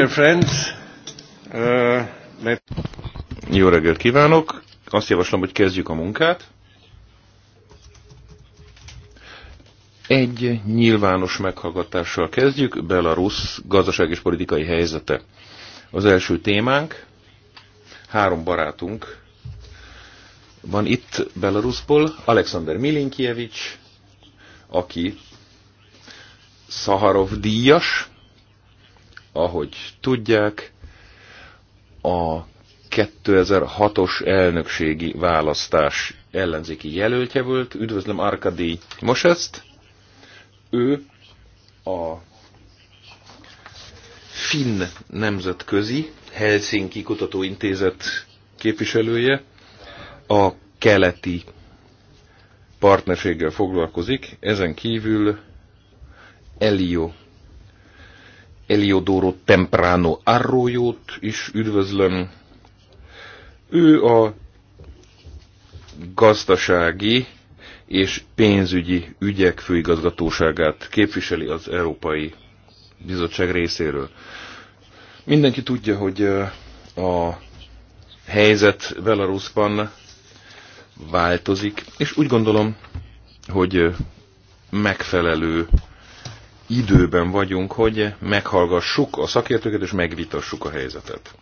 Uh, Jó reggelt kívánok! Azt javaslom, hogy kezdjük a munkát. Egy nyilvános meghallgatással kezdjük, Belarus gazdaság és politikai helyzete. Az első témánk, három barátunk van itt Belarusból, Alexander Milinkievics, aki Szaharov díjas, ahogy tudják, a 2006-os elnökségi választás ellenzéki jelöltje volt. Üdvözlöm Arkadi Moseszt. Ő a Finn Nemzetközi Helsinki Kutatóintézet képviselője. A keleti partnerséggel foglalkozik, ezen kívül Elio Eliodoro Temprano Arroyót is üdvözlöm. Ő a gazdasági és pénzügyi ügyek főigazgatóságát képviseli az Európai Bizottság részéről. Mindenki tudja, hogy a helyzet Belarusban változik, és úgy gondolom, hogy megfelelő időben vagyunk, hogy meghallgassuk a szakértőket és megvitassuk a helyzetet.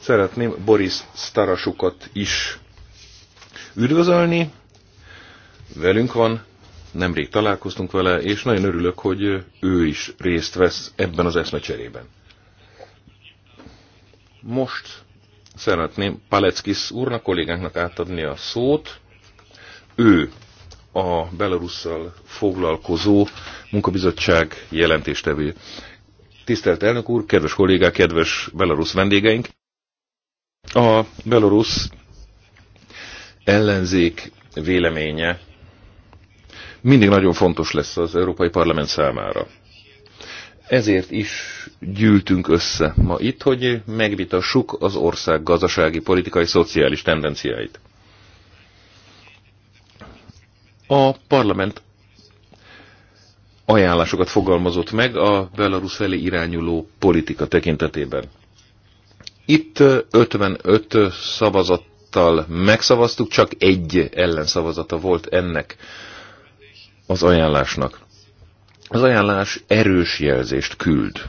Szeretném Boris Starasukat is üdvözölni. Velünk van, nemrég találkoztunk vele, és nagyon örülök, hogy ő is részt vesz ebben az eszmecserében. Most szeretném Paleckis úrnak, kollégánknak átadni a szót. Ő a Belarusszal foglalkozó munkabizottság jelentéstevő. Tisztelt elnök úr, kedves kollégák, kedves belarusz vendégeink! A belarusz ellenzék véleménye mindig nagyon fontos lesz az Európai Parlament számára. Ezért is gyűltünk össze ma itt, hogy megvitassuk az ország gazdasági, politikai, szociális tendenciáit. A parlament ajánlásokat fogalmazott meg a Belarus felé irányuló politika tekintetében. Itt 55 szavazattal megszavaztuk, csak egy ellenszavazata volt ennek az ajánlásnak. Az ajánlás erős jelzést küld.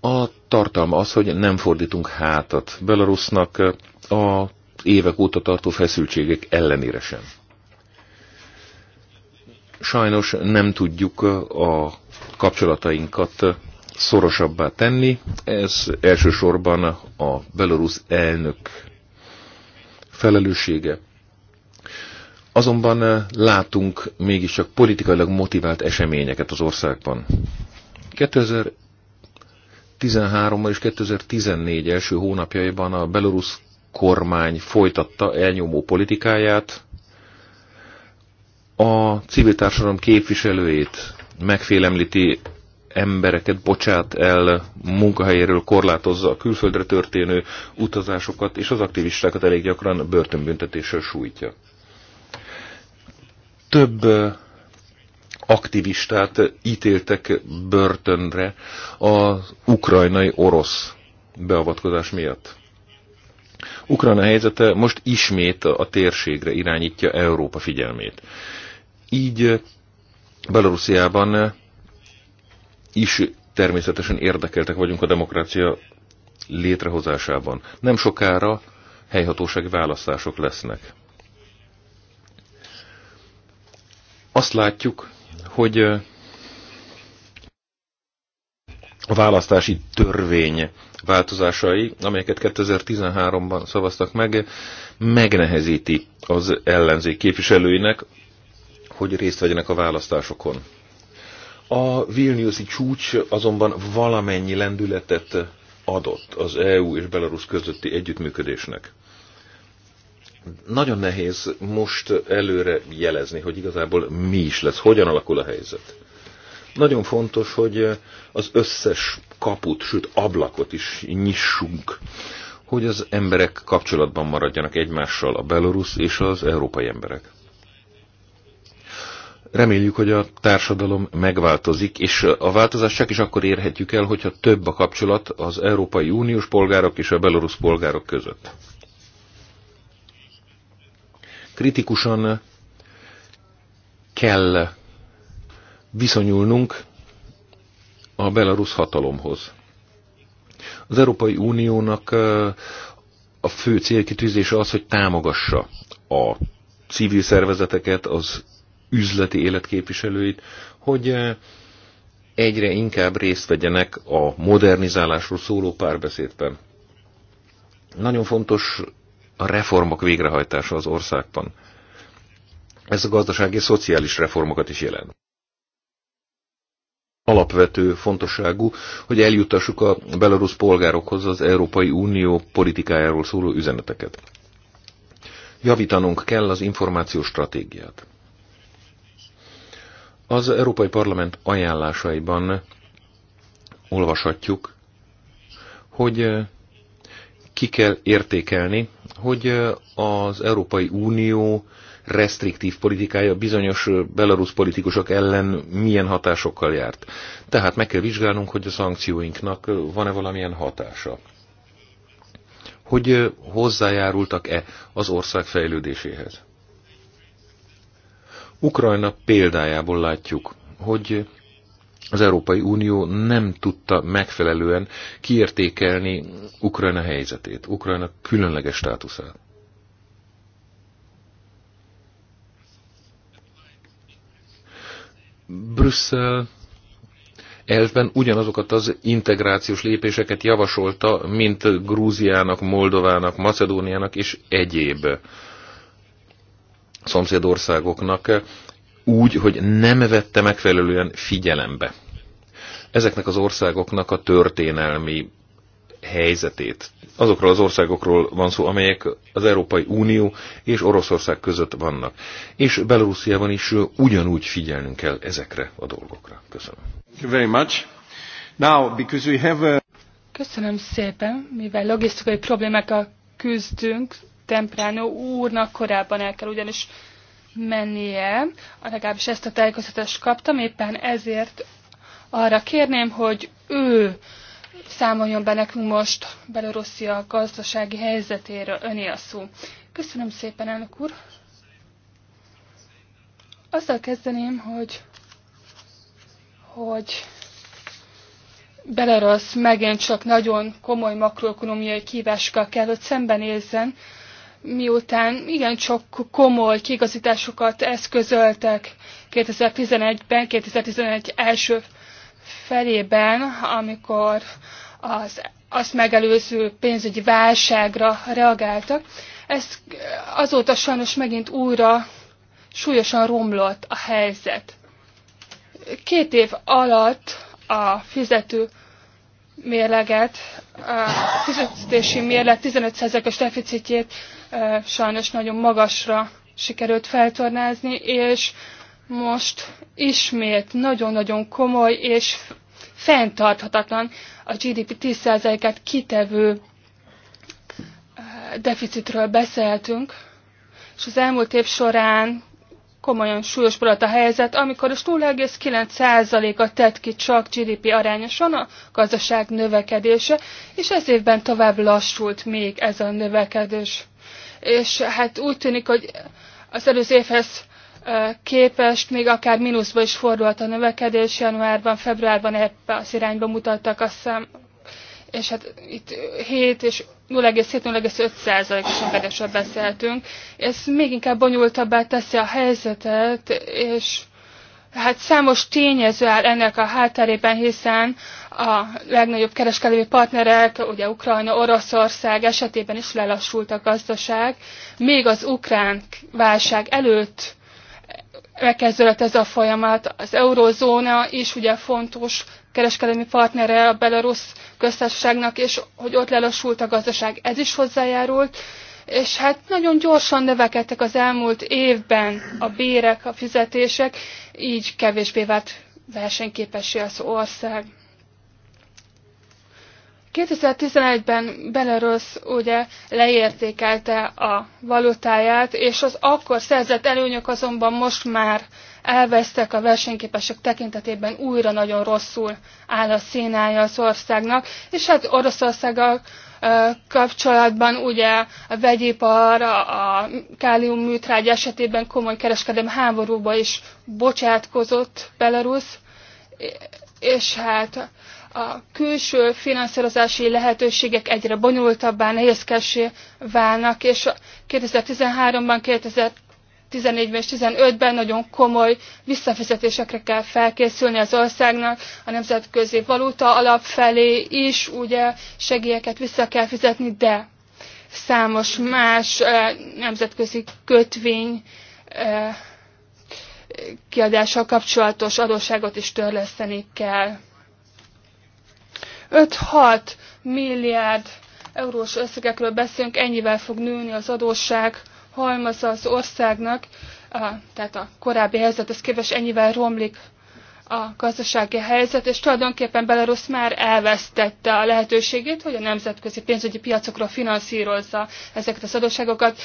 A tartalma az, hogy nem fordítunk hátat Belarusnak a évek óta tartó feszültségek ellenére sem. Sajnos nem tudjuk a kapcsolatainkat szorosabbá tenni. Ez elsősorban a belorusz elnök felelőssége. Azonban eh, látunk mégiscsak politikailag motivált eseményeket az országban. 2013 és 2014 első hónapjaiban a belorusz kormány folytatta elnyomó politikáját, a civil társadalom képviselőjét megfélemlíti, embereket bocsát el munkahelyéről, korlátozza a külföldre történő utazásokat, és az aktivistákat elég gyakran börtönbüntetéssel sújtja. Több aktivistát ítéltek börtönre az ukrajnai orosz beavatkozás miatt. Ukrajna helyzete most ismét a térségre irányítja Európa figyelmét. Így eh, Belarusziában eh, is természetesen érdekeltek vagyunk a demokrácia létrehozásában. Nem sokára helyhatósági választások lesznek. Azt látjuk, hogy eh, a választási törvény változásai, amelyeket 2013-ban szavaztak meg, megnehezíti az ellenzék képviselőinek, hogy részt vegyenek a választásokon. A Vilniuszi csúcs azonban valamennyi lendületet adott az EU és Belarus közötti együttműködésnek. Nagyon nehéz most előre jelezni, hogy igazából mi is lesz, hogyan alakul a helyzet. Nagyon fontos, hogy eh, az összes kaput, sőt ablakot is nyissunk, hogy az emberek kapcsolatban maradjanak egymással a belorusz és az európai emberek. Reméljük, hogy a társadalom megváltozik, és a változás csak is akkor érhetjük el, hogyha több a kapcsolat az Európai Uniós polgárok és a belorusz polgárok között. Kritikusan kell viszonyulnunk a belarusz hatalomhoz. Az Európai Uniónak a fő célkitűzése az, hogy támogassa a civil szervezeteket, az üzleti életképviselőit, hogy egyre inkább részt vegyenek a modernizálásról szóló párbeszédben. Nagyon fontos a reformok végrehajtása az országban. Ez a gazdasági és szociális reformokat is jelent alapvető fontosságú, hogy eljutassuk a belarusz polgárokhoz az Európai Unió politikájáról szóló üzeneteket. Javítanunk kell az információs stratégiát. Az Európai Parlament ajánlásaiban olvashatjuk, hogy eh, ki kell értékelni, hogy eh, az Európai Unió restriktív politikája bizonyos belarusz politikusok ellen milyen hatásokkal járt. Tehát meg kell vizsgálnunk, hogy a szankcióinknak van-e valamilyen hatása. Hogy hozzájárultak-e az ország fejlődéséhez. Ukrajna példájából látjuk, hogy az Európai Unió nem tudta megfelelően kiértékelni Ukrajna helyzetét, Ukrajna különleges státuszát. Brüsszel elvben ugyanazokat az integrációs lépéseket javasolta, mint Grúziának, Moldovának, Macedóniának és egyéb szomszédországoknak, úgy, hogy nem vette megfelelően figyelembe ezeknek az országoknak a történelmi helyzetét, azokról az országokról van szó, amelyek az Európai Unió és Oroszország között vannak. És Belarusziában is ugyanúgy figyelnünk kell ezekre a dolgokra. Köszönöm. Thank you very much. Now, because we have a... Köszönöm szépen, mivel logisztikai problémákkal küzdünk, Temprano úrnak korábban el kell ugyanis mennie, legalábbis ezt a tájékoztatást kaptam, éppen ezért arra kérném, hogy ő Számoljon be nekünk most Belorusszia gazdasági helyzetéről, öné a szó. Köszönöm szépen, elnök úr. Azzal kezdeném, hogy, hogy Belarus megint csak nagyon komoly makroekonomiai kívásokkal kell, hogy szembenézzen, miután csak komoly kigazításokat eszközöltek 2011-ben, 2011 első felében, amikor az azt megelőző pénzügyi válságra reagáltak. Ez azóta sajnos megint újra súlyosan romlott a helyzet. Két év alatt a fizető mérleget, a fizetési mérleg 15%-os deficitjét sajnos nagyon magasra sikerült feltornázni, és most ismét nagyon-nagyon komoly és fenntarthatatlan a GDP 10%-át kitevő deficitről beszéltünk, és az elmúlt év során komolyan súlyos volt a helyzet, amikor az 0,9%-a tett ki csak GDP arányosan a gazdaság növekedése, és ez évben tovább lassult még ez a növekedés. És hát úgy tűnik, hogy az előző évhez képest még akár mínuszba is fordult a növekedés, januárban, februárban ebbe az irányba mutattak a szám, és hát itt 7 és 0,7-0,5 százalékos növekedésről beszéltünk. Ez még inkább bonyolultabbá teszi a helyzetet, és hát számos tényező áll ennek a hátterében, hiszen a legnagyobb kereskedelmi partnerek, ugye Ukrajna, Oroszország esetében is lelassult a gazdaság, még az ukrán válság előtt megkezdődött ez a folyamat. Az eurozóna is ugye fontos kereskedelmi partnere a belarusz köztársaságnak, és hogy ott lelassult a gazdaság, ez is hozzájárult. És hát nagyon gyorsan növekedtek az elmúlt évben a bérek, a fizetések, így kevésbé vált versenyképessé az ország. 2011-ben Belarus ugye leértékelte a valutáját, és az akkor szerzett előnyök azonban most már elvesztek a versenyképesek tekintetében, újra nagyon rosszul áll a színája az országnak, és hát Oroszországgal kapcsolatban ugye a vegyipar, a kálium műtrágy esetében komoly kereskedem háborúba is bocsátkozott Belarus, és hát a külső finanszírozási lehetőségek egyre bonyolultabbá, nehézkesé válnak, és 2013-ban, 2014-ben és 2015-ben nagyon komoly visszafizetésekre kell felkészülni az országnak, a nemzetközi valuta alap felé is, ugye segélyeket vissza kell fizetni, de számos más eh, nemzetközi kötvény eh, kiadással kapcsolatos adósságot is törleszteni kell. 5-6 milliárd eurós összegekről beszélünk, ennyivel fog nőni az adósság halmaza az országnak, tehát a korábbi ez képes ennyivel romlik a gazdasági helyzet, és tulajdonképpen Belarus már elvesztette a lehetőségét, hogy a nemzetközi pénzügyi piacokra finanszírozza ezeket az adósságokat,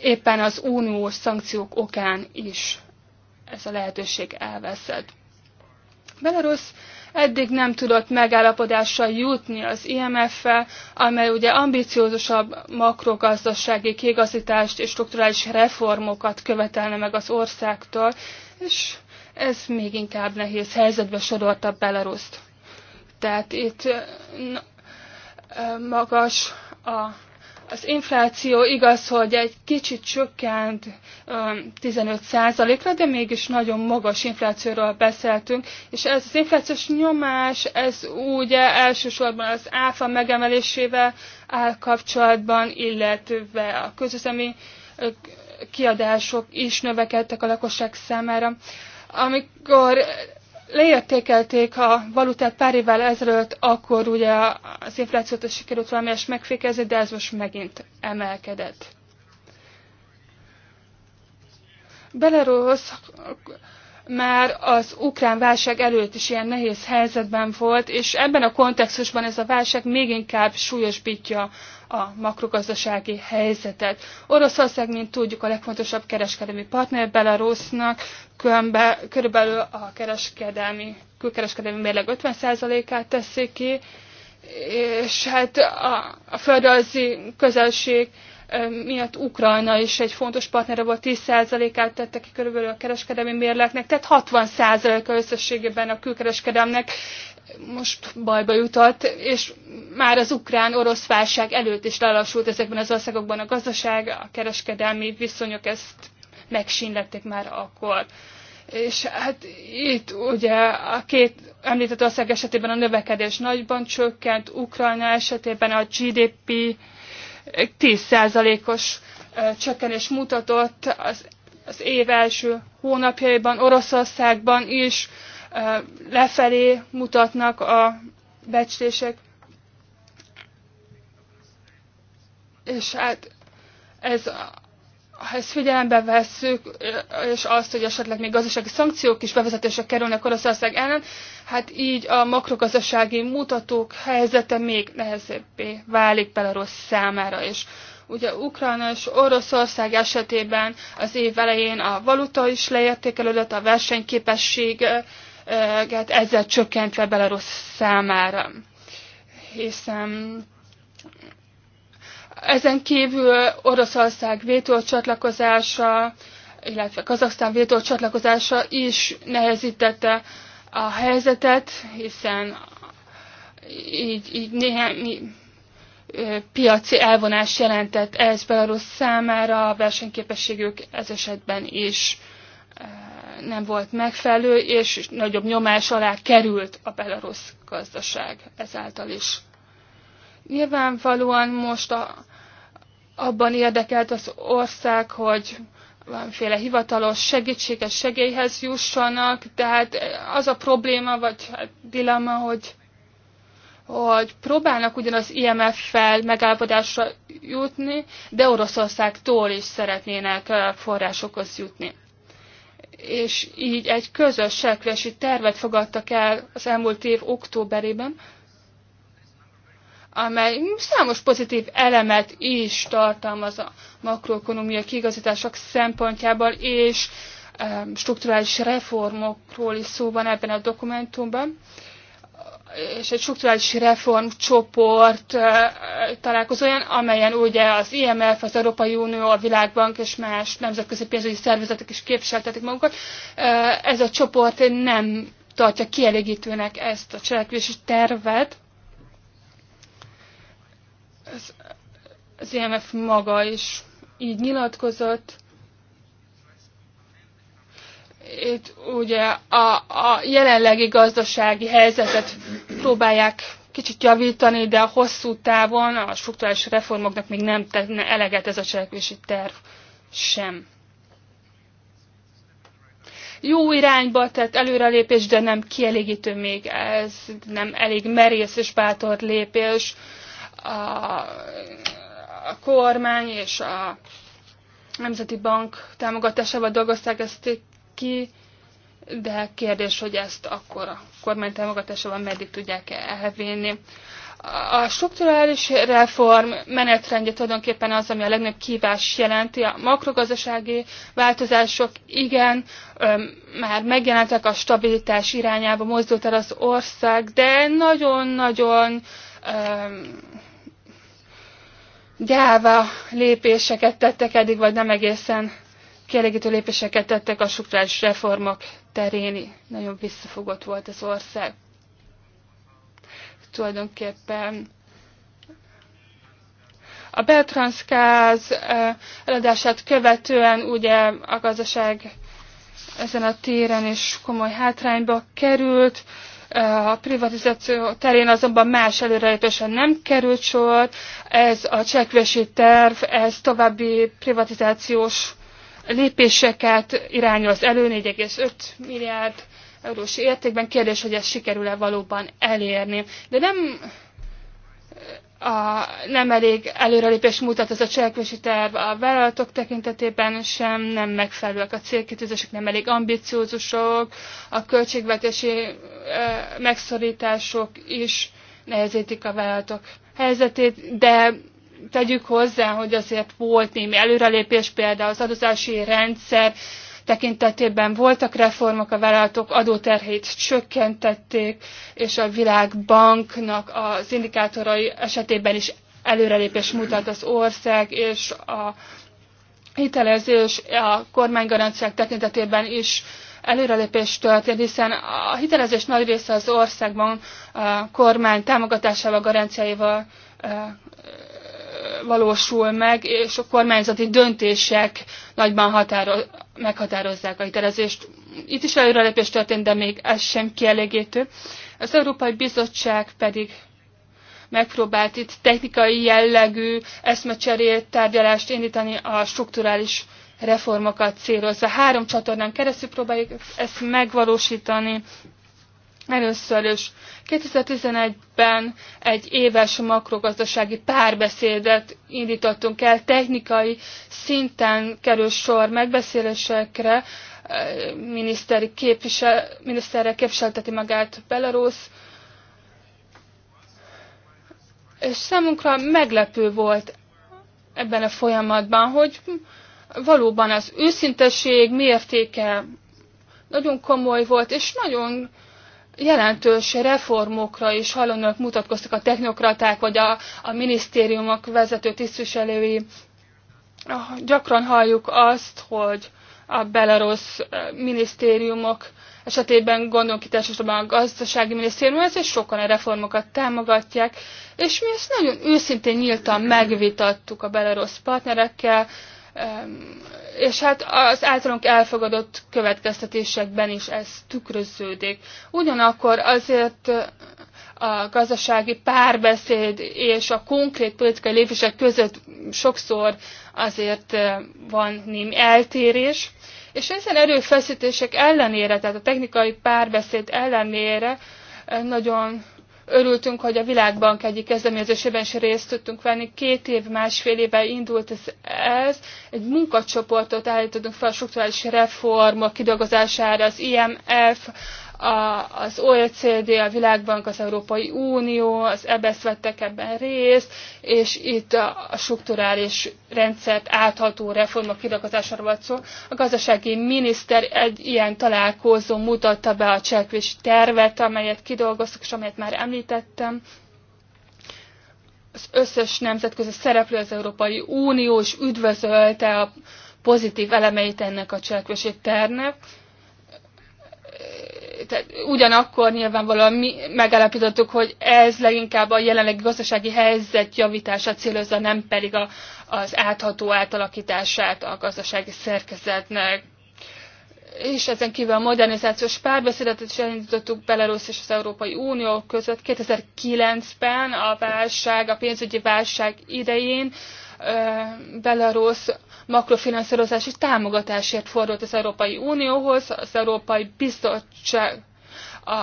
éppen az uniós szankciók okán is ez a lehetőség elveszett. Belarus eddig nem tudott megállapodásra jutni az IMF-fel, amely ugye ambiciózusabb makrogazdasági kiigazítást és strukturális reformokat követelne meg az országtól, és ez még inkább nehéz helyzetbe sodorta Belaruszt. Tehát itt eh, eh, magas a az infláció igaz, hogy egy kicsit csökkent 15%-ra, de mégis nagyon magas inflációról beszéltünk, és ez az inflációs nyomás, ez ugye elsősorban az áfa megemelésével áll kapcsolatban, illetve a közüzemi kiadások is növekedtek a lakosság számára. Amikor leértékelték a valutát pár évvel ezelőtt, akkor ugye az inflációt is sikerült is megfékezni, de ez most megint emelkedett. Belarus már az ukrán válság előtt is ilyen nehéz helyzetben volt, és ebben a kontextusban ez a válság még inkább súlyosbítja a makrogazdasági helyzetet. Oroszország, mint tudjuk, a legfontosabb kereskedelmi partner Belarusnak, körülbelül a kereskedelmi, külkereskedelmi mérleg 50%-át teszi ki, és hát a, a földrajzi közelség miatt Ukrajna is egy fontos partnere volt, 10%-át tette ki körülbelül a kereskedelmi mérleknek, tehát 60%-a összességében a külkereskedelmnek most bajba jutott, és már az ukrán-orosz válság előtt is lelassult ezekben az országokban a gazdaság, a kereskedelmi viszonyok ezt megsínlették már akkor. És hát itt ugye a két említett ország esetében a növekedés nagyban csökkent, Ukrajna esetében a GDP 10%-os csökkenés mutatott az, az év első hónapjaiban, Oroszországban is, lefelé mutatnak a becslések. És hát ez, ha ezt figyelembe vesszük, és azt, hogy esetleg még gazdasági szankciók is bevezetésre kerülnek Oroszország ellen, hát így a makrogazdasági mutatók helyzete még nehezebbé válik Belarus számára is. Ugye Ukrajna és Oroszország esetében az év elején a valuta is leértékelődött, a versenyképesség ezzel csökkentve Belarus számára. Hiszen ezen kívül Oroszország vétócsatlakozása, illetve Kazaksztán vétócsatlakozása is nehezítette a helyzetet, hiszen így, így néhány piaci elvonás jelentett ez Belarus számára, a versenyképességük ez esetben is nem volt megfelelő, és nagyobb nyomás alá került a belarusz gazdaság ezáltal is. Nyilvánvalóan most a, abban érdekelt az ország, hogy valamiféle hivatalos segítséges segélyhez jussanak, tehát az a probléma, vagy hát dilemma, hogy, hogy próbálnak ugyanaz IMF-fel megállapodásra jutni, de Oroszországtól is szeretnének eh, forrásokhoz jutni és így egy közös sekvesi tervet fogadtak el az elmúlt év októberében, amely számos pozitív elemet is tartalmaz a makroekonomiai kigazítások szempontjából, és strukturális reformokról is szó van ebben a dokumentumban és egy strukturális reformcsoport találkozóján, amelyen ugye az IMF, az Európai Unió, a Világbank és más nemzetközi pénzügyi szervezetek is képviseltetik magukat. Ez a csoport nem tartja kielégítőnek ezt a cselekvési tervet. Az, az IMF maga is így nyilatkozott itt ugye a, a jelenlegi gazdasági helyzetet próbálják kicsit javítani, de a hosszú távon a struktúrális reformoknak még nem tenne eleget ez a cselekvési terv sem. Jó irányba tett előrelépés, de nem kielégítő még ez, nem elég merész és bátor lépés. A, a kormány és a Nemzeti Bank támogatásával dolgozták ezt ki, de kérdés, hogy ezt akkor a kormány támogatásával meddig tudják elvinni. A strukturális reform menetrendje tulajdonképpen az, ami a legnagyobb kívás jelenti. A makrogazdasági változások igen, már megjelentek a stabilitás irányába, mozdult el az ország, de nagyon-nagyon gyáva lépéseket tettek eddig, vagy nem egészen kielégítő lépéseket tettek a struktúrális reformok terén. Nagyon visszafogott volt az ország. Tulajdonképpen a Beltranszkáz eladását követően ugye a gazdaság ezen a téren is komoly hátrányba került. A privatizáció terén azonban más előrelépésen nem került sor. Ez a cselekvési terv, ez további privatizációs lépéseket irányoz elő 4,5 milliárd eurós értékben. Kérdés, hogy ezt sikerül-e valóban elérni. De nem a, nem elég előrelépés mutat ez a cselekvési terv a vállalatok tekintetében sem, nem megfelelőek a célkitűzések, nem elég ambiciózusok, a költségvetési e, megszorítások is nehezítik a vállalatok helyzetét, de tegyük hozzá, hogy azért volt némi előrelépés, például az adózási rendszer tekintetében voltak reformok, a vállalatok adóterhét csökkentették, és a világbanknak az indikátorai esetében is előrelépés mutat az ország, és a hitelezés a kormánygaranciák tekintetében is előrelépés történt, hiszen a hitelezés nagy része az országban a kormány támogatásával, garanciáival valósul meg, és a kormányzati döntések nagyban határoz, meghatározzák a hitelezést. Itt is előrelépés történt, de még ez sem kielégítő. Az Európai Bizottság pedig megpróbált itt technikai jellegű eszmecserét, tárgyalást indítani a strukturális reformokat célozza. Három csatornán keresztül próbáljuk ezt megvalósítani, Először is 2011-ben egy éves makrogazdasági párbeszédet indítottunk el, technikai szinten kerül sor megbeszélésekre, miniszteri képvisel, miniszterre képviselteti magát Belarus, és számunkra meglepő volt ebben a folyamatban, hogy valóban az őszinteség mértéke nagyon komoly volt, és nagyon jelentős reformokra is hajlandóak mutatkoztak a technokraták vagy a, a minisztériumok vezető tisztviselői. Gyakran halljuk azt, hogy a belarusz eh, minisztériumok esetében gondolunk itt elsősorban a gazdasági minisztérium, és sokan a reformokat támogatják, és mi ezt nagyon őszintén nyíltan megvitattuk a belarusz partnerekkel, és hát az általunk elfogadott következtetésekben is ez tükröződik. Ugyanakkor azért a gazdasági párbeszéd és a konkrét politikai lépések között sokszor azért van némi eltérés, és ezen erőfeszítések ellenére, tehát a technikai párbeszéd ellenére nagyon örültünk, hogy a Világbank egyik kezdeményezésében is részt tudtunk venni. Két év, másfél éve indult ez, ez. egy munkacsoportot állítottunk fel a strukturális reformok kidolgozására, az IMF, a, az OECD, a Világbank, az Európai Unió, az EBSZ e vettek ebben részt, és itt a, a strukturális rendszert átható reformok kidolgozására volt szó. A gazdasági miniszter egy ilyen találkozó mutatta be a cselekvési tervet, amelyet kidolgoztuk, és amelyet már említettem az összes nemzetközi szereplő az Európai Unió is üdvözölte a pozitív elemeit ennek a cselekvési tervnek, tehát ugyanakkor nyilvánvalóan mi megállapítottuk, hogy ez leginkább a jelenlegi gazdasági helyzet javítása célozza, nem pedig a, az átható átalakítását a gazdasági szerkezetnek. És ezen kívül a modernizációs párbeszédet is elindítottuk Belarus és az Európai Unió között 2009-ben a válság, a pénzügyi válság idején. Belarus makrofinanszírozási támogatásért fordult az Európai Unióhoz, az Európai Bizottság a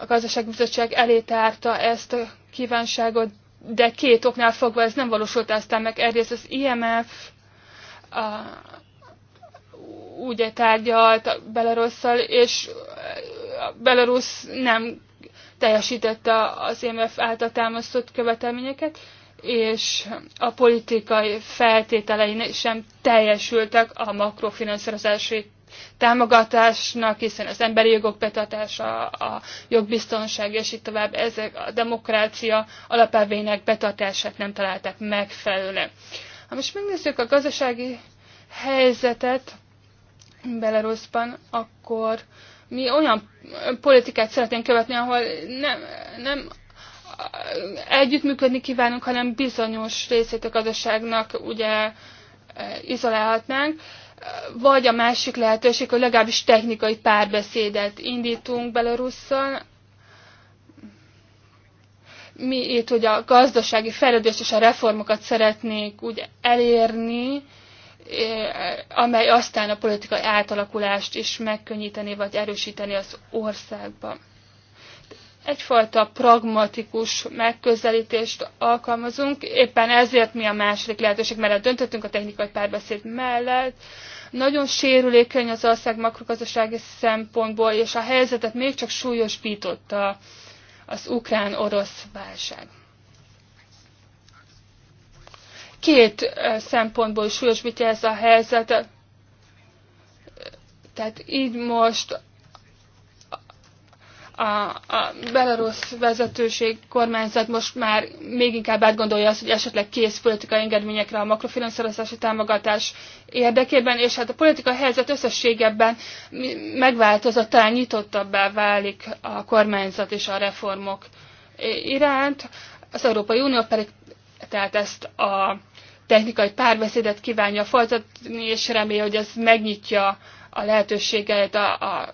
a gazdaságbizottság elé tárta ezt a kívánságot, de két oknál fogva ez nem valósult aztán meg. Egyrészt az IMF a, ugye tárgyalt Belarusszal, és Belarus nem teljesítette az IMF által támasztott követelményeket, és a politikai feltételei sem teljesültek a makrofinanszírozási támogatásnak, hiszen az emberi jogok betartása, a jogbiztonság és így tovább, ezek a demokrácia alapelvének betartását nem találták megfelelően. Ha most megnézzük a gazdasági helyzetet Belarusban, akkor mi olyan politikát szeretnénk követni, ahol nem, nem együttműködni kívánunk, hanem bizonyos részét a gazdaságnak ugye e, izolálhatnánk, vagy a másik lehetőség, hogy legalábbis technikai párbeszédet indítunk Belarusszal, mi itt ugye a gazdasági fejlődést és a reformokat szeretnénk úgy elérni, e, amely aztán a politikai átalakulást is megkönnyíteni vagy erősíteni az országban egyfajta pragmatikus megközelítést alkalmazunk, éppen ezért mi a második lehetőség mellett döntöttünk a technikai párbeszéd mellett. Nagyon sérülékeny az ország makrogazdasági szempontból, és a helyzetet még csak súlyosbította az ukrán-orosz válság. Két szempontból súlyosbítja ez a helyzet? Tehát így most a, a belarusz vezetőség, kormányzat most már még inkább átgondolja azt, hogy esetleg kész politikai engedményekre a makrofinanszírozási támogatás érdekében, és hát a politikai helyzet összességében megváltozott, talán nyitottabbá válik a kormányzat és a reformok iránt. Az Európai Unió pedig tehát ezt a technikai párbeszédet kívánja folytatni, és remélje, hogy ez megnyitja a lehetőségeit a, a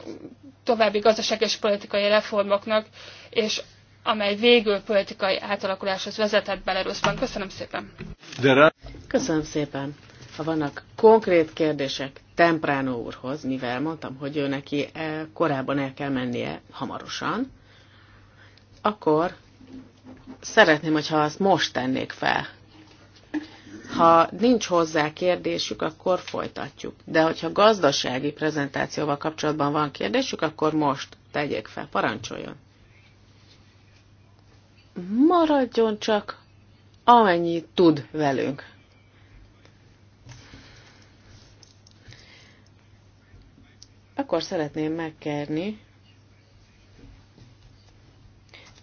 további gazdaság és politikai reformoknak, és amely végül politikai átalakuláshoz vezetett Belarusban. Köszönöm szépen! Köszönöm szépen! Ha vannak konkrét kérdések Temprano úrhoz, mivel mondtam, hogy ő neki eh, korábban el kell mennie hamarosan, akkor szeretném, hogyha azt most tennék fel. Ha nincs hozzá kérdésük, akkor folytatjuk. De hogyha gazdasági prezentációval kapcsolatban van kérdésük, akkor most tegyék fel, parancsoljon. Maradjon csak, amennyi tud velünk. Akkor szeretném megkérni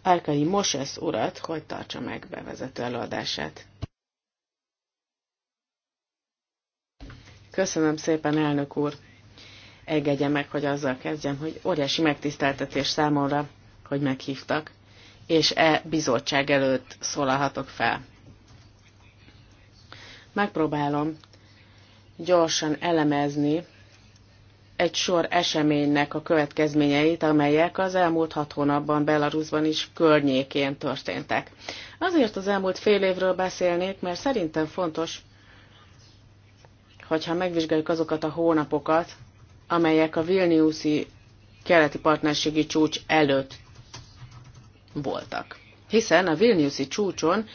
Árkai Moses urat, hogy tartsa meg bevezető előadását. Köszönöm szépen, elnök úr. Engedje meg, hogy azzal kezdjem, hogy óriási megtiszteltetés számomra, hogy meghívtak, és e bizottság előtt szólalhatok fel. Megpróbálom gyorsan elemezni egy sor eseménynek a következményeit, amelyek az elmúlt hat hónapban Belarusban is környékén történtek. Azért az elmúlt fél évről beszélnék, mert szerintem fontos, hogyha megvizsgáljuk azokat a hónapokat, amelyek a Vilniuszi keleti partnerségi csúcs előtt voltak. Hiszen a Vilniuszi csúcson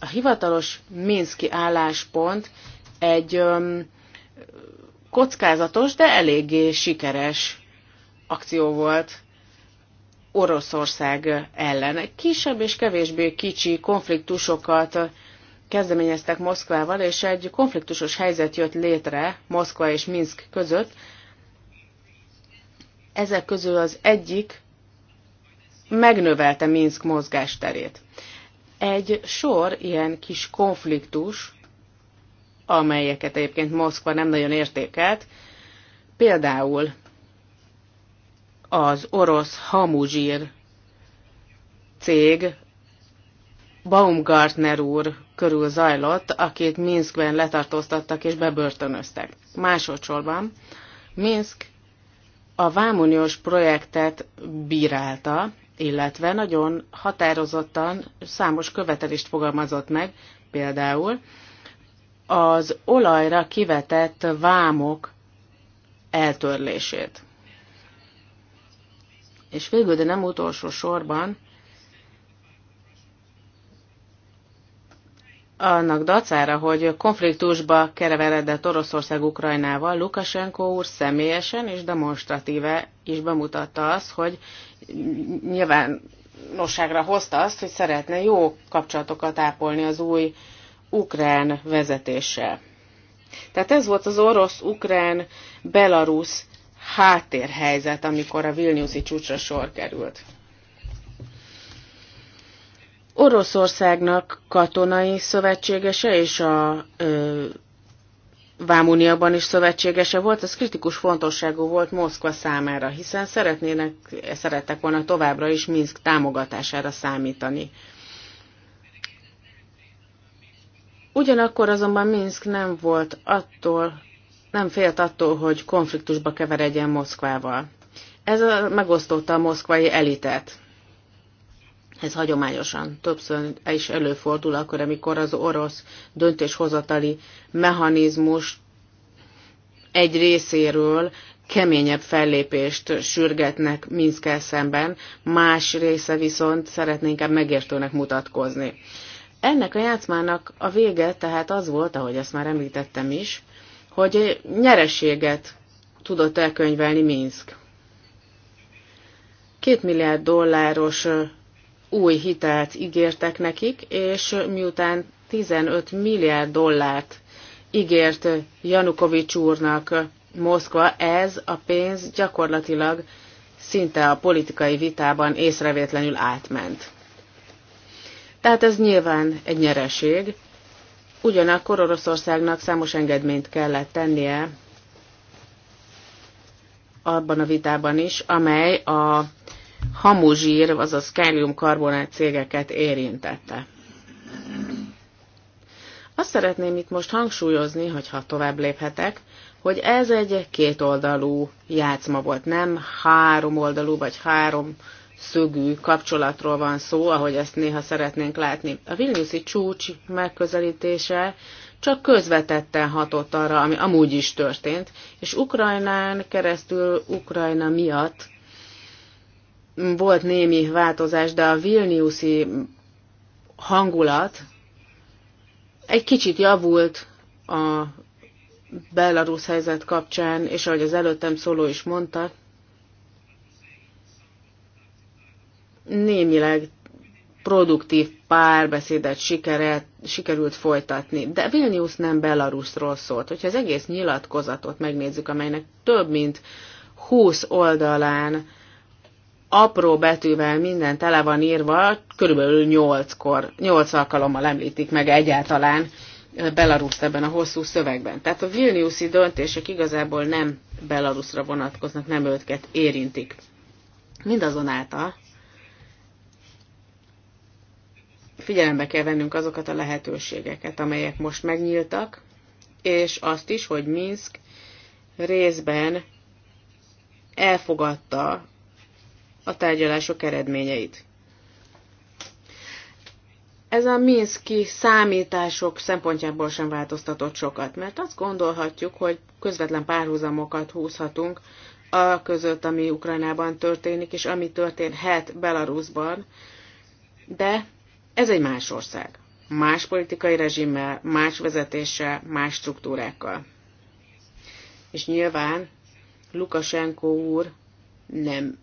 a hivatalos Minszki álláspont egy öm, kockázatos, de eléggé sikeres akció volt Oroszország ellen. Kisebb és kevésbé kicsi konfliktusokat kezdeményeztek Moszkvával, és egy konfliktusos helyzet jött létre Moszkva és Minsk között. Ezek közül az egyik megnövelte Minsk mozgásterét. Egy sor ilyen kis konfliktus, amelyeket egyébként Moszkva nem nagyon értékelt, például az orosz hamuzsír cég Baumgartner úr körül zajlott, akit Minskben letartóztattak és bebörtönöztek. Másodszorban Minsk a vámuniós projektet bírálta, illetve nagyon határozottan számos követelést fogalmazott meg, például az olajra kivetett vámok eltörlését. És végül, de nem utolsó sorban annak dacára, hogy konfliktusba kereveredett Oroszország Ukrajnával, Lukashenko úr személyesen és demonstratíve is bemutatta azt, hogy nyilván nosságra hozta azt, hogy szeretne jó kapcsolatokat ápolni az új ukrán vezetéssel. Tehát ez volt az orosz-ukrán belarusz háttérhelyzet, amikor a Vilniuszi csúcsra sor került. Oroszországnak katonai szövetségese és a ö, Vámuniaban is szövetségese volt, ez kritikus fontosságú volt Moszkva számára, hiszen szeretnének, szerettek volna továbbra is Minsk támogatására számítani. Ugyanakkor azonban Minsk nem volt attól, nem félt attól, hogy konfliktusba keveredjen Moszkvával. Ez megosztotta a moszkvai elitet. Ez hagyományosan többször is előfordul akkor, amikor az orosz döntéshozatali mechanizmus egy részéről keményebb fellépést sürgetnek Minszkel szemben, más része viszont szeretné inkább megértőnek mutatkozni. Ennek a játszmának a vége tehát az volt, ahogy ezt már említettem is, hogy nyereséget tudott elkönyvelni Minsk. Két milliárd dolláros új hitelt ígértek nekik, és miután 15 milliárd dollárt ígért Janukovics úrnak Moszkva, ez a pénz gyakorlatilag szinte a politikai vitában észrevétlenül átment. Tehát ez nyilván egy nyereség, ugyanakkor Oroszországnak számos engedményt kellett tennie abban a vitában is, amely a hamuzsír, azaz káliumkarbonát cégeket érintette. Azt szeretném itt most hangsúlyozni, hogy ha tovább léphetek, hogy ez egy kétoldalú játszma volt, nem háromoldalú vagy három szögű kapcsolatról van szó, ahogy ezt néha szeretnénk látni. A Vilniuszi csúcs megközelítése csak közvetetten hatott arra, ami amúgy is történt, és Ukrajnán keresztül, Ukrajna miatt volt némi változás, de a Vilniuszi hangulat egy kicsit javult a Belarus helyzet kapcsán, és ahogy az előttem szóló is mondta, némileg produktív párbeszédet sikeret, sikerült folytatni. De Vilnius nem Belarusról szólt. Hogyha az egész nyilatkozatot megnézzük, amelynek több mint 20 oldalán apró betűvel minden tele van írva, körülbelül 8-kor, 8 alkalommal említik meg egyáltalán Belarus ebben a hosszú szövegben. Tehát a Vilniuszi döntések igazából nem Belarusra vonatkoznak, nem őket érintik. Mindazonáltal figyelembe kell vennünk azokat a lehetőségeket, amelyek most megnyíltak, és azt is, hogy Minsk részben elfogadta a tárgyalások eredményeit. Ez a Minszki számítások szempontjából sem változtatott sokat, mert azt gondolhatjuk, hogy közvetlen párhuzamokat húzhatunk a között, ami Ukrajnában történik, és ami történhet Belarusban, de ez egy más ország. Más politikai rezsimmel, más vezetéssel, más struktúrákkal. És nyilván Lukasenko úr nem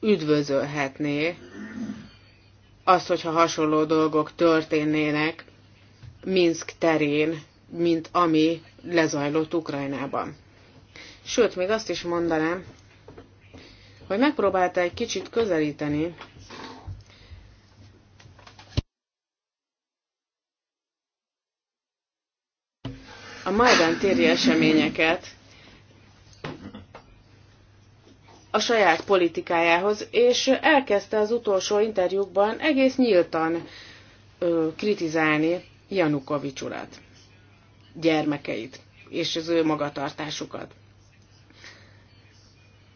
üdvözölhetné azt, hogyha hasonló dolgok történnének Minsk terén, mint ami lezajlott Ukrajnában. Sőt, még azt is mondanám, hogy megpróbálta egy kicsit közelíteni a Majdán téri eseményeket a saját politikájához, és elkezdte az utolsó interjúkban egész nyíltan ö, kritizálni Janukovics urat, gyermekeit és az ő magatartásukat.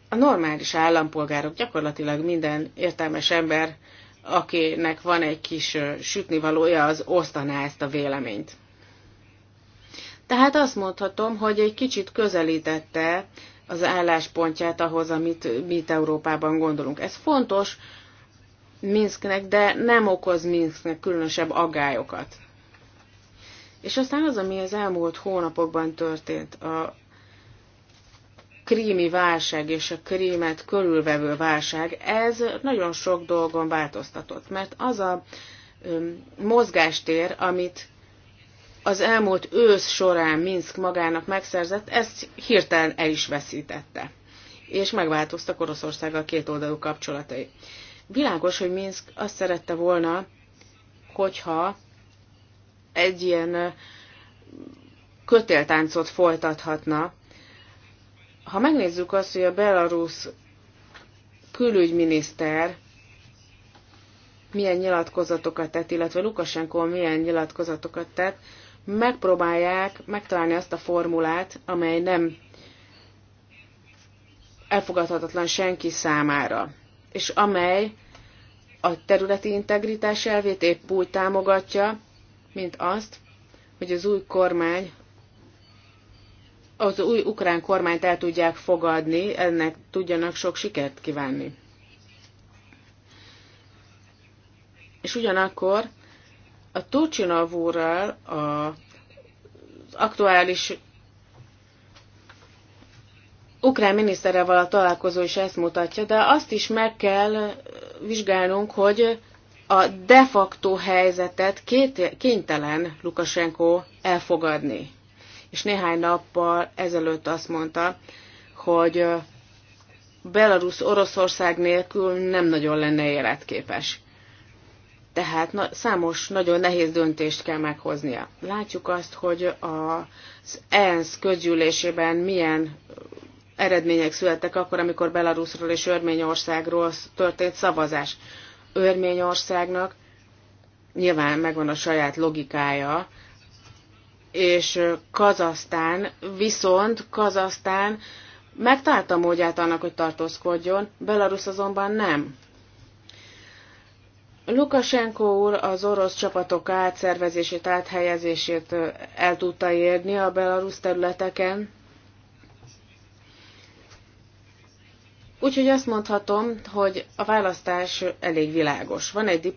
A normális állampolgárok, gyakorlatilag minden értelmes ember, akinek van egy kis sütnivalója, az osztaná ezt a véleményt. Tehát azt mondhatom, hogy egy kicsit közelítette az álláspontját ahhoz, amit mi Európában gondolunk. Ez fontos Minsknek, de nem okoz Minsknek különösebb agályokat. És aztán az, ami az elmúlt hónapokban történt, a krími válság és a krímet körülvevő válság, ez nagyon sok dolgon változtatott, mert az a mozgástér, amit az elmúlt ősz során Minsk magának megszerzett, ezt hirtelen el is veszítette. És megváltoztak Oroszországgal két oldalú kapcsolatai. Világos, hogy Minsk azt szerette volna, hogyha egy ilyen kötéltáncot folytathatna. Ha megnézzük azt, hogy a belarusz külügyminiszter milyen nyilatkozatokat tett, illetve Lukasenko milyen nyilatkozatokat tett, megpróbálják megtalálni azt a formulát, amely nem elfogadhatatlan senki számára, és amely a területi integritás elvét épp úgy támogatja, mint azt, hogy az új kormány, az új ukrán kormányt el tudják fogadni, ennek tudjanak sok sikert kívánni. És ugyanakkor a Tócsinavúrral a, az aktuális ukrán miniszterrel való találkozó is ezt mutatja, de azt is meg kell vizsgálnunk, hogy a de facto helyzetet két, kénytelen Lukasenko elfogadni. És néhány nappal ezelőtt azt mondta, hogy Belarus Oroszország nélkül nem nagyon lenne életképes. Tehát na, számos nagyon nehéz döntést kell meghoznia. Látjuk azt, hogy az ENSZ közgyűlésében milyen eredmények születtek akkor, amikor Belarusról és Örményországról történt szavazás. Örményországnak nyilván megvan a saját logikája, és Kazasztán, viszont Kazasztán megtalálta módját annak, hogy tartózkodjon, Belarus azonban nem. Lukashenko úr az orosz csapatok átszervezését, áthelyezését el tudta érni a belarusz területeken. Úgyhogy azt mondhatom, hogy a választás elég világos. Van egy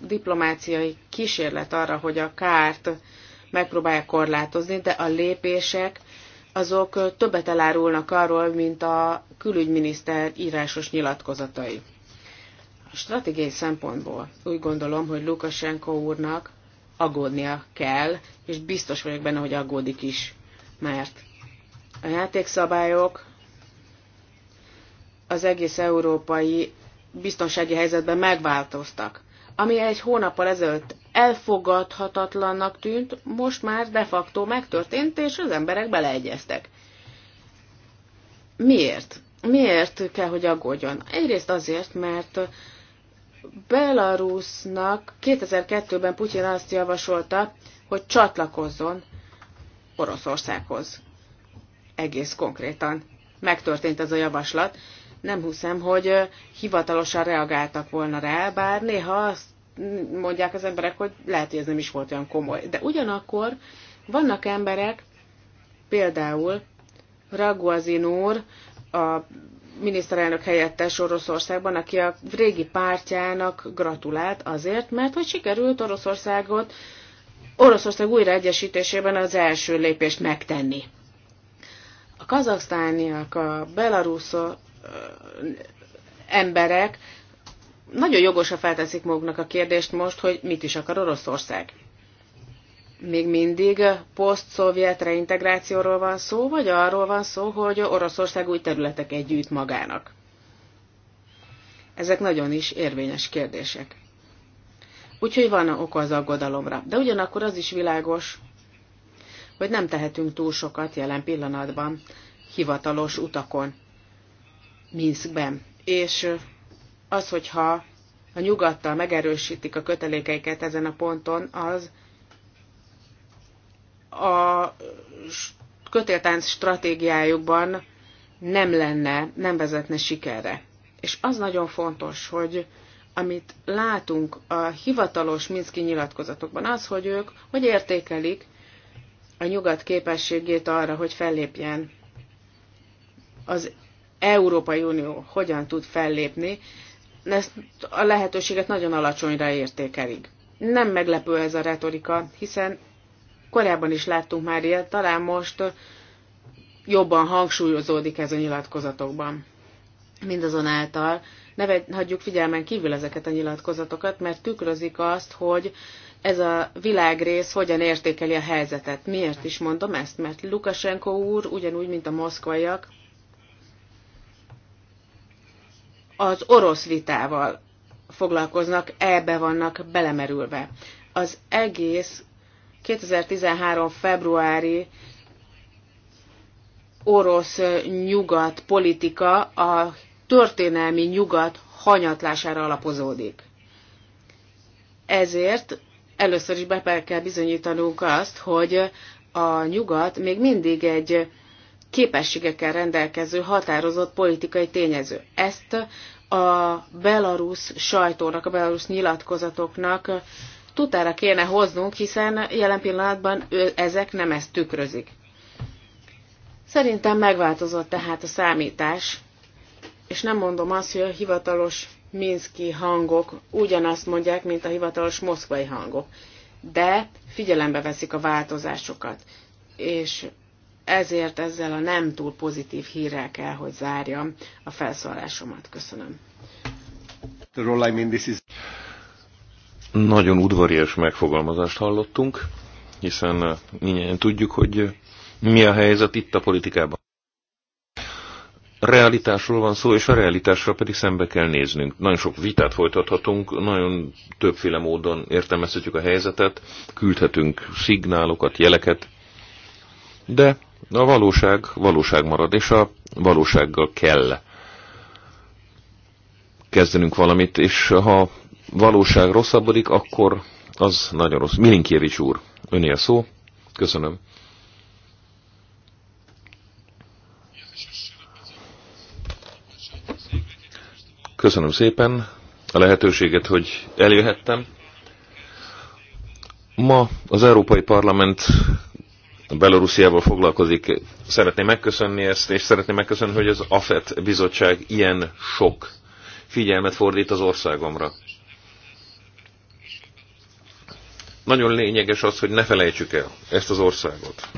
diplomáciai kísérlet arra, hogy a kárt megpróbálja korlátozni, de a lépések azok többet elárulnak arról, mint a külügyminiszter írásos nyilatkozatai. Stratégiai szempontból úgy gondolom, hogy Lukasenko úrnak aggódnia kell, és biztos vagyok benne, hogy aggódik is, mert a játékszabályok az egész európai biztonsági helyzetben megváltoztak. Ami egy hónappal ezelőtt elfogadhatatlannak tűnt, most már de facto megtörtént, és az emberek beleegyeztek. Miért? Miért kell, hogy aggódjon? Egyrészt azért, mert Belarusnak 2002-ben Putyin azt javasolta, hogy csatlakozzon Oroszországhoz. Egész konkrétan. Megtörtént ez a javaslat. Nem hiszem, hogy hivatalosan reagáltak volna rá, bár néha azt mondják az emberek, hogy lehet, hogy ez nem is volt olyan komoly. De ugyanakkor vannak emberek, például Raguazin úr, a miniszterelnök helyettes Oroszországban, aki a régi pártjának gratulált azért, mert hogy sikerült Oroszországot, Oroszország újraegyesítésében az első lépést megtenni. A kazaksztániak, a belarusz emberek nagyon jogosan felteszik maguknak a kérdést most, hogy mit is akar Oroszország még mindig poszt-szovjet reintegrációról van szó, vagy arról van szó, hogy Oroszország új területek együtt magának? Ezek nagyon is érvényes kérdések. Úgyhogy van oka az aggodalomra. De ugyanakkor az is világos, hogy nem tehetünk túl sokat jelen pillanatban hivatalos utakon, Minskben. És az, hogyha a nyugattal megerősítik a kötelékeiket ezen a ponton, az a kötéltánc stratégiájukban nem lenne, nem vezetne sikerre. És az nagyon fontos, hogy amit látunk a hivatalos Minszki nyilatkozatokban, az, hogy ők hogy értékelik a nyugat képességét arra, hogy fellépjen. Az Európai Unió hogyan tud fellépni, ezt a lehetőséget nagyon alacsonyra értékelik. Nem meglepő ez a retorika, hiszen Korábban is láttunk már ilyet, talán most jobban hangsúlyozódik ez a nyilatkozatokban. Mindazonáltal ne hagyjuk figyelmen kívül ezeket a nyilatkozatokat, mert tükrözik azt, hogy ez a világrész hogyan értékeli a helyzetet. Miért is mondom ezt? Mert Lukasenko úr, ugyanúgy, mint a moszkvaiak, az orosz vitával foglalkoznak, ebbe vannak belemerülve. Az egész 2013. februári orosz nyugat politika a történelmi nyugat hanyatlására alapozódik. Ezért először is be kell bizonyítanunk azt, hogy a nyugat még mindig egy képességekkel rendelkező határozott politikai tényező. Ezt a belarusz sajtónak, a belarusz nyilatkozatoknak tudára kéne hoznunk, hiszen jelen pillanatban ő, ezek nem ezt tükrözik. Szerintem megváltozott tehát a számítás, és nem mondom azt, hogy a hivatalos minszki hangok ugyanazt mondják, mint a hivatalos moszkvai hangok, de figyelembe veszik a változásokat, és ezért ezzel a nem túl pozitív hírrel kell, hogy zárjam a felszólásomat. Köszönöm. I mean, this is... Nagyon udvarias megfogalmazást hallottunk, hiszen eh, mindjárt tudjuk, hogy eh, mi a helyzet itt a politikában. Realitásról van szó, és a realitásra pedig szembe kell néznünk. Nagyon sok vitát folytathatunk, nagyon többféle módon értelmezhetjük a helyzetet, küldhetünk szignálokat, jeleket, de a valóság valóság marad, és a valósággal kell kezdenünk valamit, és ha valóság rosszabbodik, akkor az nagyon rossz. Milinkjevics úr, öné a szó. Köszönöm. Köszönöm szépen a lehetőséget, hogy eljöhettem. Ma az Európai Parlament Belorussziával foglalkozik. Szeretném megköszönni ezt, és szeretném megköszönni, hogy az AFET bizottság ilyen sok figyelmet fordít az országomra. nagyon lényeges az, hogy ne felejtsük el ezt az országot.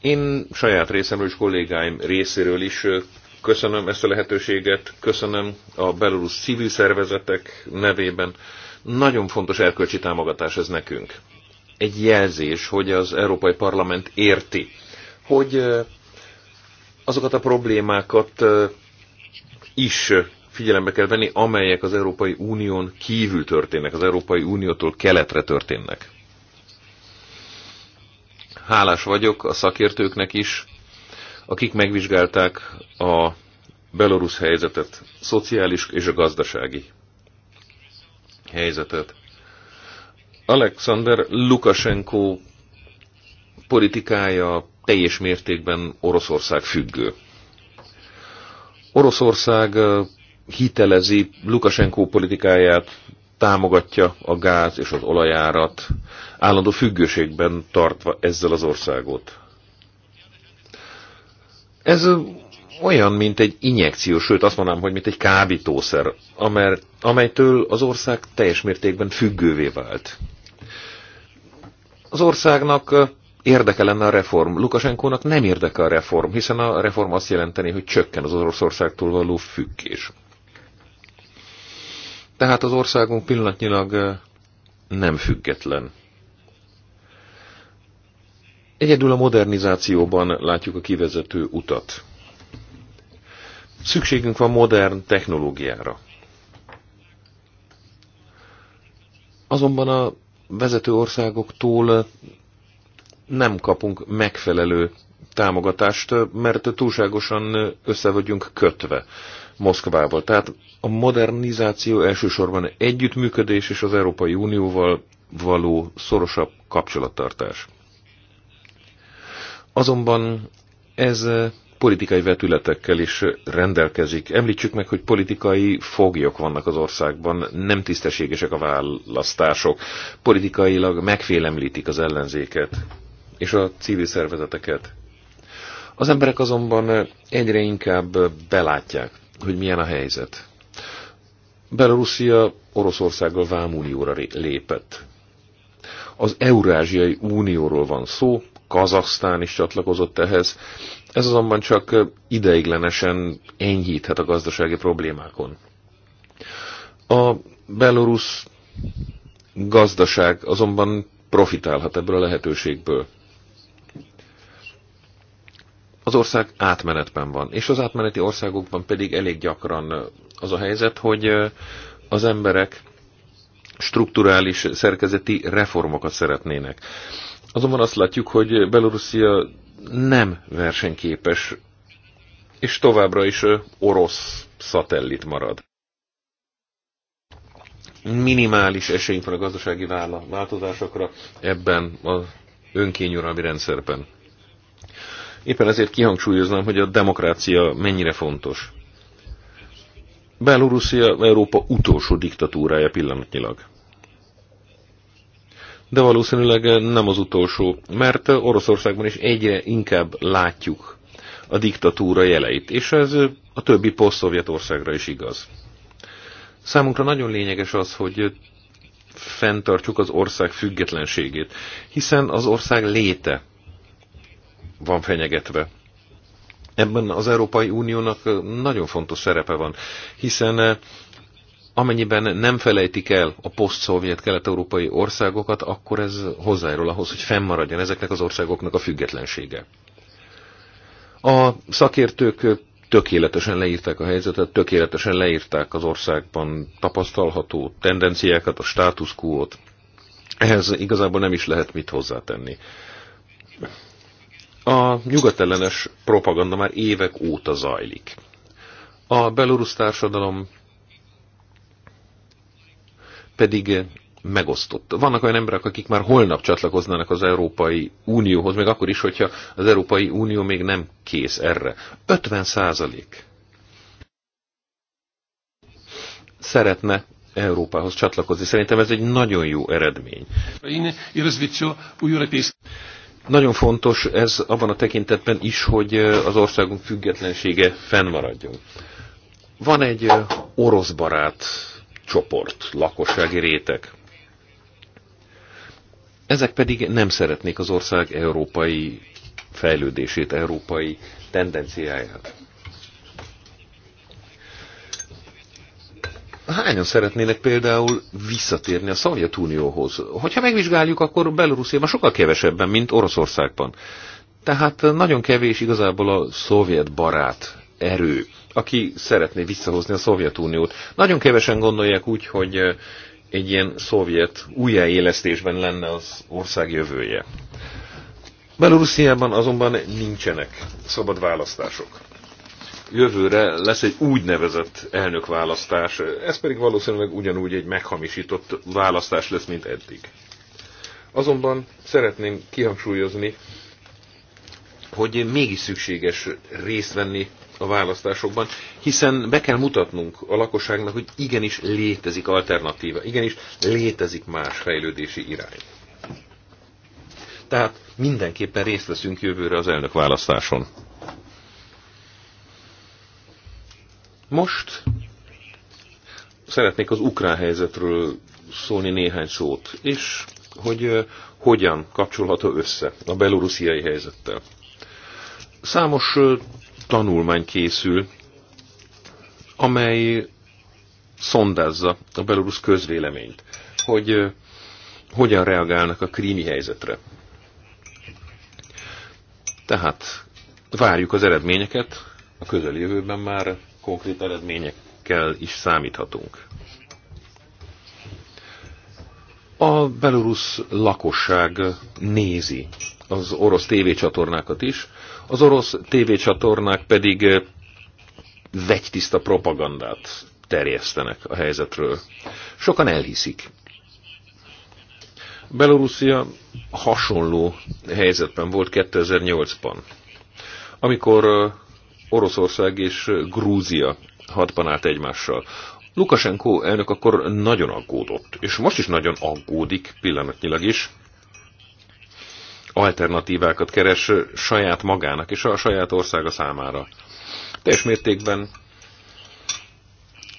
Én saját részemről és kollégáim részéről is köszönöm ezt a lehetőséget, köszönöm a belorusz civil szervezetek nevében. Nagyon fontos erkölcsi támogatás ez nekünk. Egy jelzés, hogy az Európai Parlament érti, hogy azokat a problémákat is figyelembe kell venni, amelyek az Európai Unión kívül történnek, az Európai Uniótól keletre történnek. Hálás vagyok a szakértőknek is, akik megvizsgálták a belorusz helyzetet, szociális és a gazdasági helyzetet. Alexander Lukashenko politikája teljes mértékben Oroszország függő. Oroszország hitelezi Lukasenko politikáját, támogatja a gáz és az olajárat, állandó függőségben tartva ezzel az országot. Ez olyan, mint egy injekció, sőt azt mondanám, hogy mint egy kábítószer, amely, amelytől az ország teljes mértékben függővé vált. Az országnak érdeke lenne a reform. Lukasenkónak nem érdeke a reform, hiszen a reform azt jelenteni, hogy csökken az Oroszországtól való függés. Tehát az országunk pillanatnyilag nem független. Egyedül a modernizációban látjuk a kivezető utat. Szükségünk van modern technológiára. Azonban a vezető országoktól nem kapunk megfelelő támogatást, mert túlságosan össze vagyunk kötve Moszkvával. Tehát a modernizáció elsősorban együttműködés és az Európai Unióval való szorosabb kapcsolattartás. Azonban ez politikai vetületekkel is rendelkezik. Említsük meg, hogy politikai foglyok vannak az országban, nem tisztességesek a választások, politikailag megfélemlítik az ellenzéket és a civil szervezeteket. Az emberek azonban egyre inkább belátják, hogy milyen a helyzet. Belarusia Oroszországgal vámunióra lépett. Az Eurázsiai Unióról van szó, Kazaksztán is csatlakozott ehhez, ez azonban csak ideiglenesen enyhíthet a gazdasági problémákon. A belorusz gazdaság azonban profitálhat ebből a lehetőségből. Az ország átmenetben van, és az átmeneti országokban pedig elég gyakran az a helyzet, hogy az emberek strukturális szerkezeti reformokat szeretnének. Azonban azt látjuk, hogy Belorusszia nem versenyképes, és továbbra is orosz szatellit marad. Minimális esélyünk van a gazdasági változásokra ebben az önkényuralmi rendszerben. Éppen ezért kihangsúlyoznám, hogy a demokrácia mennyire fontos. Belorusszia Európa utolsó diktatúrája pillanatnyilag. De valószínűleg nem az utolsó, mert Oroszországban is egyre inkább látjuk a diktatúra jeleit, és ez a többi poszt országra is igaz. Számunkra nagyon lényeges az, hogy fenntartsuk az ország függetlenségét, hiszen az ország léte van fenyegetve. Ebben az Európai Uniónak nagyon fontos szerepe van, hiszen amennyiben nem felejtik el a poszt kelet-európai országokat, akkor ez hozzájárul ahhoz, hogy fennmaradjon ezeknek az országoknak a függetlensége. A szakértők tökéletesen leírták a helyzetet, tökéletesen leírták az országban tapasztalható tendenciákat, a státuszkúot. Ehhez igazából nem is lehet mit hozzátenni. A nyugatellenes propaganda már évek óta zajlik. A belorusz társadalom pedig megosztott. Vannak olyan emberek, akik már holnap csatlakoznának az Európai Unióhoz, még akkor is, hogyha az Európai Unió még nem kész erre. 50 százalék szeretne Európához csatlakozni. Szerintem ez egy nagyon jó eredmény. Nagyon fontos ez abban a tekintetben is, hogy az országunk függetlensége fennmaradjon. Van egy orosz barát csoport, lakossági réteg. Ezek pedig nem szeretnék az ország európai fejlődését, európai tendenciáját. hányan szeretnének például visszatérni a Szovjetunióhoz? Hogyha megvizsgáljuk, akkor Belorusziában sokkal kevesebben, mint Oroszországban. Tehát nagyon kevés igazából a szovjet barát erő, aki szeretné visszahozni a Szovjetuniót. Nagyon kevesen gondolják úgy, hogy eh, egy ilyen szovjet újjáélesztésben lenne az ország jövője. Belorussziában azonban nincsenek szabad választások jövőre lesz egy úgynevezett elnökválasztás, ez pedig valószínűleg ugyanúgy egy meghamisított választás lesz, mint eddig. Azonban szeretném kihangsúlyozni, hogy mégis szükséges részt venni a választásokban, hiszen be kell mutatnunk a lakosságnak, hogy igenis létezik alternatíva, igenis létezik más fejlődési irány. Tehát mindenképpen részt veszünk jövőre az elnök választáson. Most szeretnék az ukrán helyzetről szólni néhány szót, és hogy hogyan kapcsolható össze a belorusziai helyzettel. Számos tanulmány készül, amely szondázza a belorusz közvéleményt, hogy hogyan reagálnak a krími helyzetre. Tehát várjuk az eredményeket, a közeljövőben már konkrét eredményekkel is számíthatunk. A belorusz lakosság nézi az orosz tévécsatornákat is, az orosz tévécsatornák pedig eh, vegytiszta propagandát terjesztenek a helyzetről. Sokan elhiszik. Belorusszia hasonló helyzetben volt 2008-ban, amikor eh, Oroszország és Grúzia hadban állt egymással. Lukasenko elnök akkor nagyon aggódott, és most is nagyon aggódik pillanatnyilag is. Alternatívákat keres saját magának és a saját országa számára. Teljes mértékben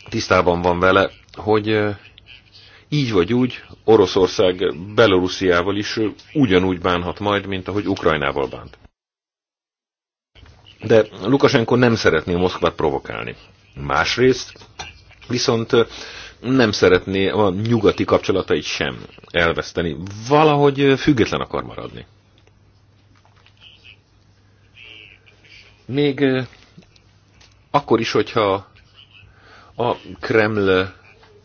tisztában van vele, hogy eh, így vagy úgy Oroszország Belorussziával is eh, ugyanúgy bánhat majd, mint ahogy Ukrajnával bánt de Lukasenko nem szeretné Moszkvát provokálni. Másrészt viszont nem szeretné a nyugati kapcsolatait sem elveszteni. Valahogy független akar maradni. Még akkor is, hogyha a Kreml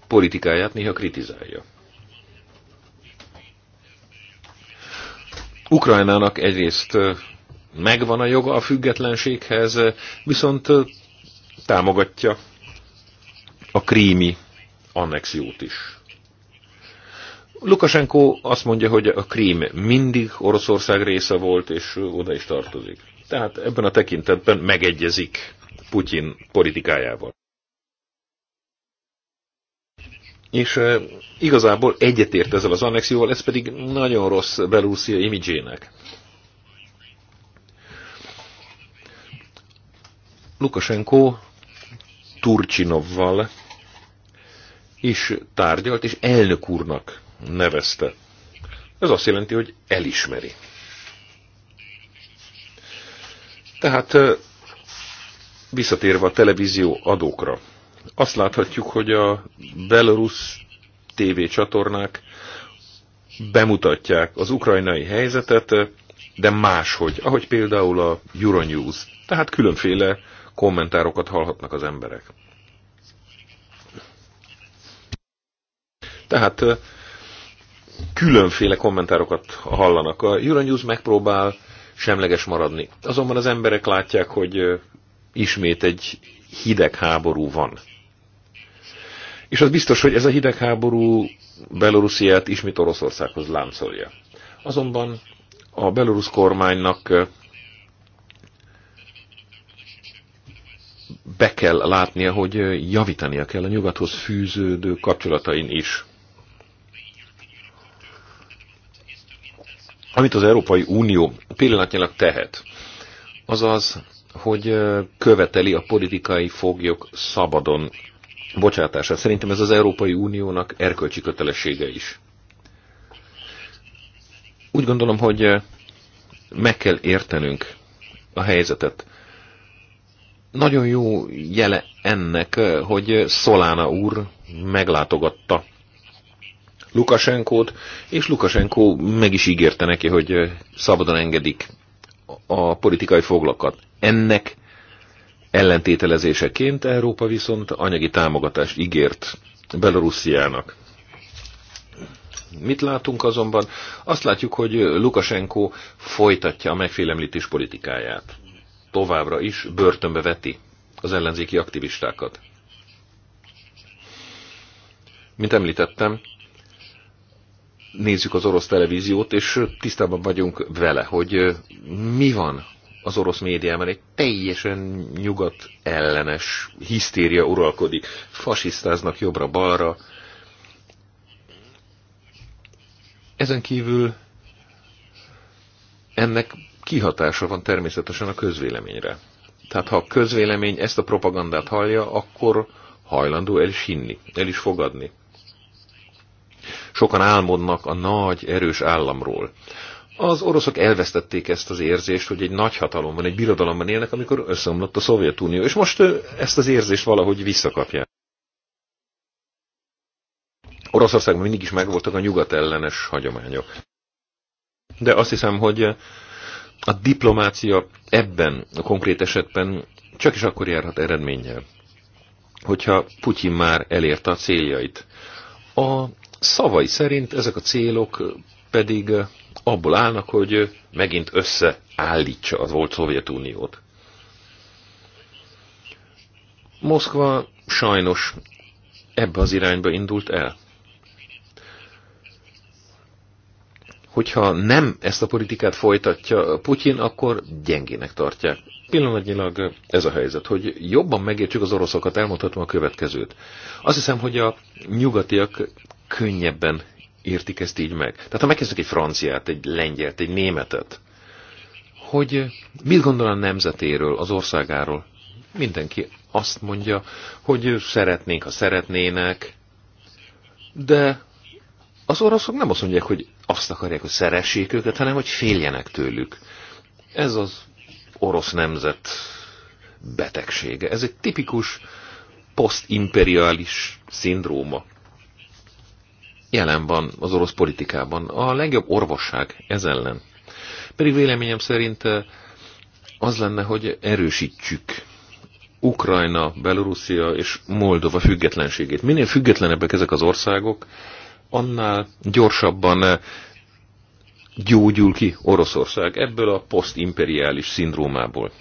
politikáját néha kritizálja. Ukrajnának egyrészt megvan a joga a függetlenséghez, viszont támogatja a krími annexiót is. Lukasenko azt mondja, hogy a krím mindig Oroszország része volt, és oda is tartozik. Tehát ebben a tekintetben megegyezik Putyin politikájával. És e, igazából egyetért ezzel az annexióval, ez pedig nagyon rossz belúszia imidzsének. Lukasenko Turcsinovval is tárgyalt, és elnök úrnak nevezte. Ez azt jelenti, hogy elismeri. Tehát visszatérve a televízió adókra, azt láthatjuk, hogy a belorusz TV csatornák bemutatják az ukrajnai helyzetet, de máshogy, ahogy például a Euronews. Tehát különféle kommentárokat hallhatnak az emberek. Tehát különféle kommentárokat hallanak. A Euronews megpróbál semleges maradni. Azonban az emberek látják, hogy ismét egy hidegháború van. És az biztos, hogy ez a hidegháború Belorussziát ismét Oroszországhoz láncolja. Azonban a belorusz kormánynak be kell látnia, hogy javítania kell a nyugathoz fűződő kapcsolatain is. Amit az Európai Unió pillanatnyilag tehet, az az, hogy követeli a politikai foglyok szabadon bocsátását. Szerintem ez az Európai Uniónak erkölcsi kötelessége is. Úgy gondolom, hogy meg kell értenünk a helyzetet nagyon jó jele ennek, eh, hogy Szolána úr meglátogatta Lukasenkót, és Lukasenko meg is ígérte neki, hogy eh, szabadon engedik a politikai foglakat. Ennek ellentételezéseként Európa viszont anyagi támogatást ígért Belorussziának. Mit látunk azonban? Azt látjuk, hogy Lukasenko folytatja a megfélemlítés politikáját továbbra is börtönbe veti az ellenzéki aktivistákat. Mint említettem, nézzük az orosz televíziót, és tisztában vagyunk vele, hogy mi van az orosz médiában egy teljesen nyugat ellenes hisztéria uralkodik. Fasisztáznak jobbra-balra. Ezen kívül ennek kihatása van természetesen a közvéleményre. Tehát ha a közvélemény ezt a propagandát hallja, akkor hajlandó el is hinni, el is fogadni. Sokan álmodnak a nagy, erős államról. Az oroszok elvesztették ezt az érzést, hogy egy nagy hatalomban, egy birodalomban élnek, amikor összeomlott a Szovjetunió, és most ezt az érzést valahogy visszakapják. Oroszországban mindig is megvoltak a nyugat ellenes hagyományok. De azt hiszem, hogy a diplomácia ebben a konkrét esetben csak is akkor járhat eredménnyel, hogyha Putyin már elérte a céljait. A szavai szerint ezek a célok pedig abból állnak, hogy megint összeállítsa az volt Szovjetuniót. Moszkva sajnos ebbe az irányba indult el. hogyha nem ezt a politikát folytatja Putyin, akkor gyengének tartják. Pillanatnyilag ez a helyzet, hogy jobban megértsük az oroszokat, elmondhatom a következőt. Azt hiszem, hogy a nyugatiak könnyebben értik ezt így meg. Tehát ha megkezdek egy franciát, egy lengyelt, egy németet, hogy mit gondol a nemzetéről, az országáról, mindenki azt mondja, hogy szeretnénk, ha szeretnének, de az oroszok nem azt mondják, hogy azt akarják, hogy szeressék őket, hanem hogy féljenek tőlük. Ez az orosz nemzet betegsége. Ez egy tipikus posztimperiális szindróma. Jelen van az orosz politikában. A legjobb orvosság ez ellen. Pedig véleményem szerint eh, az lenne, hogy erősítsük Ukrajna, Belorusszia és Moldova függetlenségét. Minél függetlenebbek ezek az országok, annál gyorsabban eh, gyógyul ki Oroszország ebből a posztimperiális szindrómából.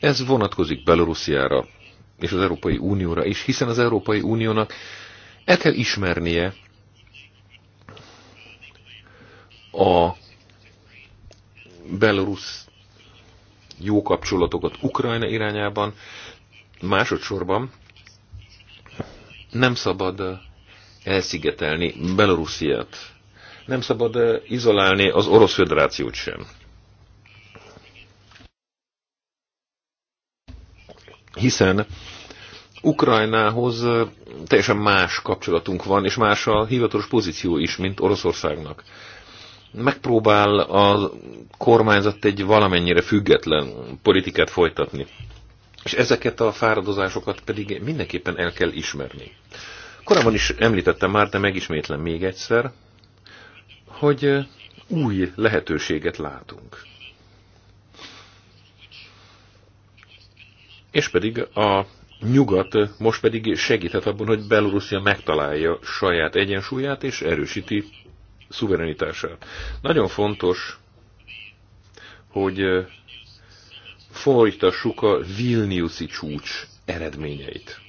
Ez vonatkozik Belorussziára és az Európai Unióra is, hiszen az Európai Uniónak el kell ismernie a belorusz jó kapcsolatokat Ukrajna irányában, másodszorban nem szabad eh, elszigetelni Belorussziát. Nem szabad eh, izolálni az Orosz Föderációt sem. Hiszen Ukrajnához eh, teljesen más kapcsolatunk van, és más a hivatalos pozíció is, mint Oroszországnak. Megpróbál a kormányzat egy valamennyire független politikát folytatni. És ezeket a fáradozásokat pedig mindenképpen el kell ismerni. Korábban is említettem már, de megismétlem még egyszer, hogy új lehetőséget látunk. És pedig a nyugat most pedig segíthet abban, hogy Belorusszia megtalálja saját egyensúlyát és erősíti szuverenitását. Nagyon fontos, hogy folytassuk a Vilniuszi csúcs eredményeit.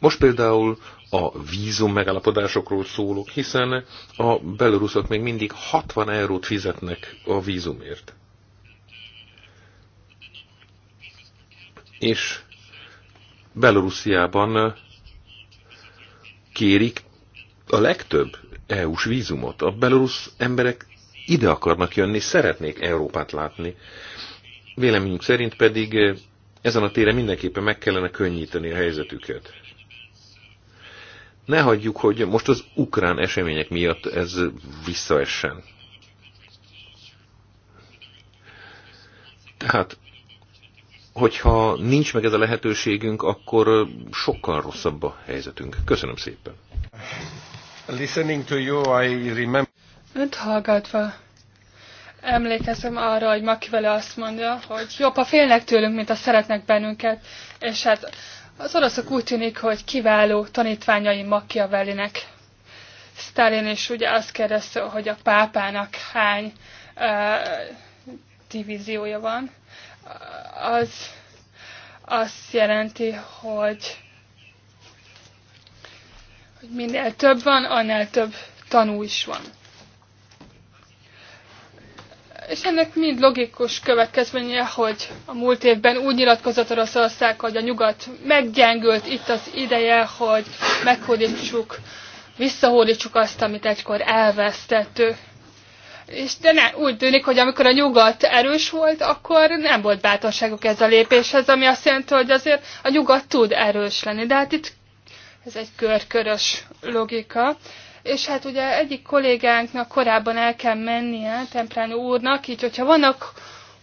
Most például a vízum megállapodásokról szólok, hiszen a beloruszok még mindig 60 eurót fizetnek a vízumért. És Belorussziában kérik a legtöbb EU-s vízumot. A belorusz emberek ide akarnak jönni, szeretnék Európát látni. Véleményünk szerint pedig ezen a téren mindenképpen meg kellene könnyíteni a helyzetüket. Ne hagyjuk, hogy most az ukrán események miatt ez visszaessen. Tehát, hogyha nincs meg ez a lehetőségünk, akkor sokkal rosszabb a helyzetünk. Köszönöm szépen. Listening to you, I remember... Önt hallgatva emlékezem arra, hogy Makivele azt mondja, hogy jobb, a félnek tőlünk, mint a szeretnek bennünket, és hát az oroszok úgy tűnik, hogy kiváló tanítványai Machiavellinek. Stalin is ugye azt kérdezte, hogy a pápának hány uh, divíziója van. Az azt jelenti, hogy, hogy minél több van, annál több tanú is van és ennek mind logikus következménye, hogy a múlt évben úgy nyilatkozott Oroszország, hogy a nyugat meggyengült, itt az ideje, hogy meghódítsuk, visszahódítsuk azt, amit egykor ő. És de ne, úgy tűnik, hogy amikor a nyugat erős volt, akkor nem volt bátorságuk ez a lépéshez, ami azt jelenti, hogy azért a nyugat tud erős lenni. De hát itt ez egy körkörös logika és hát ugye egyik kollégánknak korábban el kell mennie, Temprán úrnak, így hogyha vannak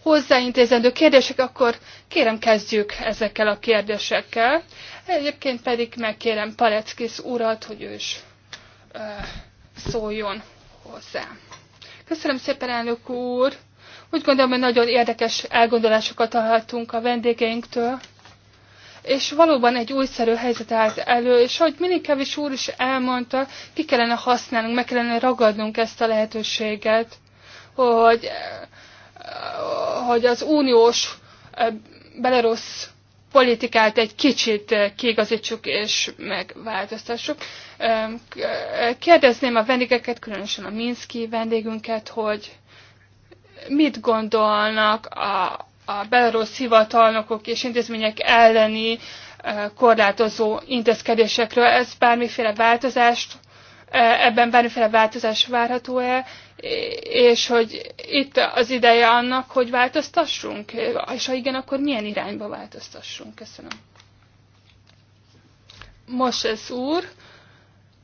hozzáintézendő kérdések, akkor kérem kezdjük ezekkel a kérdésekkel. Egyébként pedig megkérem Paleckis urat, hogy ő is ö, szóljon hozzá. Köszönöm szépen, elnök úr! Úgy gondolom, hogy nagyon érdekes elgondolásokat hallhattunk a vendégeinktől és valóban egy újszerű helyzet állt elő, és ahogy kevés úr is elmondta, ki kellene használnunk, meg kellene ragadnunk ezt a lehetőséget, hogy, hogy az uniós eh, belarusz politikát egy kicsit eh, kiigazítsuk és megváltoztassuk. Eh, kérdezném a vendégeket, különösen a Minszki vendégünket, hogy mit gondolnak a, a belarusz hivatalnokok és intézmények elleni eh, korlátozó intézkedésekről. Ez bármiféle változást, eh, ebben bármiféle változás várható-e, és hogy itt az ideje annak, hogy változtassunk, és ha igen, akkor milyen irányba változtassunk. Köszönöm. ez úr,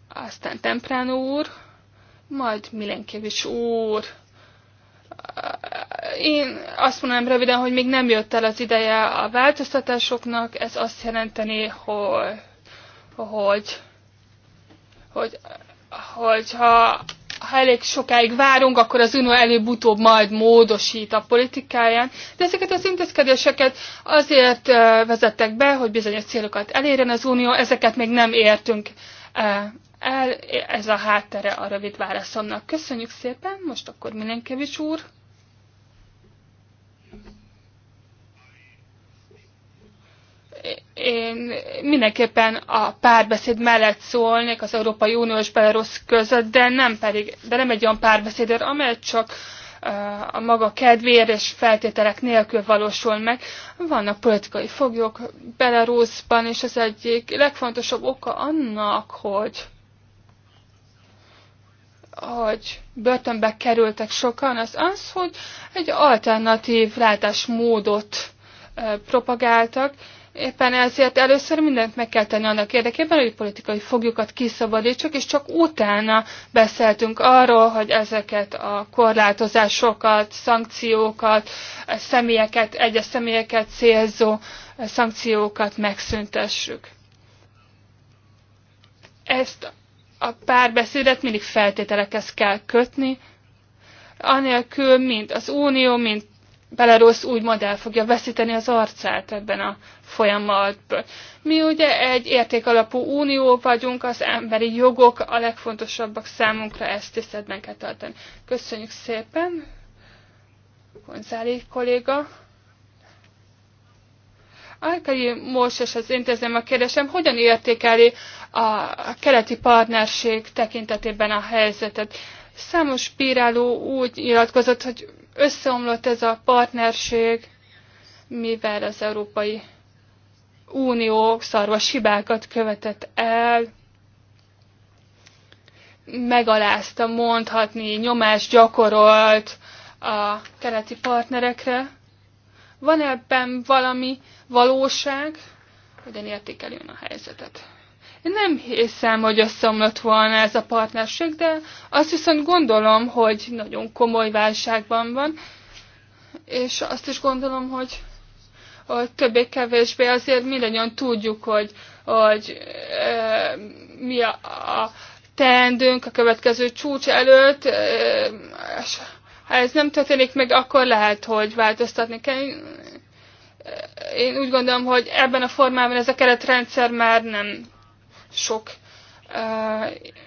aztán Temprán úr, majd Milenkevics úr én azt mondanám röviden, hogy még nem jött el az ideje a változtatásoknak, ez azt jelenteni, hogy, hogy, hogy ha, ha elég sokáig várunk, akkor az UNO előbb-utóbb majd módosít a politikáján. De ezeket az intézkedéseket azért vezettek be, hogy bizonyos célokat elérjen az Unió, ezeket még nem értünk el. Ez a háttere a rövid válaszomnak. Köszönjük szépen, most akkor Milenkevics úr. én mindenképpen a párbeszéd mellett szólnék az Európai Unió és Belarusz között, de nem pedig, de nem egy olyan párbeszédért, amely csak a maga kedvér és feltételek nélkül valósul meg. Vannak politikai foglyok Belarusban, és ez egyik legfontosabb oka annak, hogy hogy börtönbe kerültek sokan, az az, hogy egy alternatív látásmódot propagáltak, Éppen ezért először mindent meg kell tenni annak érdekében, hogy politikai foglyokat kiszabadítsuk, és csak utána beszéltünk arról, hogy ezeket a korlátozásokat, szankciókat, személyeket, egyes személyeket célzó szankciókat megszüntessük. Ezt a párbeszédet mindig feltételekhez kell kötni, anélkül mind az Unió, mind Belarus úgy modell fogja veszíteni az arcát ebben a folyamatban. Mi ugye egy értékalapú unió vagyunk, az emberi jogok a legfontosabbak számunkra, ezt tiszteletben kell tartani. Köszönjük szépen, Gonzáli kolléga. Alkai Móses az intézem a kérdésem, hogyan értékeli a keleti partnerség tekintetében a helyzetet? Számos bíráló úgy nyilatkozott, hogy összeomlott ez a partnerség, mivel az Európai Unió szarvas hibákat követett el, megalázta, mondhatni, nyomást gyakorolt a keleti partnerekre. Van ebben valami valóság, hogyan értékeljön a helyzetet. Én nem hiszem, hogy összeomlott volna ez a partnerség, de azt viszont gondolom, hogy nagyon komoly válságban van, és azt is gondolom, hogy, hogy többé-kevésbé azért mindannyian tudjuk, hogy, hogy e, mi a, a teendőnk a következő csúcs előtt, e, és ha ez nem történik meg, akkor lehet, hogy változtatni kell én úgy gondolom, hogy ebben a formában ez a keretrendszer már nem sok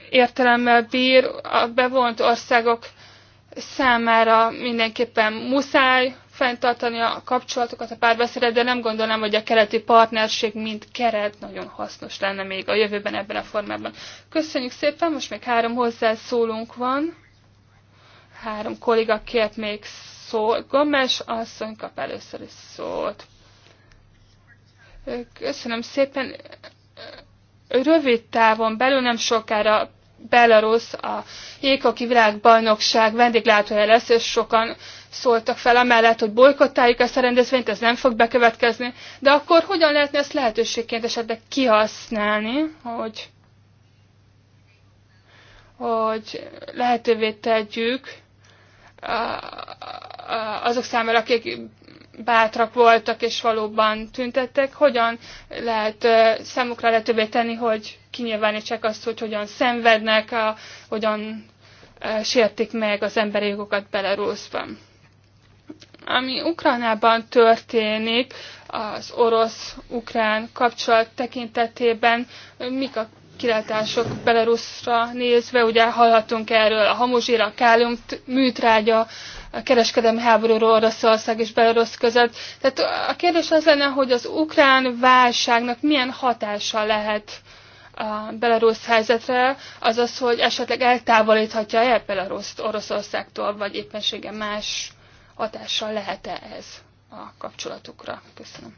értelemmel bír. A bevont országok számára mindenképpen muszáj fenntartani a kapcsolatokat, a párbeszédet, de nem gondolom, hogy a keleti partnerség mint keret nagyon hasznos lenne még a jövőben ebben a formában. Köszönjük szépen, most még három hozzászólunk van. Három kolléga kért még szól. Gomes asszony kap először is szót. Köszönöm szépen. Rövid távon belül nem sokára Belarus a Jékoki világbajnokság vendéglátója lesz, és sokan szóltak fel amellett, hogy bolykottáljuk ezt a rendezvényt, ez nem fog bekövetkezni, de akkor hogyan lehetne ezt lehetőségként esetleg kihasználni, hogy, hogy lehetővé tegyük azok számára, akik bátrak voltak és valóban tüntettek, hogyan lehet számukra lehetővé tenni, hogy kinyilvánítsák azt, hogy hogyan szenvednek, a, hogyan sértik meg az emberi jogokat Belarusban. Ami Ukránában történik, az orosz-ukrán kapcsolat tekintetében mik a kilátások Belarusra nézve, ugye hallhatunk erről a hamuzsír, a kálium műtrágya, a kereskedelmi háborúról Oroszország és Belarus között. Tehát a kérdés az lenne, hogy az ukrán válságnak milyen hatása lehet a Belarus helyzetre, azaz, hogy esetleg eltávolíthatja el Belaruszt Oroszországtól, vagy éppenséggel más hatással lehet-e ez a kapcsolatukra. Köszönöm.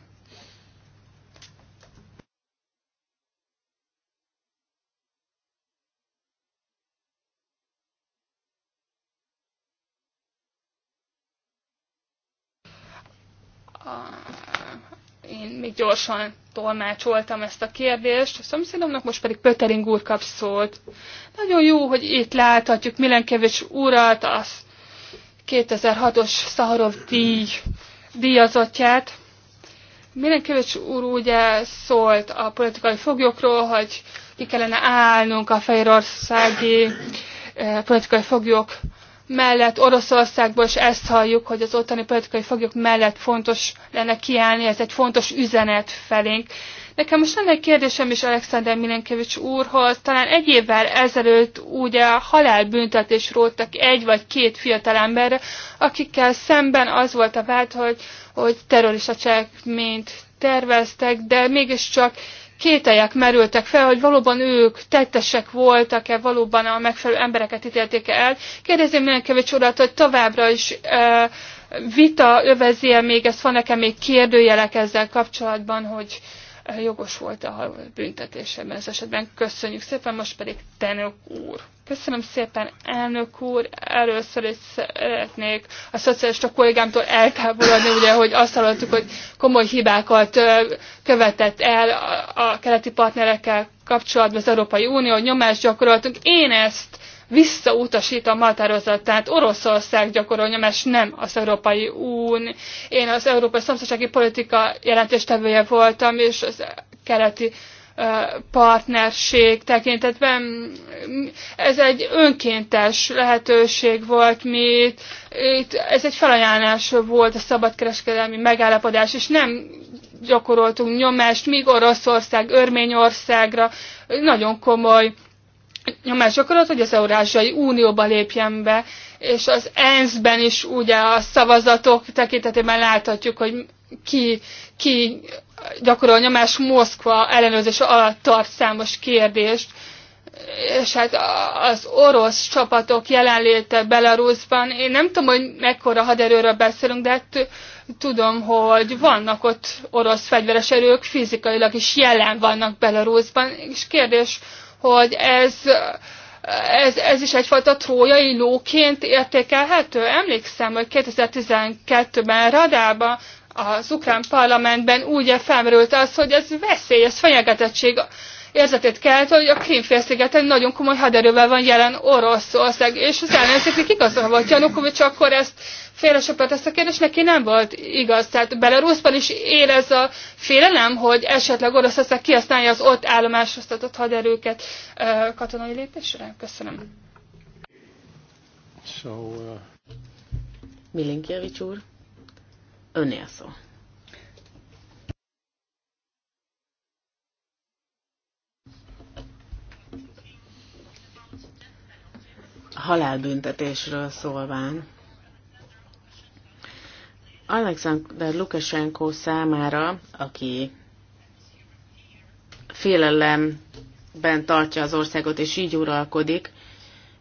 én még gyorsan tolmácsoltam ezt a kérdést. A szomszédomnak most pedig Pötering úr kap szót. Nagyon jó, hogy itt láthatjuk Milenkevics urat, az 2006-os Szaharov díj díjazottját. Milenkevics úr ugye szólt a politikai foglyokról, hogy ki kellene állnunk a fehérországi eh, politikai foglyok mellett Oroszországból is ezt halljuk, hogy az ottani politikai foglyok mellett fontos lenne kiállni, ez egy fontos üzenet felénk. Nekem most lenne egy kérdésem is Alexander Milenkevics úrhoz. Talán egy évvel ezelőtt ugye halálbüntetés róttak egy vagy két fiatal emberre, akikkel szemben az volt a vált, hogy, hogy terrorista cselekményt terveztek, de mégiscsak kételyek merültek fel, hogy valóban ők tettesek voltak-e, valóban a megfelelő embereket ítélték -e el. Kérdezném Milánkevics urat, hogy továbbra is e, vita övezi -e még ezt, van nekem még kérdőjelek ezzel kapcsolatban, hogy jogos volt a büntetése ebben az esetben. Köszönjük szépen, most pedig Tenök úr. Köszönöm szépen, elnök úr. Először is szeretnék a szocialista kollégámtól eltávolodni, ugye, hogy azt hallottuk, hogy komoly hibákat követett el a keleti partnerekkel kapcsolatban az Európai Unió, nyomást gyakoroltunk. Én ezt visszautasít a határozat, tehát Oroszország gyakorol nyomás, nem az Európai Ún. Én az Európai Szomszédsági Politika jelentéstevője voltam, és az keleti partnerség tekintetben ez egy önkéntes lehetőség volt, mi itt, ez egy felajánlás volt a szabadkereskedelmi megállapodás, és nem gyakoroltunk nyomást, míg Oroszország, Örményországra nagyon komoly nyomás gyakorolt, hogy az Eurázsiai Unióba lépjen be, és az ENSZ-ben is ugye a szavazatok tekintetében láthatjuk, hogy ki, ki gyakorol nyomás Moszkva ellenőrzés alatt tart számos kérdést, és hát az orosz csapatok jelenléte Belarusban, én nem tudom, hogy mekkora haderőről beszélünk, de hát tudom, hogy vannak ott orosz fegyveres erők, fizikailag is jelen vannak Belarusban, és kérdés, hogy ez, ez, ez is egyfajta trójai lóként értékelhető. Emlékszem, hogy 2012-ben Radában az ukrán parlamentben úgy felmerült az, hogy ez veszély, ez fenyegetettség érzetét kelt, hogy a Krímfélszigeten nagyon komoly haderővel van jelen Oroszország, és az ellenzéknek igaza volt Janukovics, akkor ezt félresöpött ezt a kérdést, neki nem volt igaz. Tehát Belarusban is él ez a félelem, hogy esetleg Oroszország kihasználja az ott állomásosztatott haderőket katonai lépésre? Köszönöm. So, uh... Milinkjevics úr, önél szó. halálbüntetésről szólván. Alexander Lukashenko számára, aki félelemben tartja az országot és így uralkodik,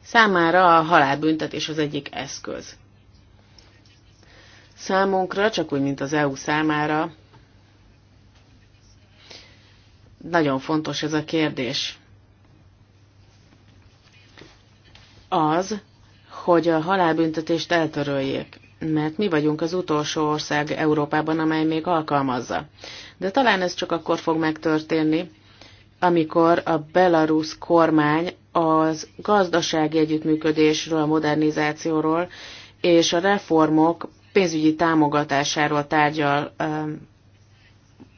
számára a halálbüntetés az egyik eszköz. Számunkra, csak úgy, mint az EU számára, nagyon fontos ez a kérdés. az, hogy a halálbüntetést eltöröljék, mert mi vagyunk az utolsó ország Európában, amely még alkalmazza. De talán ez csak akkor fog megtörténni, amikor a belarusz kormány az gazdasági együttműködésről, a modernizációról és a reformok pénzügyi támogatásáról tárgyal um,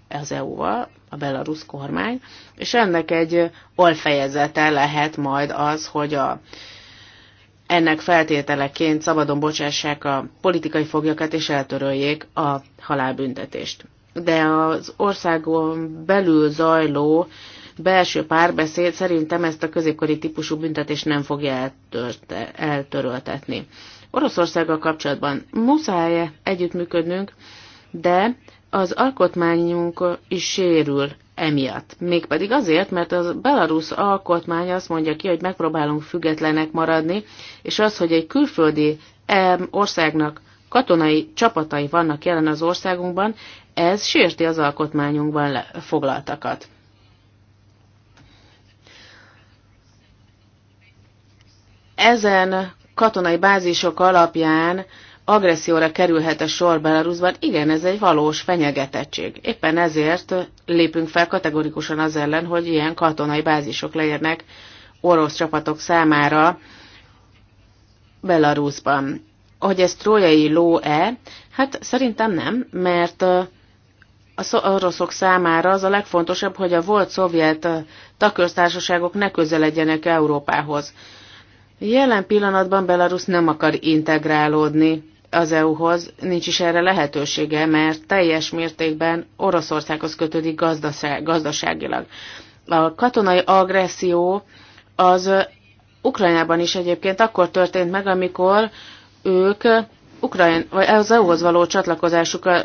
az EU-val, a belarusz kormány, és ennek egy olfejezete lehet majd az, hogy a ennek feltételeként szabadon bocsássák a politikai foglyokat és eltöröljék a halálbüntetést. De az országon belül zajló belső párbeszéd szerintem ezt a középkori típusú büntetést nem fogja eltöröltetni. Oroszországgal kapcsolatban muszáj együttműködnünk, de az alkotmányunk is sérül emiatt. Mégpedig azért, mert a belarusz alkotmány azt mondja ki, hogy megpróbálunk függetlenek maradni, és az, hogy egy külföldi országnak katonai csapatai vannak jelen az országunkban, ez sérti az alkotmányunkban foglaltakat. Ezen katonai bázisok alapján agresszióra kerülhet a sor Belarusban, igen, ez egy valós fenyegetettség. Éppen ezért lépünk fel kategorikusan az ellen, hogy ilyen katonai bázisok legyenek orosz csapatok számára Belarusban. Hogy ez trójai ló-e? Hát szerintem nem, mert az oroszok számára az a legfontosabb, hogy a volt szovjet takörztársaságok ne közeledjenek Európához. Jelen pillanatban Belarus nem akar integrálódni az EU-hoz, nincs is erre lehetősége, mert teljes mértékben Oroszországhoz kötődik gazdaság, gazdaságilag. A katonai agresszió az Ukrajnában is egyébként akkor történt meg, amikor ők Ukrajn, vagy az EU-hoz való csatlakozásuk a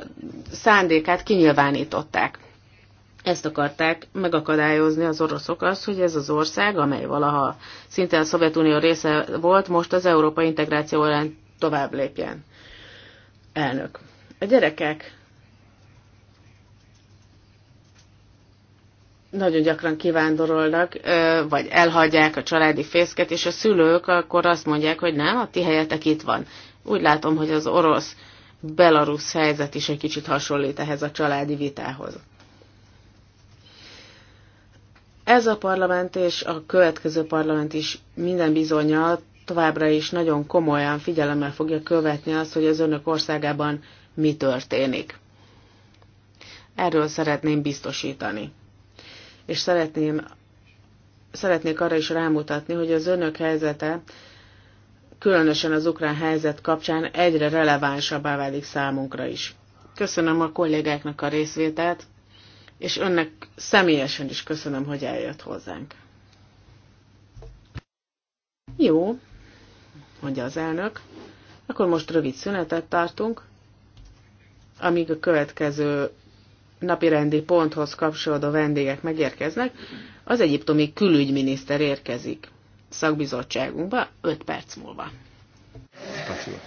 szándékát kinyilvánították. Ezt akarták megakadályozni az oroszok az, hogy ez az ország, amely valaha szinte a Szovjetunió része volt, most az európai integráció tovább lépjen. Elnök. A gyerekek nagyon gyakran kivándorolnak, vagy elhagyják a családi fészket, és a szülők akkor azt mondják, hogy nem, a ti helyetek itt van. Úgy látom, hogy az orosz belarusz helyzet is egy kicsit hasonlít ehhez a családi vitához. Ez a parlament és a következő parlament is minden bizonyal továbbra is nagyon komolyan figyelemmel fogja követni azt, hogy az önök országában mi történik. Erről szeretném biztosítani. És szeretném, szeretnék arra is rámutatni, hogy az önök helyzete, különösen az ukrán helyzet kapcsán egyre relevánsabbá válik számunkra is. Köszönöm a kollégáknak a részvételt, és önnek személyesen is köszönöm, hogy eljött hozzánk. Jó, mondja az elnök. Akkor most rövid szünetet tartunk, amíg a következő napi rendi ponthoz kapcsolódó vendégek megérkeznek. Az egyiptomi külügyminiszter érkezik szakbizottságunkba 5 perc múlva. Köszönöm.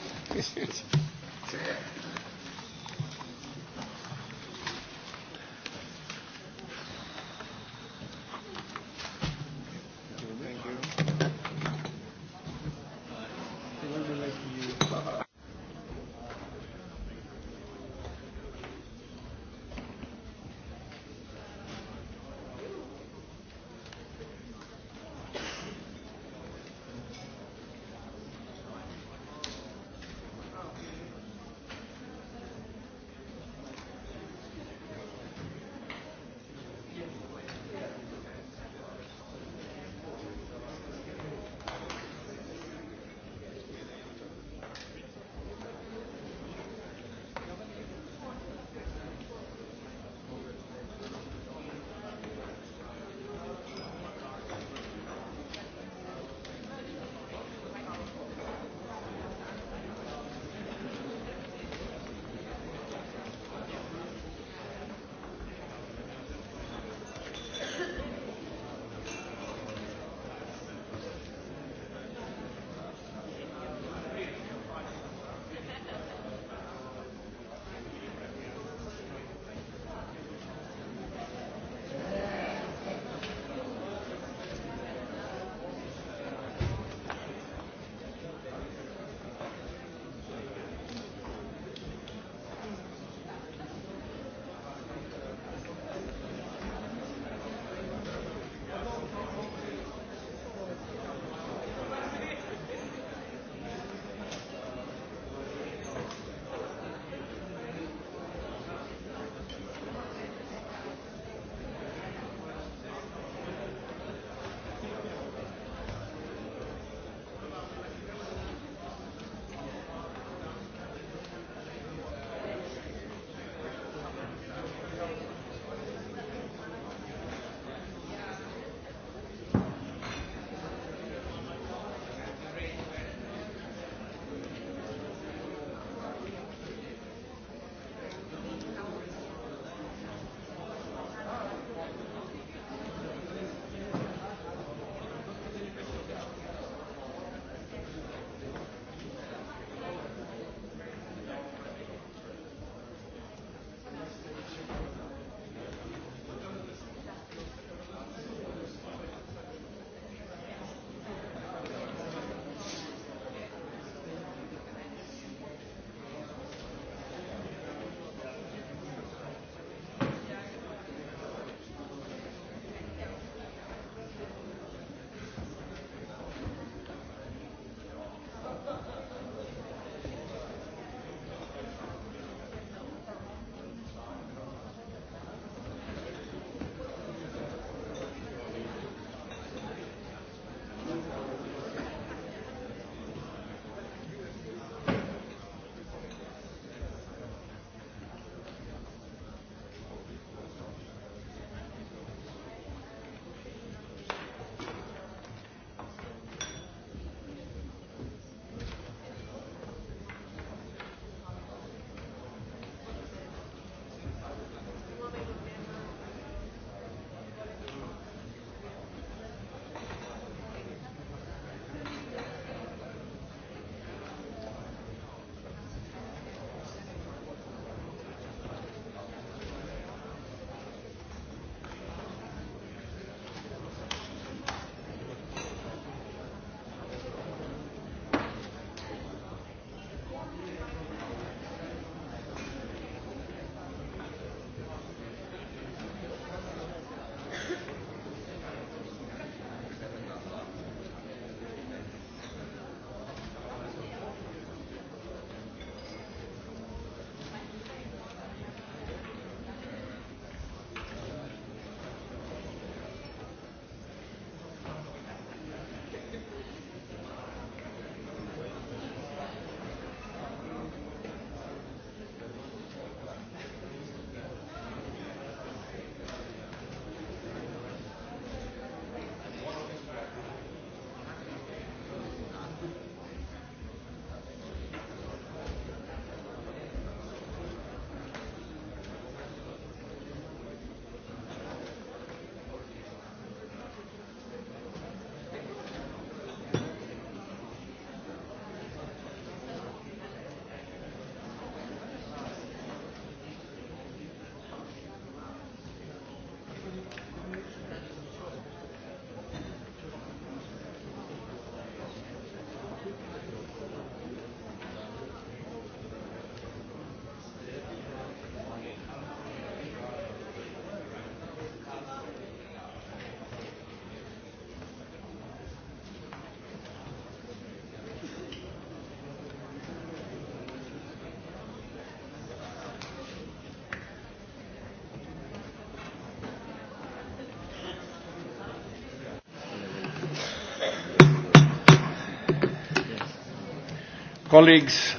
colleagues.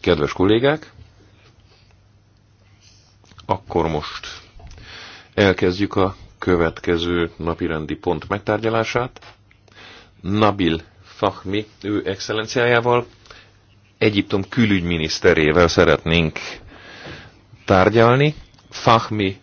Kedves kollégák, akkor most elkezdjük a következő napirendi pont megtárgyalását. Nabil Fahmi, ő excellenciájával, Egyiptom külügyminiszterével szeretnénk tárgyalni. Fahmi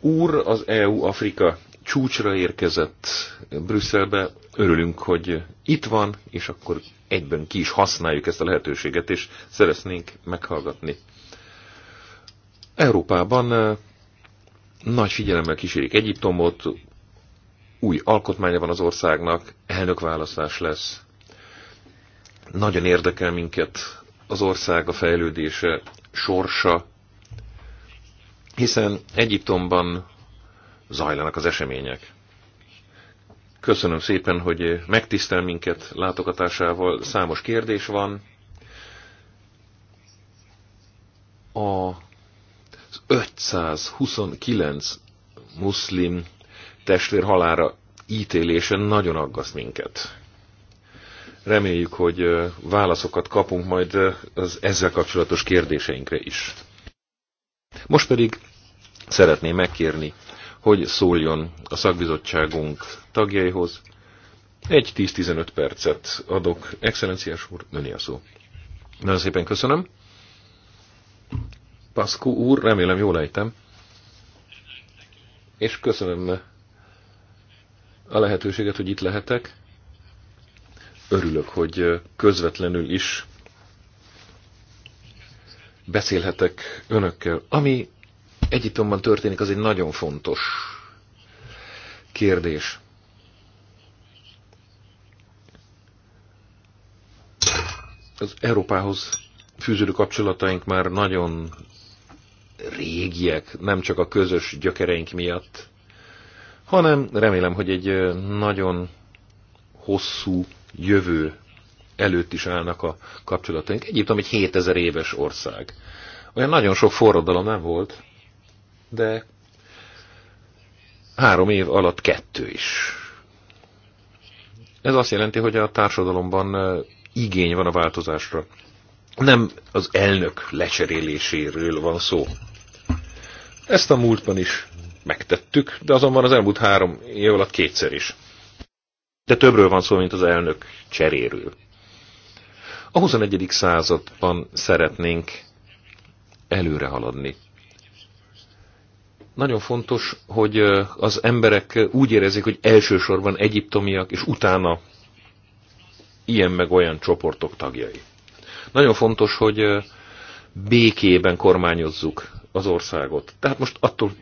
úr az EU-Afrika csúcsra érkezett Brüsszelbe. Örülünk, hogy itt van, és akkor egyben ki is használjuk ezt a lehetőséget, és szeretnénk meghallgatni. Európában nagy figyelemmel kísérik Egyiptomot, új alkotmánya van az országnak, elnökválasztás lesz. Nagyon érdekel minket az ország a fejlődése, sorsa, hiszen Egyiptomban zajlanak az események. Köszönöm szépen, hogy megtisztel minket látogatásával. Számos kérdés van. A 529 muszlim testvér halára ítélése nagyon aggaszt minket. Reméljük, hogy válaszokat kapunk majd az ezzel kapcsolatos kérdéseinkre is. Most pedig szeretném megkérni hogy szóljon a szakbizottságunk tagjaihoz. Egy 10-15 percet adok. Excellenciás úr, öné a szó. Nagyon szépen köszönöm. Paszkó úr, remélem jól ejtem. És köszönöm a lehetőséget, hogy itt lehetek. Örülök, hogy közvetlenül is beszélhetek önökkel. Ami Egyiptomban történik, az egy nagyon fontos kérdés. Az Európához fűződő kapcsolataink már nagyon régiek, nem csak a közös gyökereink miatt, hanem remélem, hogy egy nagyon hosszú jövő előtt is állnak a kapcsolataink. Egyiptom egy 7000 éves ország. Olyan nagyon sok forradalom nem volt, de három év alatt kettő is. Ez azt jelenti, hogy a társadalomban igény van a változásra. Nem az elnök lecseréléséről van szó. Ezt a múltban is megtettük, de azonban az elmúlt három év alatt kétszer is. De többről van szó, mint az elnök cseréről. A 21. században szeretnénk előre haladni. Nagyon fontos, hogy az emberek úgy érezik, hogy elsősorban egyiptomiak, és utána ilyen meg olyan csoportok tagjai. Nagyon fontos, hogy békében kormányozzuk az országot. Tehát most attól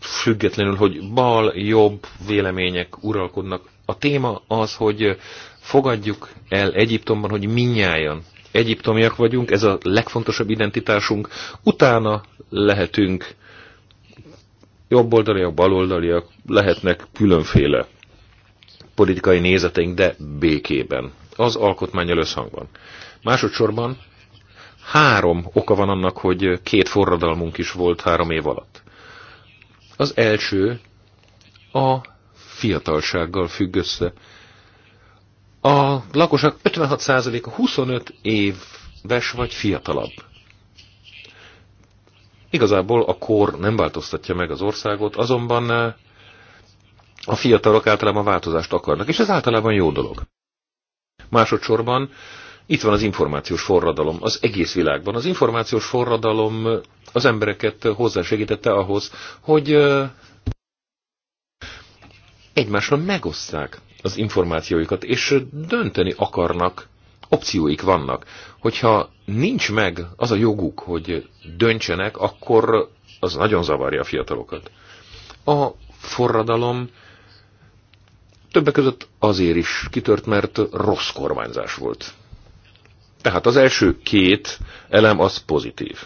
függetlenül, hogy bal, jobb vélemények uralkodnak, a téma az, hogy fogadjuk el Egyiptomban, hogy minnyáján egyiptomiak vagyunk, ez a legfontosabb identitásunk, utána lehetünk jobboldaliak, baloldaliak, lehetnek különféle politikai nézeteink, de békében. Az alkotmány összhangban. Másodszorban három oka van annak, hogy két forradalmunk is volt három év alatt. Az első a fiatalsággal függ össze. A lakosság 56%-a 25 éves vagy fiatalabb. Igazából a kor nem változtatja meg az országot, azonban eh, a fiatalok általában változást akarnak, és ez általában jó dolog. Másodszorban itt van az információs forradalom az egész világban. Az információs forradalom az embereket hozzásegítette ahhoz, hogy eh, egymásra megosztják az információikat, és dönteni akarnak opcióik vannak. Hogyha nincs meg az a joguk, hogy döntsenek, akkor az nagyon zavarja a fiatalokat. A forradalom többek között azért is kitört, mert rossz kormányzás volt. Tehát az első két elem az pozitív.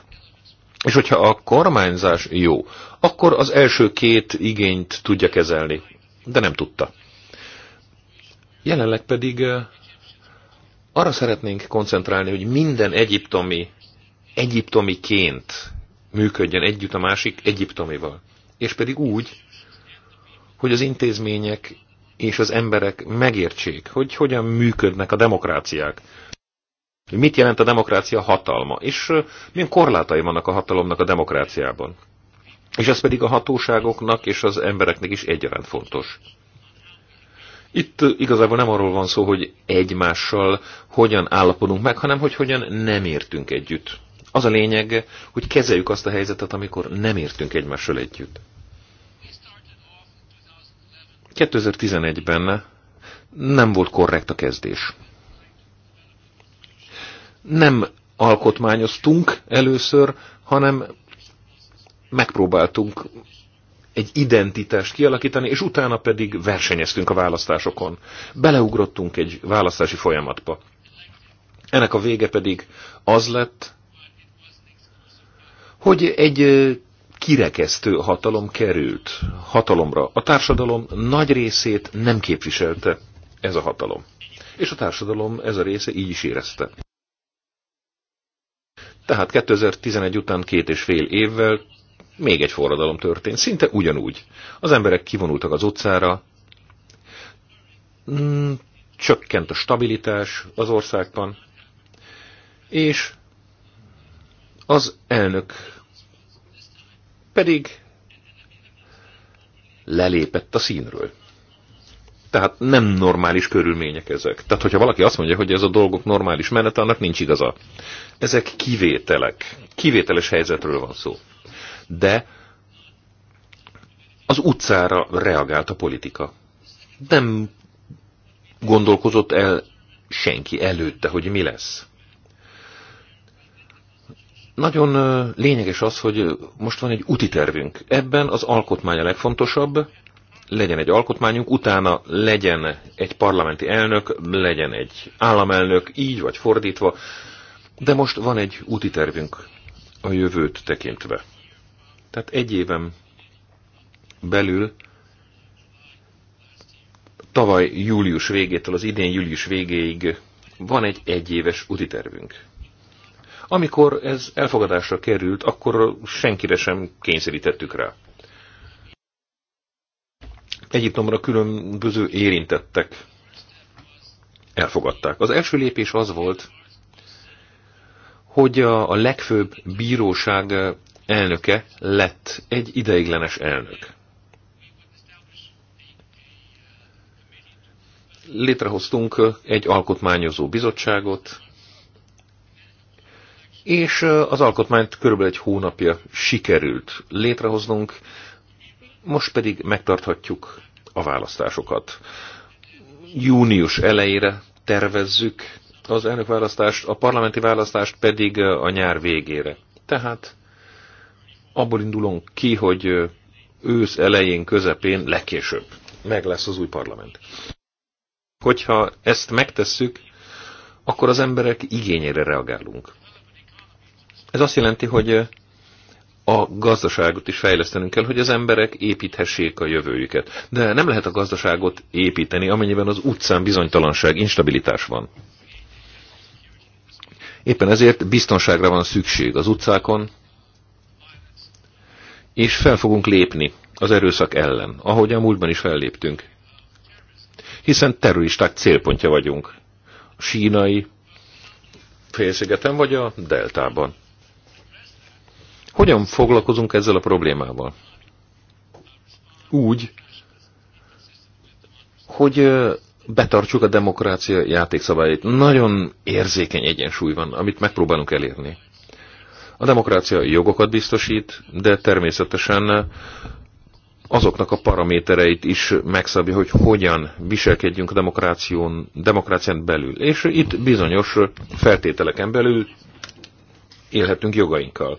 És hogyha a kormányzás jó, akkor az első két igényt tudja kezelni, de nem tudta. Jelenleg pedig arra szeretnénk koncentrálni, hogy minden egyiptomi egyiptomiként működjön együtt a másik egyiptomival. És pedig úgy, hogy az intézmények és az emberek megértsék, hogy hogyan működnek a demokráciák. Mit jelent a demokrácia hatalma, és milyen korlátai vannak a hatalomnak a demokráciában. És ez pedig a hatóságoknak és az embereknek is egyaránt fontos. Itt igazából nem arról van szó, hogy egymással hogyan állapodunk meg, hanem hogy hogyan nem értünk együtt. Az a lényeg, hogy kezeljük azt a helyzetet, amikor nem értünk egymással együtt. 2011-ben nem volt korrekt a kezdés. Nem alkotmányoztunk először, hanem megpróbáltunk egy identitást kialakítani, és utána pedig versenyeztünk a választásokon. Beleugrottunk egy választási folyamatba. Ennek a vége pedig az lett, hogy egy kirekesztő hatalom került hatalomra. A társadalom nagy részét nem képviselte ez a hatalom. És a társadalom ez a része így is érezte. Tehát 2011 után két és fél évvel még egy forradalom történt, szinte ugyanúgy. Az emberek kivonultak az utcára, mm, csökkent a stabilitás az országban, és az elnök pedig lelépett a színről. Tehát nem normális körülmények ezek. Tehát, hogyha valaki azt mondja, hogy ez a dolgok normális menete, annak nincs igaza. Ezek kivételek. Kivételes helyzetről van szó de az utcára reagált a politika. Nem gondolkozott el senki előtte, hogy mi lesz. Nagyon lényeges az, hogy most van egy úti tervünk. Ebben az alkotmány a legfontosabb, legyen egy alkotmányunk, utána legyen egy parlamenti elnök, legyen egy államelnök, így vagy fordítva, de most van egy úti tervünk a jövőt tekintve. Tehát egy éven belül tavaly július végétől az idén július végéig van egy egyéves úti tervünk. Amikor ez elfogadásra került, akkor senkire sem kényszerítettük rá. Egyiptomra különböző érintettek elfogadták. Az első lépés az volt, hogy a legfőbb bíróság elnöke lett egy ideiglenes elnök. Létrehoztunk egy alkotmányozó bizottságot, és az alkotmányt körülbelül egy hónapja sikerült létrehoznunk, most pedig megtarthatjuk a választásokat. Június elejére tervezzük az elnökválasztást, a parlamenti választást pedig a nyár végére. Tehát abból indulunk ki, hogy ősz elején, közepén, legkésőbb meg lesz az új parlament. Hogyha ezt megtesszük, akkor az emberek igényére reagálunk. Ez azt jelenti, hogy a gazdaságot is fejlesztenünk kell, hogy az emberek építhessék a jövőjüket. De nem lehet a gazdaságot építeni, amennyiben az utcán bizonytalanság, instabilitás van. Éppen ezért biztonságra van szükség az utcákon, és fel fogunk lépni az erőszak ellen, ahogy a múltban is felléptünk. Hiszen terroristák célpontja vagyunk. A sínai félszigeten vagy a deltában. Hogyan foglalkozunk ezzel a problémával? Úgy, hogy betartsuk a demokrácia játékszabályait. Nagyon érzékeny egyensúly van, amit megpróbálunk elérni. A demokrácia jogokat biztosít, de természetesen azoknak a paramétereit is megszabja, hogy hogyan viselkedjünk a demokráción, demokrácián belül. És itt bizonyos feltételeken belül élhetünk jogainkkal.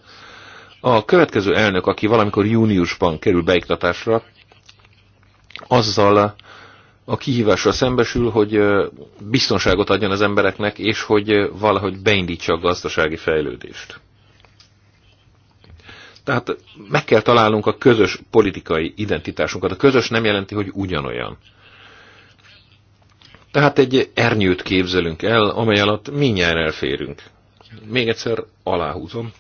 A következő elnök, aki valamikor júniusban kerül beiktatásra, azzal a kihívásra szembesül, hogy biztonságot adjon az embereknek, és hogy valahogy beindítsa a gazdasági fejlődést. Tehát meg kell találnunk a közös politikai identitásunkat. A közös nem jelenti, hogy ugyanolyan. Tehát egy ernyőt képzelünk el, amely alatt mindjárt elférünk. Még egyszer aláhúzom,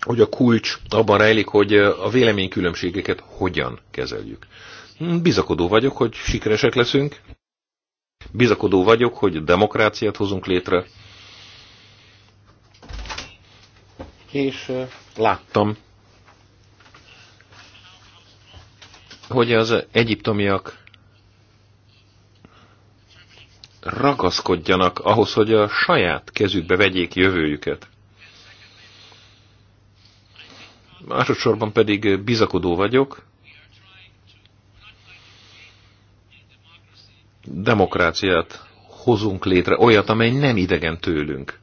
hogy a kulcs abban rejlik, hogy a véleménykülönbségeket hogyan kezeljük. Bizakodó vagyok, hogy sikeresek leszünk. Bizakodó vagyok, hogy demokráciát hozunk létre, és láttam, hogy az egyiptomiak ragaszkodjanak ahhoz, hogy a saját kezükbe vegyék jövőjüket. Másodszorban pedig bizakodó vagyok, demokráciát hozunk létre, olyat, amely nem idegen tőlünk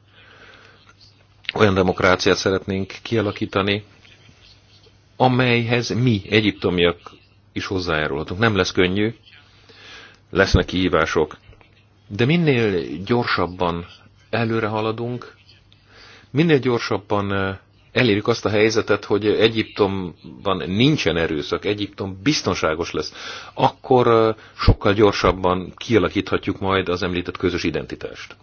olyan demokráciát szeretnénk kialakítani, amelyhez mi, egyiptomiak is hozzájárulhatunk. Nem lesz könnyű, lesznek kihívások, de minél gyorsabban előre haladunk, minél gyorsabban elérjük azt a helyzetet, hogy Egyiptomban nincsen erőszak, Egyiptom biztonságos lesz, akkor sokkal gyorsabban kialakíthatjuk majd az említett közös identitást.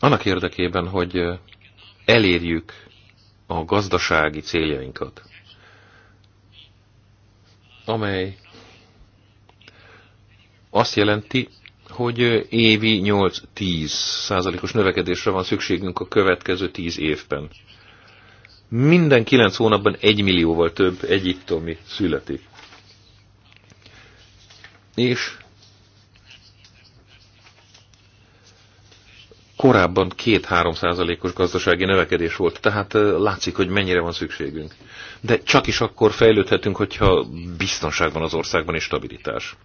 Annak érdekében, hogy elérjük a gazdasági céljainkat, amely azt jelenti, hogy évi 8-10 százalékos növekedésre van szükségünk a következő 10 évben. Minden 9 hónapban 1 millióval több egyiptomi születik. És korábban 2-3 százalékos gazdasági növekedés volt, tehát látszik, hogy mennyire van szükségünk. De csak is akkor fejlődhetünk, hogyha biztonság van az országban és stabilitás.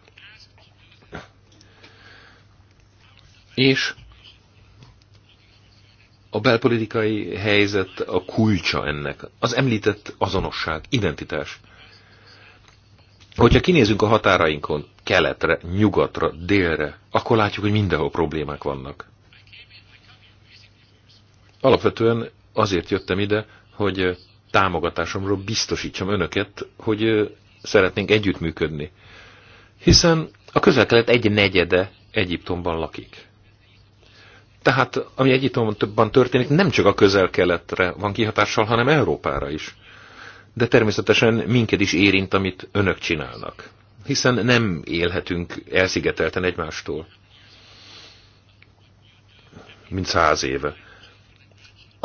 És a belpolitikai helyzet a kulcsa ennek. Az említett azonosság, identitás. Hogyha kinézünk a határainkon, keletre, nyugatra, délre, akkor látjuk, hogy mindenhol problémák vannak. Alapvetően azért jöttem ide, hogy támogatásomról biztosítsam önöket, hogy szeretnénk együttműködni. Hiszen a közel-kelet egy negyede Egyiptomban lakik. Tehát, ami Egyiptomban történik, nem csak a közel-keletre van kihatással, hanem Európára is. De természetesen minket is érint, amit önök csinálnak. Hiszen nem élhetünk elszigetelten egymástól. Mint száz éve.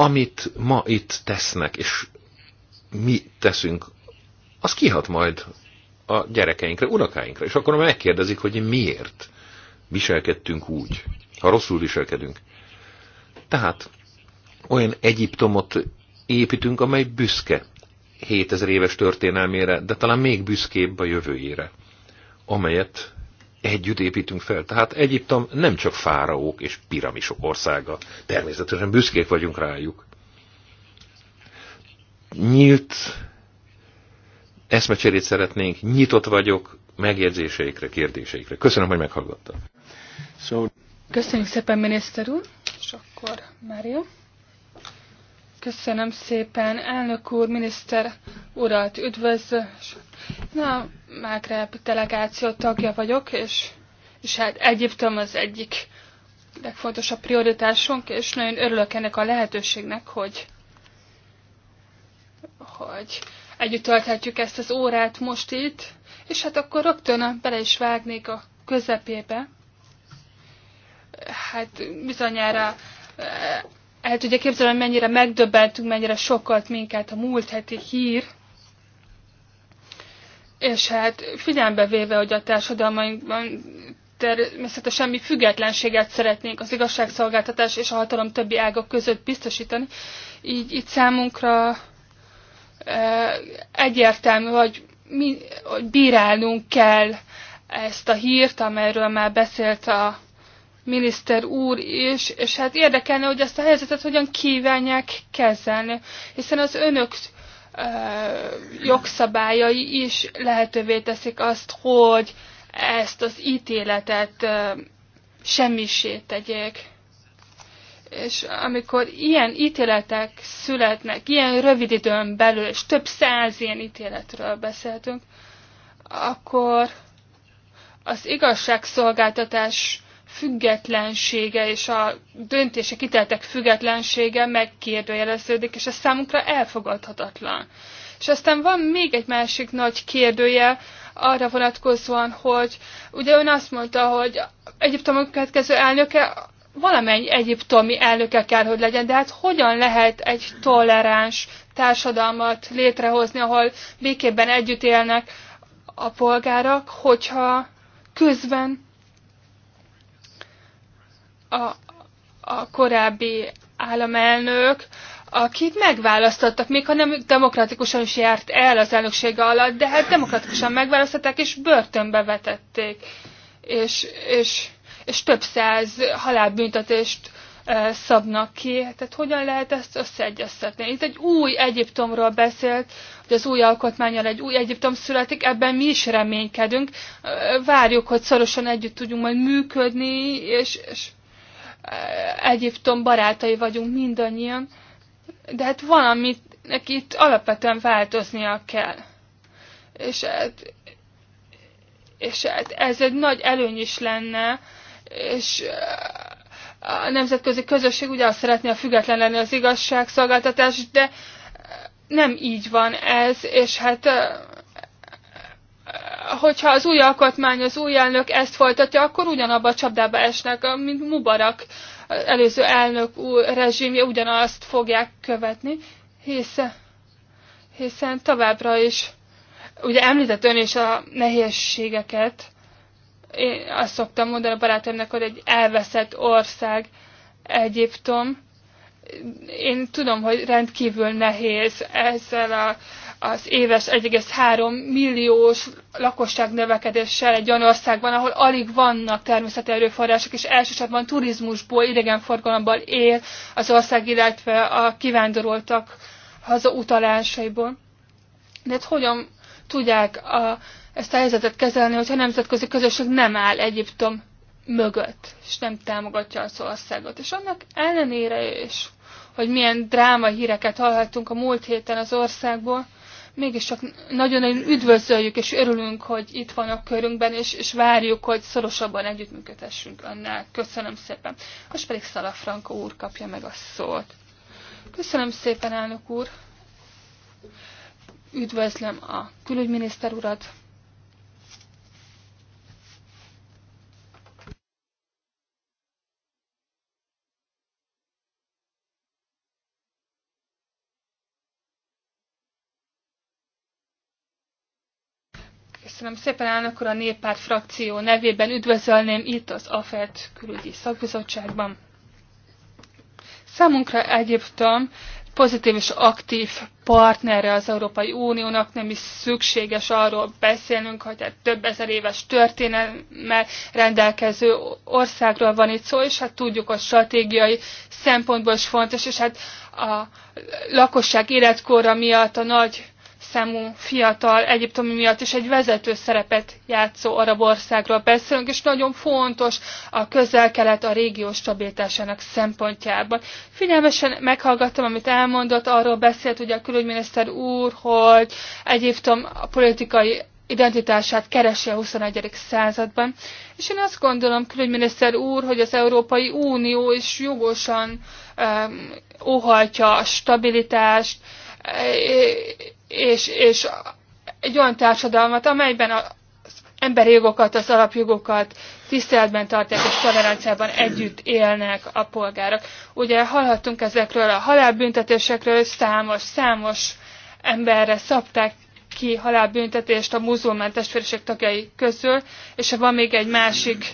Amit ma itt tesznek, és mi teszünk, az kihat majd a gyerekeinkre, unokáinkra. És akkor megkérdezik, hogy miért viselkedtünk úgy, ha rosszul viselkedünk. Tehát olyan Egyiptomot építünk, amely büszke 7000 éves történelmére, de talán még büszkébb a jövőjére, amelyet együtt építünk fel. Tehát Egyiptom nem csak fáraók és piramisok országa. Természetesen büszkék vagyunk rájuk. Nyílt eszmecserét szeretnénk, nyitott vagyok megjegyzéseikre, kérdéseikre. Köszönöm, hogy meghallgattak. So... Köszönjük szépen, miniszter úr, és akkor Mária. Köszönöm szépen, elnök úr, miniszter urat üdvözlöm. Na, Mágreb delegáció tagja vagyok, és, és hát Egyiptom az egyik legfontosabb prioritásunk, és nagyon örülök ennek a lehetőségnek, hogy, hogy együtt tölthetjük ezt az órát most itt, és hát akkor rögtön bele is vágnék a közepébe. Hát bizonyára el tudja képzelni, hogy mennyire megdöbbentünk, mennyire sokat minket a múlt heti hír, és hát figyelembe véve, hogy a társadalmainkban természetesen mi függetlenséget szeretnénk az igazságszolgáltatás és a hatalom többi ágak között biztosítani, így itt számunkra e, egyértelmű, hogy, mi, hogy bírálnunk kell ezt a hírt, amelyről már beszélt a miniszter úr is, és hát érdekelne, hogy ezt a helyzetet hogyan kívánják kezelni, hiszen az önök ö, jogszabályai is lehetővé teszik azt, hogy ezt az ítéletet ö, semmisé tegyék. És amikor ilyen ítéletek születnek, ilyen rövid időn belül, és több száz ilyen ítéletről beszéltünk, akkor az igazságszolgáltatás függetlensége és a döntése kiteltek függetlensége megkérdőjeleződik, és ez számunkra elfogadhatatlan. És aztán van még egy másik nagy kérdője arra vonatkozóan, hogy ugye ön azt mondta, hogy Egyiptom következő elnöke valamennyi egyiptomi elnöke kell, hogy legyen, de hát hogyan lehet egy toleráns társadalmat létrehozni, ahol békében együtt élnek a polgárok, hogyha közben a, a korábbi államelnök, akit megválasztottak, még ha nem demokratikusan is járt el az elnöksége alatt, de hát demokratikusan megválasztották, és börtönbe vetették. És, és, és több száz halálbüntetést e, szabnak ki. Tehát hogyan lehet ezt összeegyeztetni? Itt egy új Egyiptomról beszélt, hogy az új alkotmányal egy új Egyiptom születik, ebben mi is reménykedünk. E, várjuk, hogy szorosan együtt tudjunk majd működni, és, és Egyiptom barátai vagyunk mindannyian, de hát valamit neki itt alapvetően változnia kell. És hát, és hát ez egy nagy előny is lenne, és a nemzetközi közösség ugye azt szeretné, a független lenni az igazságszolgáltatás, de nem így van ez, és hát hogyha az új alkotmány, az új elnök ezt folytatja, akkor ugyanabba a csapdába esnek, mint Mubarak előző elnök úr rezsimje, ugyanazt fogják követni, hiszen, hiszen továbbra is, ugye említett ön is a nehézségeket, én azt szoktam mondani a barátomnak, hogy egy elveszett ország Egyiptom, én tudom, hogy rendkívül nehéz ezzel a az éves 1,3 milliós lakosság növekedéssel egy olyan országban, ahol alig vannak természeti erőforrások, és elsősorban turizmusból, idegenforgalomból él az ország, illetve a kivándoroltak utalásaiból. De hát hogyan tudják a, ezt a helyzetet kezelni, hogyha a nemzetközi közösség nem áll Egyiptom mögött, és nem támogatja az országot. És annak ellenére is, hogy milyen dráma híreket hallhattunk a múlt héten az országból, mégiscsak nagyon-nagyon üdvözöljük és örülünk, hogy itt a körünkben, és, és várjuk, hogy szorosabban együttműködhessünk önnel. Köszönöm szépen. Most pedig Franko úr kapja meg a szót. Köszönöm szépen, elnök úr. Üdvözlöm a külügyminiszter urat. Köszönöm szépen, elnök úr, a Néppárt frakció nevében üdvözölném itt az AFET külügyi szakbizottságban. Számunkra Egyiptom pozitív és aktív partnere az Európai Uniónak, nem is szükséges arról beszélnünk, hogy egy több ezer éves történelmel rendelkező országról van itt szó, és hát tudjuk, hogy stratégiai szempontból is fontos, és hát a lakosság életkora miatt a nagy számú fiatal Egyiptomi miatt is egy vezető szerepet játszó arab országról beszélünk, és nagyon fontos a közel-kelet a régió stabilitásának szempontjában. Figyelmesen meghallgattam, amit elmondott, arról beszélt ugye a külügyminiszter úr, hogy Egyiptom a politikai identitását keresi a XXI. században. És én azt gondolom, külügyminiszter úr, hogy az Európai Unió is jogosan um, óhajtja a stabilitást, és, és egy olyan társadalmat, amelyben az emberi jogokat, az alapjogokat tiszteletben tartják és toleranciában együtt élnek a polgárok. Ugye hallhattunk ezekről a halálbüntetésekről, számos, számos emberre szabták ki halálbüntetést a muzulmán testvériség tagjai közül, és van még egy másik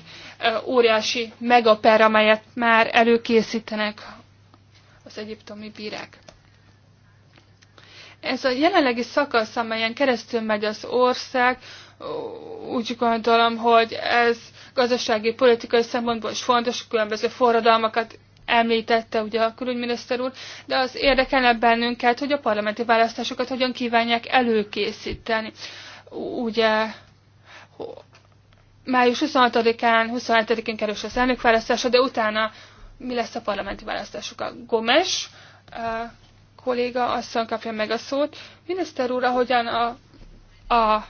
óriási megaper, amelyet már előkészítenek az egyiptomi bírák. Ez a jelenlegi szakasz, amelyen keresztül megy az ország, úgy gondolom, hogy ez gazdasági, politikai szempontból is fontos, különböző forradalmakat említette ugye a külügyminiszter úr, de az érdekelne bennünket, hogy a parlamenti választásokat hogyan kívánják előkészíteni. Ugye május 26-án, 27-én kerül az elnökválasztása, de utána mi lesz a parlamenti választások? Gomes kolléga asszony kapja meg a szót. Miniszter úr, ahogyan a, a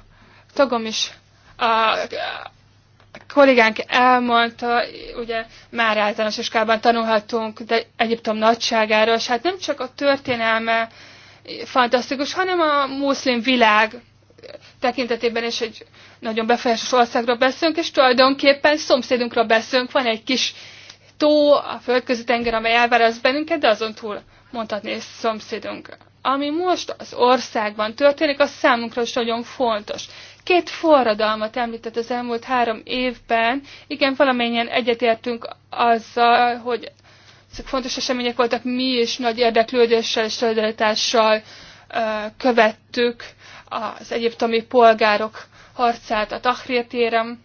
tagom is a, a kollégánk elmondta, ugye már általános iskában tanulhatunk de Egyiptom nagyságáról, és hát nem csak a történelme fantasztikus, hanem a muszlim világ tekintetében is egy nagyon befolyásos országról beszélünk, és tulajdonképpen szomszédunkról beszélünk. Van egy kis tó, a földközi tenger, amely elválaszt bennünket, de azon túl mondhatni szomszédunk. Ami most az országban történik, az számunkra is nagyon fontos. Két forradalmat említett az elmúlt három évben. Igen, valamennyien egyetértünk azzal, hogy ezek fontos események voltak, mi is nagy érdeklődéssel és szolidaritással követtük az egyiptomi polgárok harcát a Tahrir téren.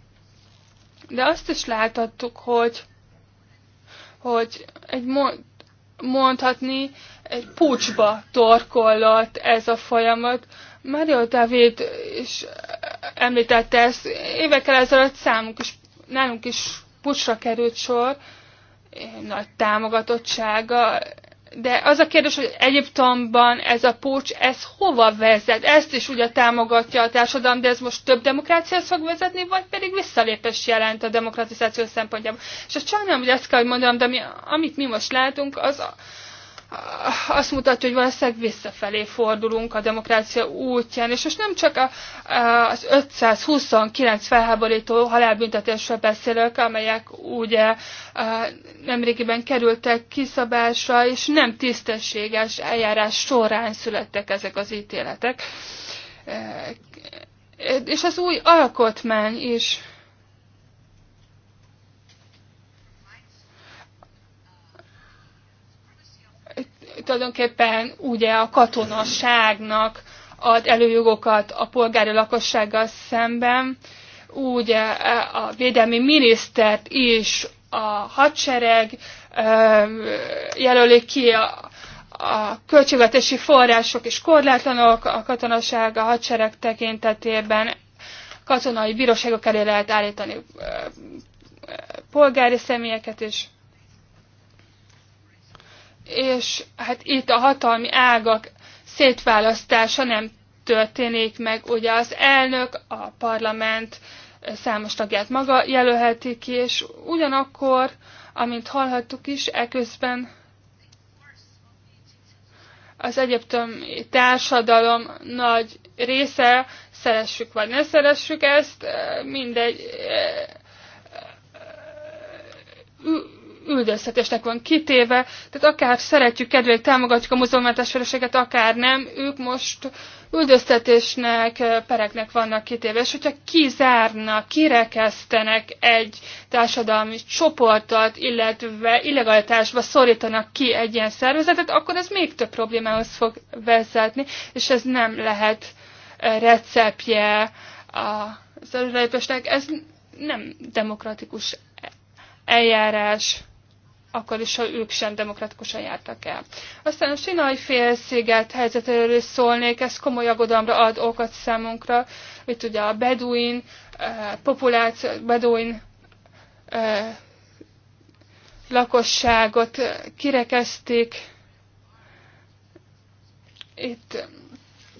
De azt is láthattuk, hogy, hogy egy mondhatni, egy pucsba torkollott ez a folyamat. Mario David is említette ezt, évekkel ezelőtt számunk is, nálunk is pucsra került sor, nagy támogatottsága de az a kérdés, hogy Egyiptomban ez a pucs, ez hova vezet? Ezt is ugye támogatja a társadalom, de ez most több demokráciához fog vezetni, vagy pedig visszalépés jelent a demokratizáció szempontjából. És azt sajnálom, hogy ezt kell, hogy mondanom, de mi, amit mi most látunk, az a, azt mutatja, hogy valószínűleg visszafelé fordulunk a demokrácia útján, és most nem csak a, az 529 felháborító halálbüntetésről beszélök, amelyek ugye nemrégiben kerültek kiszabásra, és nem tisztességes eljárás során születtek ezek az ítéletek. E, és az új alkotmány is tulajdonképpen ugye a katonaságnak ad előjogokat a polgári lakossággal szemben, úgy e, a védelmi minisztert is a hadsereg e, jelöli ki a, a költségvetési források is korlátlanok, a katonaság a hadsereg tekintetében katonai bíróságok elé lehet állítani e, polgári személyeket is és hát itt a hatalmi ágak szétválasztása nem történik meg, ugye az elnök, a parlament számos tagját maga jelölheti ki, és ugyanakkor, amint hallhattuk is, eközben az egyiptomi társadalom nagy része, szeressük vagy ne szeressük ezt, mindegy, üldözhetésnek van kitéve, tehát akár szeretjük, kedvélyük, támogatjuk a mozgalmentes feleséget, akár nem, ők most üldöztetésnek, eh, pereknek vannak kitéve, és hogyha kizárnak, kirekesztenek egy társadalmi csoportot, illetve illegalitásba szorítanak ki egy ilyen szervezetet, akkor ez még több problémához fog vezetni, és ez nem lehet eh, receptje az előrelépésnek. Ez nem demokratikus e- eljárás akkor is, ha ők sem demokratikusan jártak el. Aztán a sinai félsziget helyzetéről is szólnék, ez komoly aggodalomra ad okat számunkra. Itt ugye a beduin eh, populáció, beduin eh, lakosságot kirekezték. Itt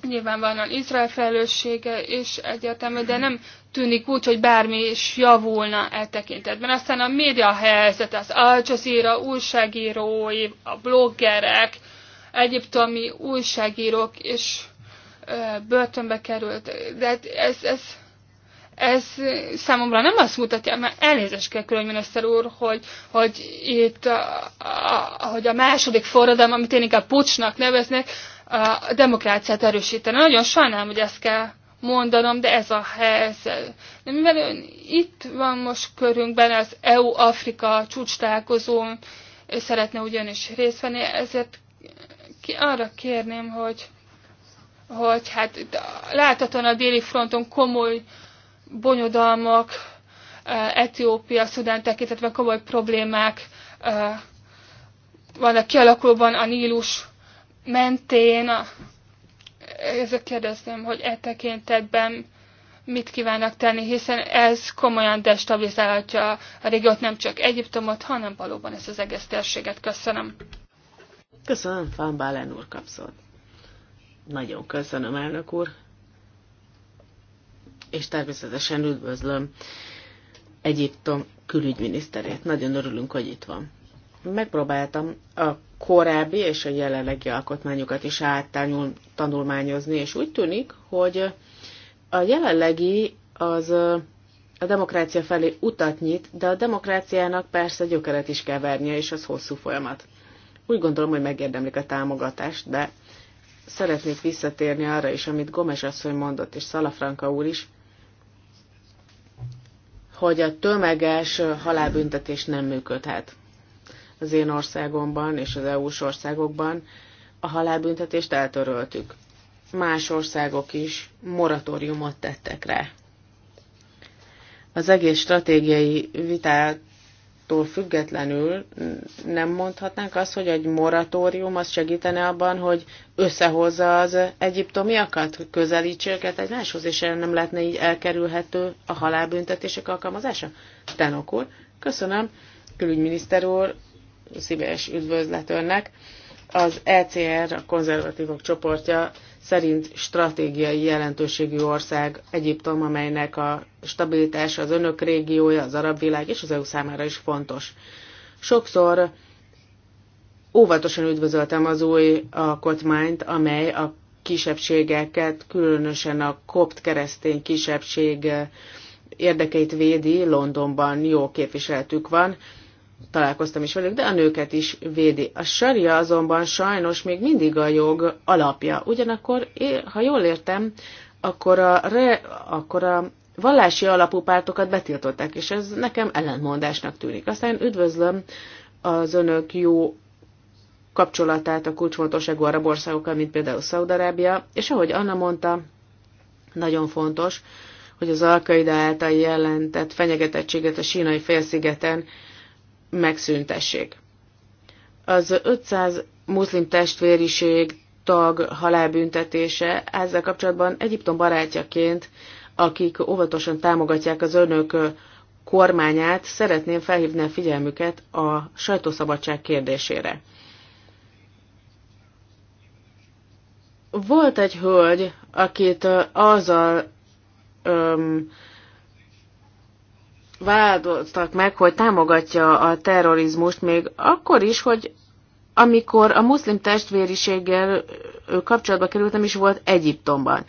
nyilvánvalóan Izrael felelőssége és egyértelmű, de nem tűnik úgy, hogy bármi is javulna e tekintetben. Aztán a média helyzet, az Al Jazeera újságírói, a bloggerek, egyiptomi újságírók is börtönbe került. De hát ez, ez, ez számomra nem azt mutatja, mert elnézést kell külügyminiszter úr, hogy, hogy itt a, a, hogy a második forradalom, amit én inkább pucsnak neveznek, a demokráciát erősíteni. Nagyon sajnálom, hogy ezt kell mondanom, de ez a helyzet. Mivel ön itt van most körünkben az EU-Afrika csúcs találkozón, szeretne ugyanis részt venni, ezért ki, arra kérném, hogy, hogy hát láthatóan a déli fronton komoly bonyodalmak, e, Etiópia, Szudán tekintetben komoly problémák e, vannak kialakulóban a Nílus mentén a kérdezném, hogy e tekintetben mit kívánnak tenni, hiszen ez komolyan destabilizálhatja a régiót, nem csak Egyiptomot, hanem valóban ezt az egész térséget. Köszönöm. Köszönöm, Fán Bálen úr kapszott. Nagyon köszönöm, elnök úr. És természetesen üdvözlöm Egyiptom külügyminiszterét. Nagyon örülünk, hogy itt van. Megpróbáltam a korábbi és a jelenlegi alkotmányokat is áttanul, tanulmányozni, és úgy tűnik, hogy a jelenlegi az a demokrácia felé utat nyit, de a demokráciának persze gyökeret is kell vernie, és az hosszú folyamat. Úgy gondolom, hogy megérdemlik a támogatást, de szeretnék visszatérni arra is, amit Gomes asszony mondott, és Szalafranka úr is, hogy a tömeges halálbüntetés nem működhet az én országomban és az EU-s országokban a halálbüntetést eltöröltük. Más országok is moratóriumot tettek rá. Az egész stratégiai vitától függetlenül nem mondhatnánk azt, hogy egy moratórium az segítene abban, hogy összehozza az egyiptomiakat, közelítse őket egymáshoz, és nem lehetne így elkerülhető a halálbüntetések alkalmazása? Tenok úr, köszönöm külügyminiszter úr, szíves üdvözlet önnek. Az ECR, a konzervatívok csoportja szerint stratégiai jelentőségű ország Egyiptom, amelynek a stabilitása az önök régiója, az arab világ és az EU számára is fontos. Sokszor óvatosan üdvözöltem az új alkotmányt, amely a kisebbségeket, különösen a kopt keresztény kisebbség érdekeit védi, Londonban jó képviseletük van, találkoztam is velük, de a nőket is védi. A saria azonban sajnos még mindig a jog alapja. Ugyanakkor, ha jól értem, akkor a, re, akkor a vallási alapú pártokat betiltották, és ez nekem ellentmondásnak tűnik. Aztán üdvözlöm az önök jó kapcsolatát a kulcsfontosságú arab országokkal, mint például Szaudarábia, és ahogy Anna mondta, nagyon fontos, hogy az Alkaida által jelentett fenyegetettséget a sínai félszigeten megszüntessék. Az 500 muszlim testvériség tag halálbüntetése ezzel kapcsolatban Egyiptom barátjaként, akik óvatosan támogatják az önök kormányát, szeretném felhívni a figyelmüket a sajtószabadság kérdésére. Volt egy hölgy, akit azzal öm, vádoltak meg, hogy támogatja a terrorizmust még akkor is, hogy amikor a muszlim testvériséggel kapcsolatba kerültem is volt Egyiptomban.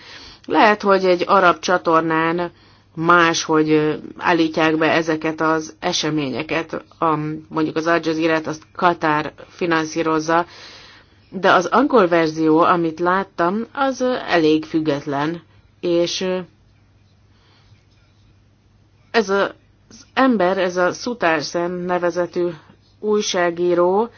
Lehet, hogy egy arab csatornán más, hogy állítják be ezeket az eseményeket, a, mondjuk az Al jazeera azt Katár finanszírozza, de az angol verzió, amit láttam, az elég független, és ez a az ember, ez a Sutársen nevezetű újságíró,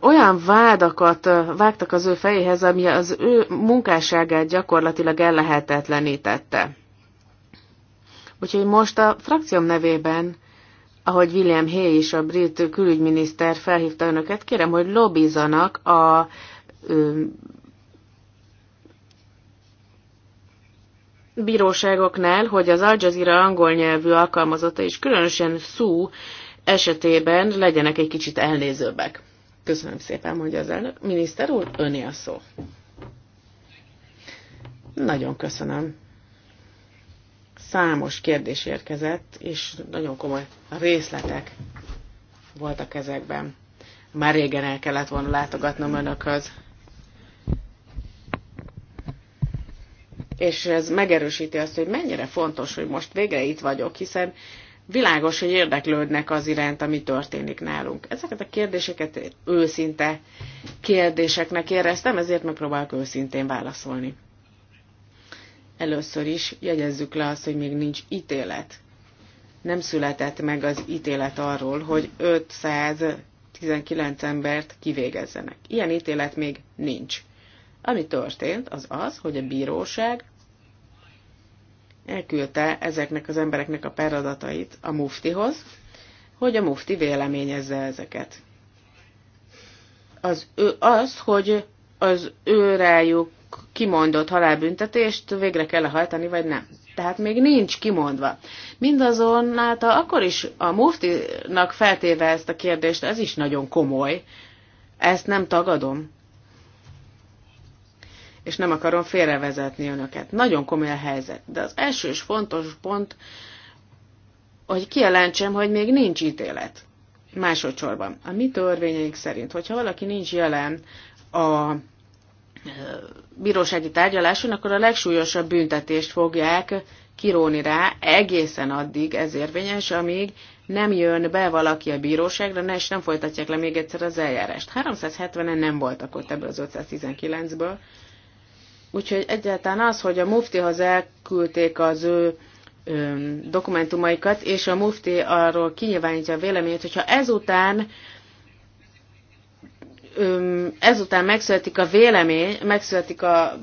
olyan vádakat vágtak az ő fejéhez, ami az ő munkásságát gyakorlatilag ellehetetlenítette. Úgyhogy most a frakcióm nevében, ahogy William Hay is, a brit külügyminiszter felhívta önöket, kérem, hogy lobbizanak a bíróságoknál, hogy az Al Jazeera angol nyelvű alkalmazata is különösen szú esetében legyenek egy kicsit elnézőbbek. Köszönöm szépen, mondja az elnök. Miniszter úr, öné a szó. Nagyon köszönöm. Számos kérdés érkezett, és nagyon komoly részletek voltak ezekben. Már régen el kellett volna látogatnom önökhöz. és ez megerősíti azt, hogy mennyire fontos, hogy most végre itt vagyok, hiszen világos, hogy érdeklődnek az iránt, ami történik nálunk. Ezeket a kérdéseket őszinte kérdéseknek éreztem, ezért megpróbálok őszintén válaszolni. Először is jegyezzük le azt, hogy még nincs ítélet. Nem született meg az ítélet arról, hogy 519 embert kivégezzenek. Ilyen ítélet még nincs. Ami történt, az az, hogy a bíróság elküldte ezeknek az embereknek a peradatait a muftihoz, hogy a mufti véleményezze ezeket. Az, ő, az, hogy az ő rájuk kimondott halálbüntetést végre kell hajtani, vagy nem. Tehát még nincs kimondva. Mindazonáltal akkor is a muftinak feltéve ezt a kérdést, ez is nagyon komoly. Ezt nem tagadom és nem akarom félrevezetni önöket. Nagyon komoly a helyzet, de az első és fontos pont, hogy kijelentsem, hogy még nincs ítélet. Másodszorban, a mi törvényeink szerint, hogyha valaki nincs jelen a bírósági tárgyaláson, akkor a legsúlyosabb büntetést fogják kiróni rá egészen addig ez érvényes, amíg nem jön be valaki a bíróságra, és nem folytatják le még egyszer az eljárást. 370-en nem voltak ott ebből az 519-ből, Úgyhogy egyáltalán az, hogy a muftihoz elküldték az ő dokumentumaikat, és a mufti arról kinyilvánítja a véleményét, hogyha ezután ezután megszületik a vélemény, megszületik a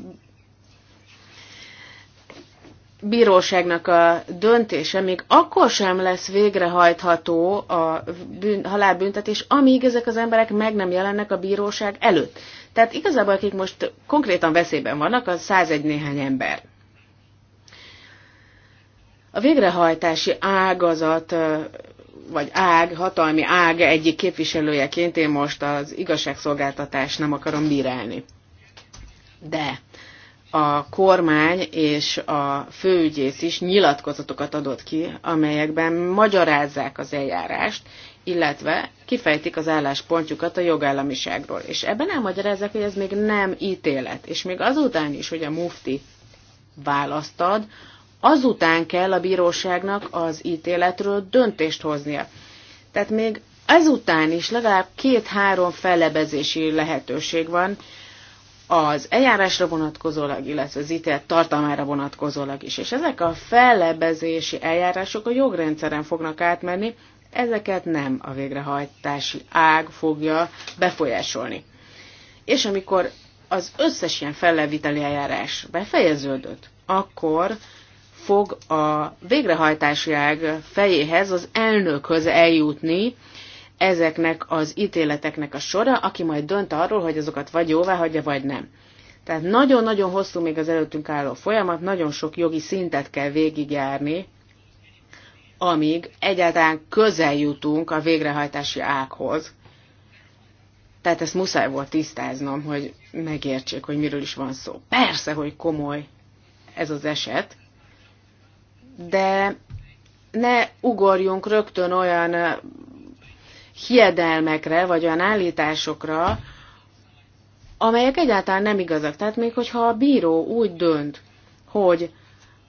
bíróságnak a döntése, még akkor sem lesz végrehajtható a bűn, halálbüntetés, amíg ezek az emberek meg nem jelennek a bíróság előtt. Tehát igazából akik most konkrétan veszélyben vannak, az 101 néhány ember. A végrehajtási ágazat, vagy ág, hatalmi ág egyik képviselőjeként én most az igazságszolgáltatást nem akarom bírálni. De a kormány és a főügyész is nyilatkozatokat adott ki, amelyekben magyarázzák az eljárást, illetve kifejtik az álláspontjukat a jogállamiságról. És ebben elmagyarázzák, hogy ez még nem ítélet. És még azután is, hogy a mufti választad, azután kell a bíróságnak az ítéletről döntést hoznia. Tehát még ezután is legalább két-három fellebezési lehetőség van az eljárásra vonatkozólag, illetve az ítélet tartalmára vonatkozólag is. És ezek a fellebezési eljárások a jogrendszeren fognak átmenni, ezeket nem a végrehajtási ág fogja befolyásolni. És amikor az összes ilyen felleviteli eljárás befejeződött, akkor fog a végrehajtási ág fejéhez, az elnökhöz eljutni ezeknek az ítéleteknek a sora, aki majd dönt arról, hogy azokat vagy jóvá hagyja, vagy nem. Tehát nagyon-nagyon hosszú még az előttünk álló folyamat, nagyon sok jogi szintet kell végigjárni, amíg egyáltalán közel jutunk a végrehajtási ághoz. Tehát ezt muszáj volt tisztáznom, hogy megértsék, hogy miről is van szó. Persze, hogy komoly ez az eset, de ne ugorjunk rögtön olyan hiedelmekre, vagy olyan állításokra, amelyek egyáltalán nem igazak. Tehát még hogyha a bíró úgy dönt, hogy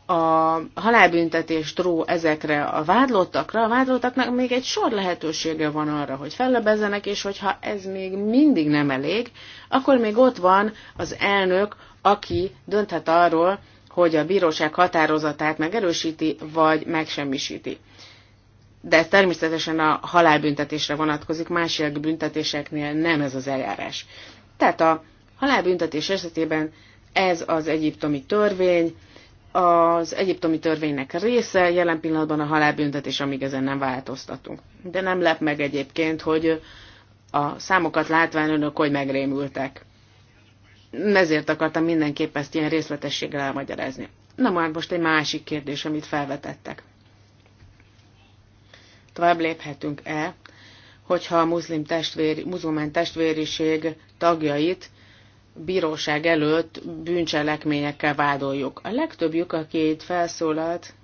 a halálbüntetést ró ezekre a vádlottakra, a vádlottaknak még egy sor lehetősége van arra, hogy fellebezzenek, és hogyha ez még mindig nem elég, akkor még ott van az elnök, aki dönthet arról, hogy a bíróság határozatát megerősíti, vagy megsemmisíti. De ez természetesen a halálbüntetésre vonatkozik, más büntetéseknél nem ez az eljárás. Tehát a halálbüntetés esetében ez az egyiptomi törvény, az egyiptomi törvénynek része, jelen pillanatban a halálbüntetés, amíg ezen nem változtatunk. De nem lep meg egyébként, hogy a számokat látván önök hogy megrémültek. Ezért akartam mindenképp ezt ilyen részletességgel elmagyarázni. Na már most egy másik kérdés, amit felvetettek. Tovább léphetünk-e, hogyha a muszlim testvér, muzulmán testvériség tagjait bíróság előtt bűncselekményekkel vádoljuk. A legtöbbjük, aki itt felszólalt,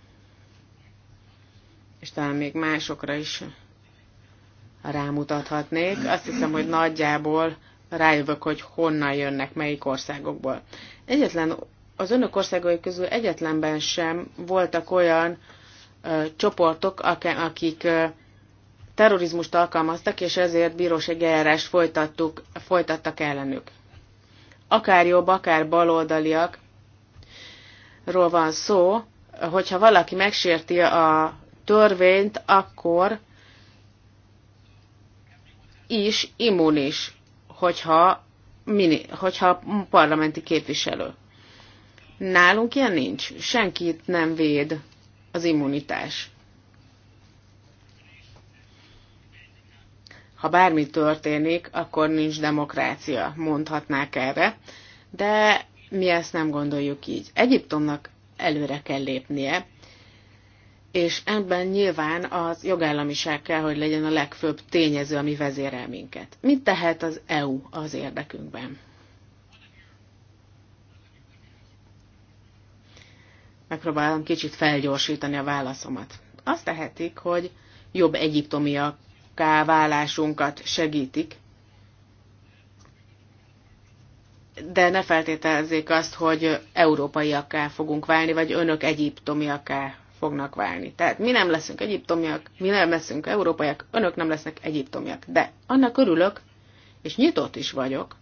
és talán még másokra is rámutathatnék, azt hiszem, hogy nagyjából rájövök, hogy honnan jönnek, melyik országokból. Egyetlen, az önök országai közül egyetlenben sem voltak olyan ö, csoportok, akik ö, terrorizmust alkalmaztak, és ezért bírósági eljárást folytattuk, folytattak ellenük akár jobb, akár baloldaliakról van szó, hogyha valaki megsérti a törvényt, akkor is immunis, hogyha, mini, hogyha parlamenti képviselő. Nálunk ilyen nincs. Senkit nem véd az immunitás. ha bármi történik, akkor nincs demokrácia, mondhatnák erre, de mi ezt nem gondoljuk így. Egyiptomnak előre kell lépnie, és ebben nyilván az jogállamiság kell, hogy legyen a legfőbb tényező, ami vezérel minket. Mit tehet az EU az érdekünkben? Megpróbálom kicsit felgyorsítani a válaszomat. Azt tehetik, hogy jobb egyiptomiak válásunkat segítik, de ne feltételezzék azt, hogy európaiakká fogunk válni, vagy önök egyiptomiakká fognak válni. Tehát mi nem leszünk egyiptomiak, mi nem leszünk európaiak, önök nem lesznek egyiptomiak. De annak örülök, és nyitott is vagyok,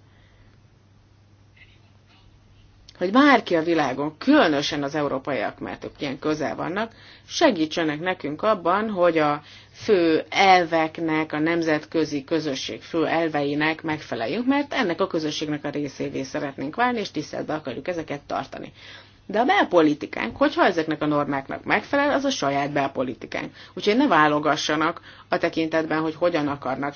hogy bárki a világon, különösen az európaiak, mert ők ilyen közel vannak, segítsenek nekünk abban, hogy a fő elveknek, a nemzetközi közösség fő elveinek megfeleljünk, mert ennek a közösségnek a részévé szeretnénk válni, és tiszteletbe akarjuk ezeket tartani. De a belpolitikánk, hogyha ezeknek a normáknak megfelel, az a saját belpolitikánk. Úgyhogy ne válogassanak a tekintetben, hogy hogyan akarnak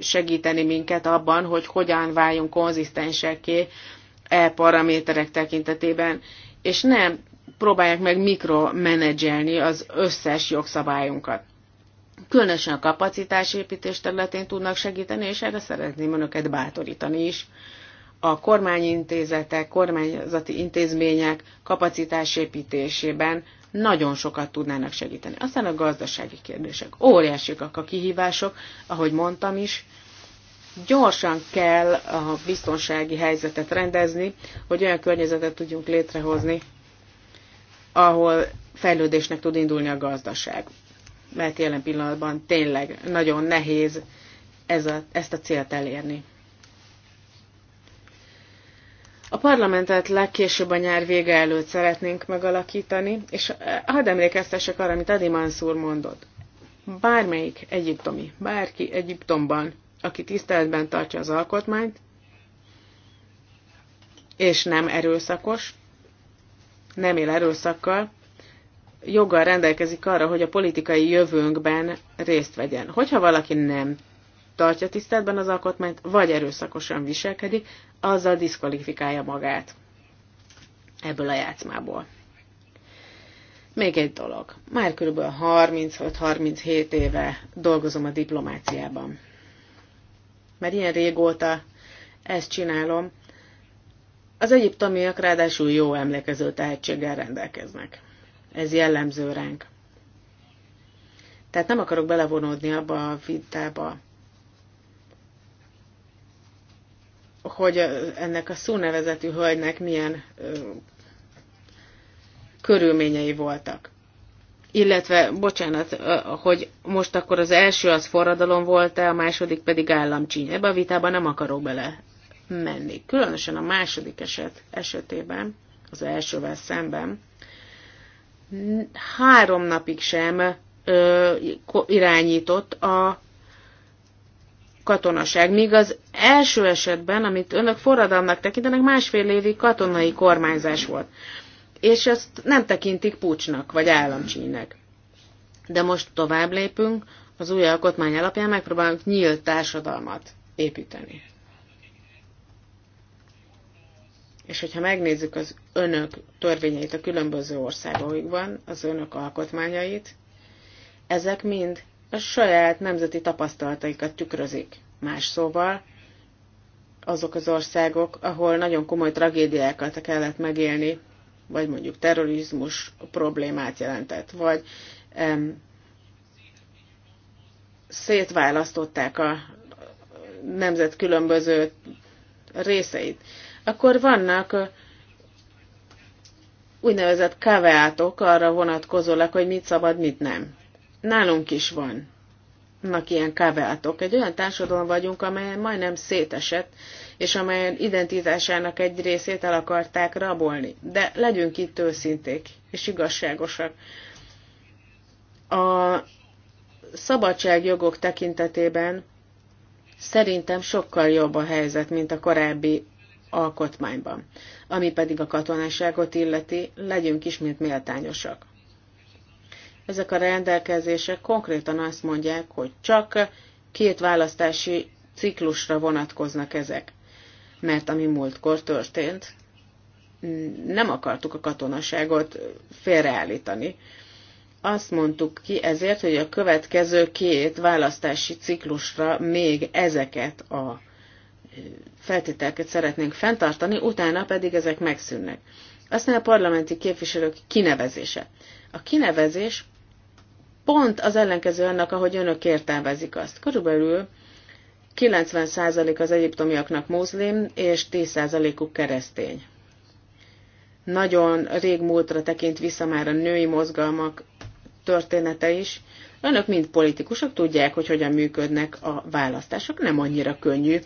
segíteni minket abban, hogy hogyan váljunk konzisztenseké e paraméterek tekintetében, és nem próbálják meg mikromenedzselni az összes jogszabályunkat. Különösen a kapacitásépítés területén tudnak segíteni, és erre szeretném önöket bátorítani is. A kormányintézetek, kormányzati intézmények kapacitásépítésében nagyon sokat tudnának segíteni. Aztán a gazdasági kérdések. Óriásiak a kihívások, ahogy mondtam is, Gyorsan kell a biztonsági helyzetet rendezni, hogy olyan környezetet tudjunk létrehozni, ahol fejlődésnek tud indulni a gazdaság. Mert jelen pillanatban tényleg nagyon nehéz ez a, ezt a célt elérni. A parlamentet legkésőbb a nyár vége előtt szeretnénk megalakítani, és hadd emlékeztessek arra, amit Adi Mansur mondott. Bármelyik egyiptomi, bárki Egyiptomban aki tiszteletben tartja az alkotmányt, és nem erőszakos, nem él erőszakkal, joggal rendelkezik arra, hogy a politikai jövőnkben részt vegyen. Hogyha valaki nem tartja tiszteletben az alkotmányt, vagy erőszakosan viselkedik, azzal diszkvalifikálja magát ebből a játszmából. Még egy dolog. Már kb. 35-37 éve dolgozom a diplomáciában mert ilyen régóta ezt csinálom. Az egyiptomiak ráadásul jó emlékező tehetséggel rendelkeznek. Ez jellemző ránk. Tehát nem akarok belevonódni abba a vitába, hogy ennek a nevezetű hölgynek milyen ö, körülményei voltak illetve, bocsánat, hogy most akkor az első az forradalom volt-e, a második pedig államcsíny. Ebbe a vitába nem akarok bele menni. Különösen a második eset esetében, az elsővel szemben, három napig sem ö, irányított a katonaság, míg az első esetben, amit önök forradalmak, tekintenek, másfél évig katonai kormányzás volt és ezt nem tekintik pucsnak, vagy államcsínek. De most tovább lépünk, az új alkotmány alapján megpróbálunk nyílt társadalmat építeni. És hogyha megnézzük az önök törvényeit a különböző országokban, az önök alkotmányait, ezek mind a saját nemzeti tapasztalataikat tükrözik. Más szóval, azok az országok, ahol nagyon komoly tragédiákat kellett megélni vagy mondjuk terrorizmus problémát jelentett, vagy em, szétválasztották a nemzet különböző részeit, akkor vannak úgynevezett kaveátok arra vonatkozólag, hogy mit szabad, mit nem. Nálunk is van, vannak ilyen kaveátok. Egy olyan társadalom vagyunk, amely majdnem szétesett, és amelyen identitásának egy részét el akarták rabolni. De legyünk itt őszinték és igazságosak. A szabadságjogok tekintetében szerintem sokkal jobb a helyzet, mint a korábbi alkotmányban. Ami pedig a katonaságot illeti, legyünk ismét méltányosak. Ezek a rendelkezések konkrétan azt mondják, hogy csak két választási ciklusra vonatkoznak ezek mert ami múltkor történt, nem akartuk a katonaságot félreállítani. Azt mondtuk ki ezért, hogy a következő két választási ciklusra még ezeket a feltételeket szeretnénk fenntartani, utána pedig ezek megszűnnek. Aztán a parlamenti képviselők kinevezése. A kinevezés pont az ellenkező annak, ahogy önök értelmezik azt. Körülbelül 90% az egyiptomiaknak muszlim, és 10%-uk keresztény. Nagyon régmúltra tekint vissza már a női mozgalmak története is. Önök mint politikusok tudják, hogy hogyan működnek a választások. Nem annyira könnyű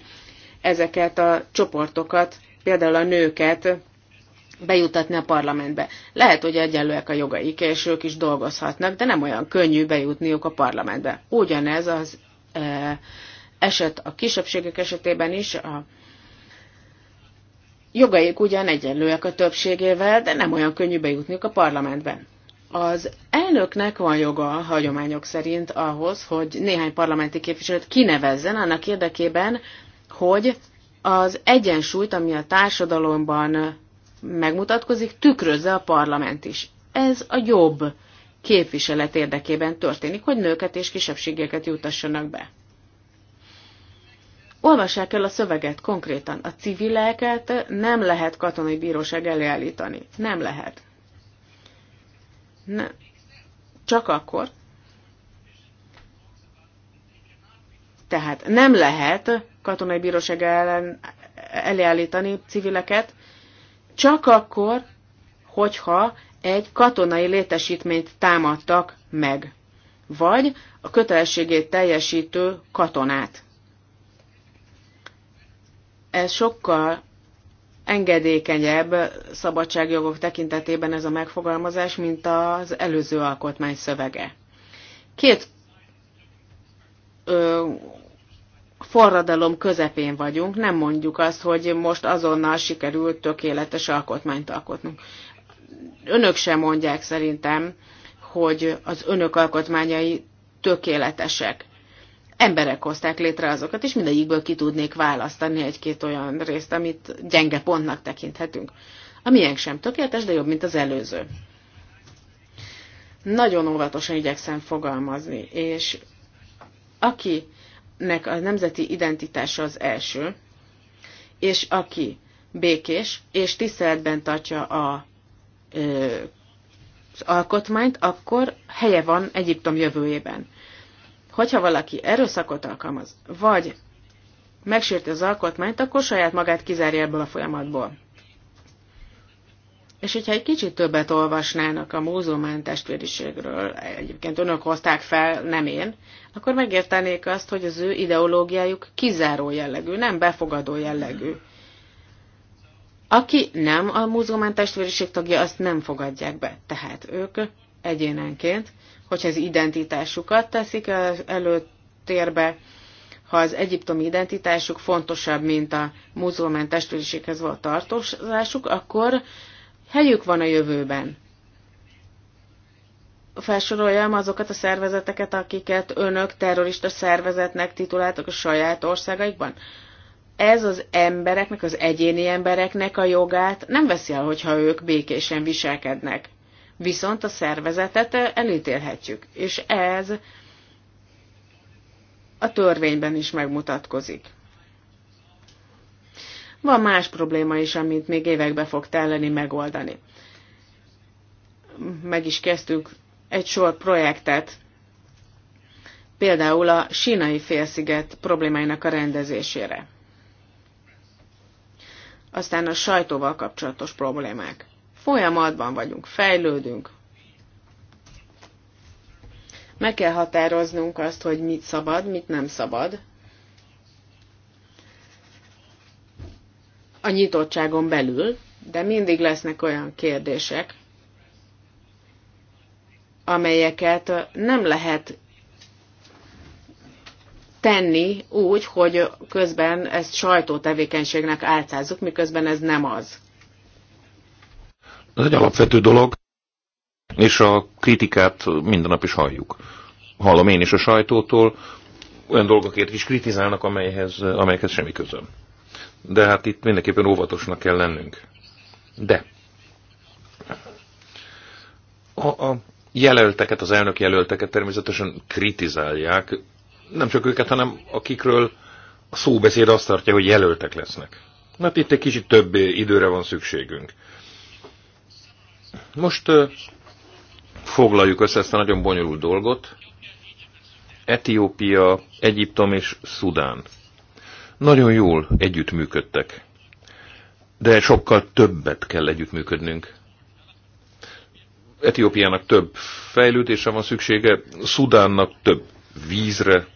ezeket a csoportokat, például a nőket bejutatni a parlamentbe. Lehet, hogy egyenlőek a jogaik, és ők is dolgozhatnak, de nem olyan könnyű bejutniuk a parlamentbe. Ugyanez az Eh, eset a kisebbségek esetében is a jogaik ugyan egyenlőek a többségével, de nem olyan könnyű bejutniuk a parlamentben. Az elnöknek van joga a hagyományok szerint ahhoz, hogy néhány parlamenti képviselőt kinevezzen annak érdekében, hogy az egyensúlyt, ami a társadalomban megmutatkozik, tükrözze a parlament is. Ez a jobb képviselet érdekében történik, hogy nőket és kisebbségeket jutassanak be. Olvassák el a szöveget konkrétan. A civileket nem lehet katonai bíróság elé állítani. Nem lehet. Ne. Csak akkor. Tehát nem lehet katonai bíróság ellen elállítani civileket, csak akkor, hogyha egy katonai létesítményt támadtak meg, vagy a kötelességét teljesítő katonát. Ez sokkal engedékenyebb szabadságjogok tekintetében ez a megfogalmazás, mint az előző alkotmány szövege. Két ö, forradalom közepén vagyunk, nem mondjuk azt, hogy most azonnal sikerült tökéletes alkotmányt alkotnunk. Önök sem mondják szerintem, hogy az önök alkotmányai tökéletesek emberek hozták létre azokat, és mindegyikből ki tudnék választani egy-két olyan részt, amit gyenge pontnak tekinthetünk. A miénk sem tökéletes, de jobb, mint az előző. Nagyon óvatosan igyekszem fogalmazni, és akinek a nemzeti identitása az első, és aki békés és tiszteletben tartja a, ö, az alkotmányt, akkor helye van Egyiptom jövőjében hogyha valaki erőszakot alkalmaz, vagy megsérti az alkotmányt, akkor saját magát kizárja ebből a folyamatból. És hogyha egy kicsit többet olvasnának a múzulmán testvériségről, egyébként önök hozták fel, nem én, akkor megértenék azt, hogy az ő ideológiájuk kizáró jellegű, nem befogadó jellegű. Aki nem a múzulmán testvériség tagja, azt nem fogadják be. Tehát ők egyénenként hogyha az identitásukat teszik előtérbe, ha az egyiptomi identitásuk fontosabb, mint a muzulmán testvériséghez való tartozásuk, akkor helyük van a jövőben. Felsoroljam azokat a szervezeteket, akiket önök terrorista szervezetnek tituláltak a saját országaikban. Ez az embereknek, az egyéni embereknek a jogát nem veszi el, hogyha ők békésen viselkednek viszont a szervezetet elítélhetjük, és ez a törvényben is megmutatkozik. Van más probléma is, amit még évekbe fog telleni megoldani. Meg is kezdtük egy sor projektet, például a sínai félsziget problémáinak a rendezésére. Aztán a sajtóval kapcsolatos problémák. Folyamatban vagyunk, fejlődünk. Meg kell határoznunk azt, hogy mit szabad, mit nem szabad. A nyitottságon belül, de mindig lesznek olyan kérdések, amelyeket nem lehet tenni úgy, hogy közben ezt sajtótevékenységnek álcázzuk, miközben ez nem az. Ez egy alapvető dolog, és a kritikát minden nap is halljuk. Hallom én is a sajtótól, olyan dolgokért is kritizálnak, amelyhez, amelyekhez semmi közöm. De hát itt mindenképpen óvatosnak kell lennünk. De a, a jelölteket, az elnök jelölteket természetesen kritizálják, nem csak őket, hanem akikről a szóbeszéd azt tartja, hogy jelöltek lesznek. Mert itt egy kicsit több időre van szükségünk. Most foglaljuk össze ezt a nagyon bonyolult dolgot. Etiópia, Egyiptom és Szudán. Nagyon jól együttműködtek, de sokkal többet kell együttműködnünk. Etiópiának több fejlődésre van szüksége, Szudánnak több vízre,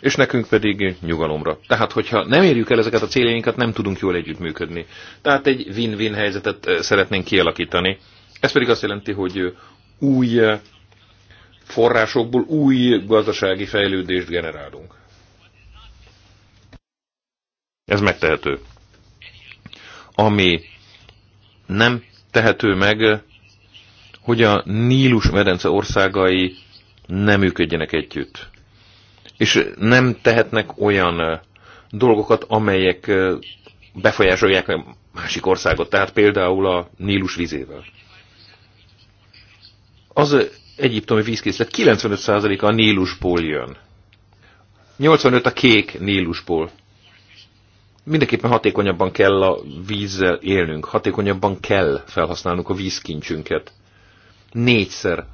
és nekünk pedig nyugalomra. Tehát, hogyha nem érjük el ezeket a céljainkat, nem tudunk jól együttműködni. Tehát egy win-win helyzetet szeretnénk kialakítani. Ez pedig azt jelenti, hogy új forrásokból új gazdasági fejlődést generálunk. Ez megtehető. Ami nem tehető meg, hogy a Nílus medence országai nem működjenek együtt. És nem tehetnek olyan dolgokat, amelyek befolyásolják a másik országot, tehát például a Nílus vizével. Az egyiptomi vízkészlet 95%-a a Nílusból jön. 85 a kék Nílusból. Mindenképpen hatékonyabban kell a vízzel élnünk, hatékonyabban kell felhasználnunk a vízkincsünket. Négyszer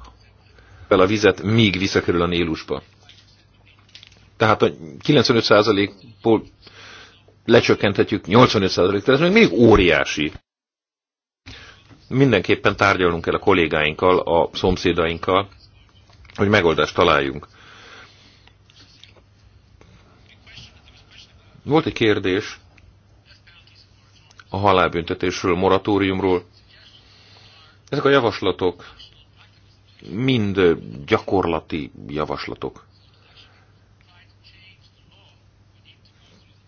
fel a vizet, míg visszakerül a Nílusba. Tehát a 95%-ból lecsökkenthetjük 85 ig ez még mindig óriási. Mindenképpen tárgyalunk el a kollégáinkkal, a szomszédainkkal, hogy megoldást találjunk. Volt egy kérdés a halálbüntetésről, moratóriumról. Ezek a javaslatok mind gyakorlati javaslatok.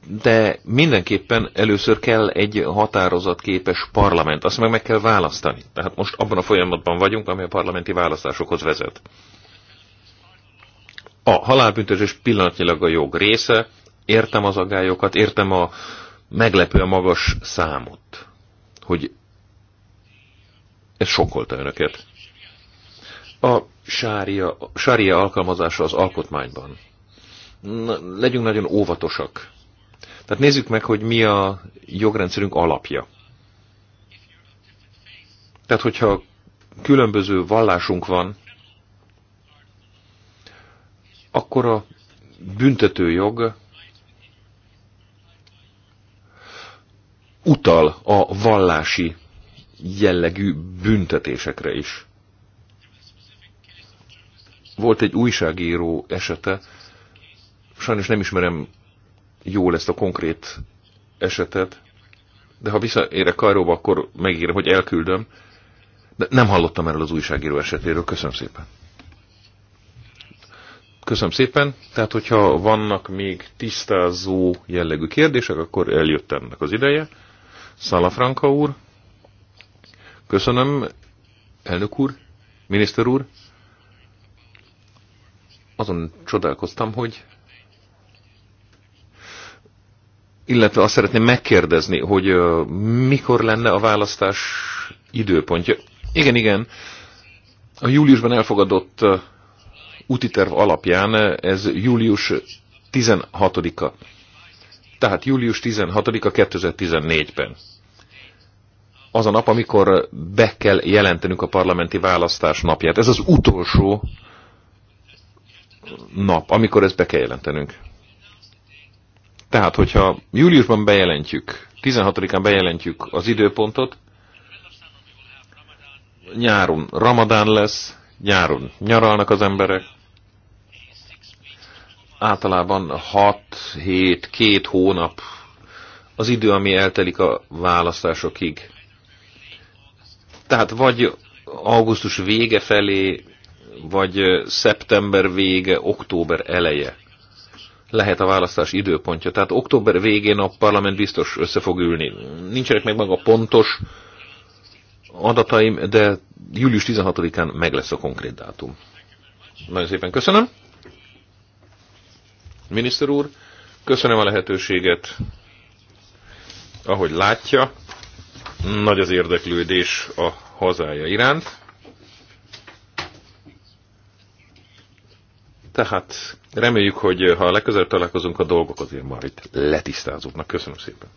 de mindenképpen először kell egy határozatképes parlament, azt meg meg kell választani. Tehát most abban a folyamatban vagyunk, ami a parlamenti választásokhoz vezet. A halálbüntetés pillanatnyilag a jog része, értem az agályokat, értem a meglepően magas számot, hogy ez sokkolta önöket. A sária, sária alkalmazása az alkotmányban. Na, legyünk nagyon óvatosak tehát nézzük meg, hogy mi a jogrendszerünk alapja. Tehát, hogyha különböző vallásunk van, akkor a jog utal a vallási jellegű büntetésekre is. Volt egy újságíró esete, sajnos nem ismerem jól ezt a konkrét esetet, de ha visszaérek Kajróba, akkor megírom, hogy elküldöm. De nem hallottam erről az újságíró esetéről. Köszönöm szépen. Köszönöm szépen. Tehát, hogyha vannak még tisztázó jellegű kérdések, akkor eljött ennek az ideje. Szalafranka úr. Köszönöm, elnök úr, miniszter úr. Azon csodálkoztam, hogy illetve azt szeretném megkérdezni, hogy mikor lenne a választás időpontja. Igen, igen. A júliusban elfogadott útiterv alapján ez július 16-a. Tehát július 16-a 2014-ben. Az a nap, amikor be kell jelentenünk a parlamenti választás napját. Ez az utolsó nap, amikor ezt be kell jelentenünk. Tehát, hogyha júliusban bejelentjük, 16-án bejelentjük az időpontot, nyáron ramadán lesz, nyáron nyaralnak az emberek, általában 6, 7, 2 hónap az idő, ami eltelik a választásokig. Tehát vagy augusztus vége felé, vagy szeptember vége, október eleje lehet a választás időpontja. Tehát október végén a parlament biztos össze fog ülni. Nincsenek meg maga pontos adataim, de július 16-án meg lesz a konkrét dátum. Nagyon szépen köszönöm. Miniszter úr, köszönöm a lehetőséget. Ahogy látja, nagy az érdeklődés a hazája iránt. Tehát reméljük, hogy ha legközelebb találkozunk, a dolgok azért majd itt letisztázódnak. Köszönöm szépen.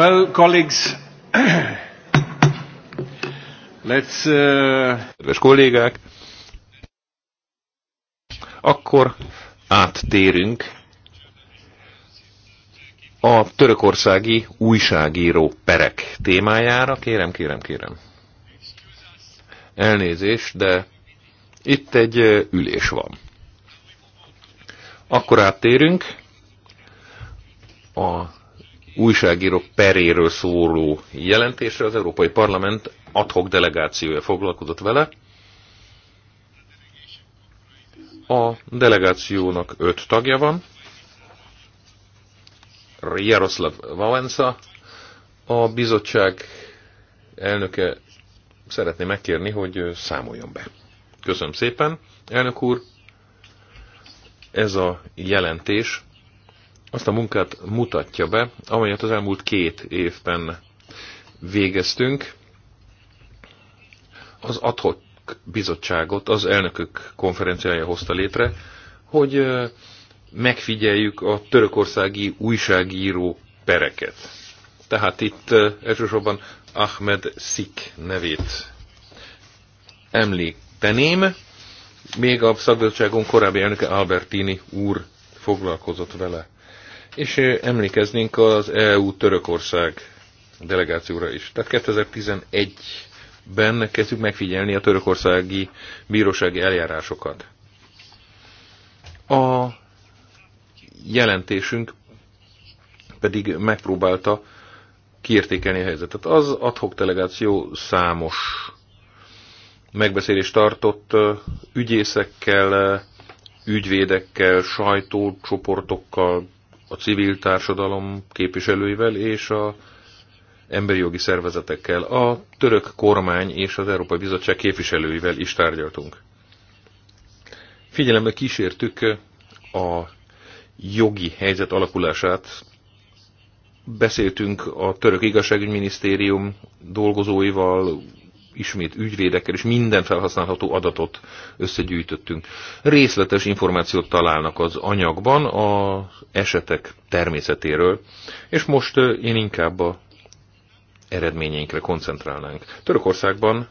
Well, colleagues, let's... Uh... Kedves kollégák, akkor áttérünk a törökországi újságíró perek témájára. Kérem, kérem, kérem. Elnézést, de itt egy ülés van. Akkor áttérünk a újságírók peréről szóló jelentésre az Európai Parlament adhok delegációja foglalkozott vele. A delegációnak öt tagja van. Jaroszlav Valensa, a bizottság elnöke szeretné megkérni, hogy számoljon be. Köszönöm szépen, elnök úr. Ez a jelentés azt a munkát mutatja be, amelyet az elmúlt két évben végeztünk. Az adhok bizottságot az elnökök konferenciája hozta létre, hogy megfigyeljük a törökországi újságíró pereket. Tehát itt elsősorban Ahmed Szik nevét említeném. Még a szakbizottságon korábbi elnöke Albertini úr foglalkozott vele és emlékeznénk az EU-Törökország delegációra is. Tehát 2011-ben kezdjük megfigyelni a törökországi bírósági eljárásokat. A jelentésünk pedig megpróbálta kiértékelni a helyzetet. Az adhok delegáció számos megbeszélést tartott ügyészekkel, ügyvédekkel, sajtócsoportokkal, a civil társadalom képviselőivel és a emberi jogi szervezetekkel, a török kormány és az Európai Bizottság képviselőivel is tárgyaltunk. Figyelembe kísértük a jogi helyzet alakulását. Beszéltünk a török igazságügyminisztérium dolgozóival, ismét ügyvédekkel, és minden felhasználható adatot összegyűjtöttünk. Részletes információt találnak az anyagban az esetek természetéről, és most én inkább a eredményeinkre koncentrálnánk. Törökországban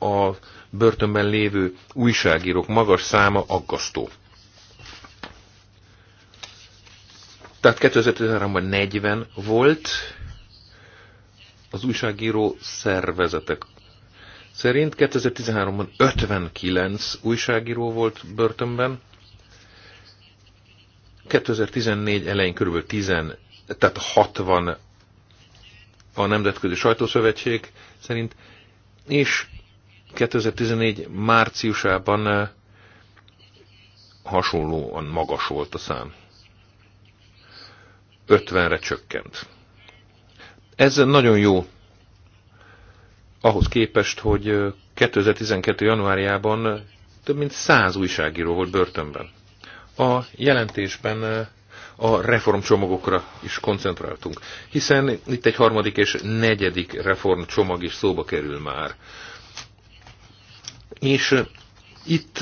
a börtönben lévő újságírók magas száma aggasztó. Tehát 2013-ban 40 volt, az újságíró szervezetek szerint 2013-ban 59 újságíró volt börtönben, 2014 elején kb. 10, tehát 60 a Nemzetközi Sajtószövetség szerint, és 2014 márciusában eh, hasonlóan magas volt a szám. 50-re csökkent. Ez nagyon jó ahhoz képest, hogy 2012. januárjában több mint száz újságíró volt börtönben. A jelentésben a reformcsomagokra is koncentráltunk, hiszen itt egy harmadik és negyedik reformcsomag is szóba kerül már. És itt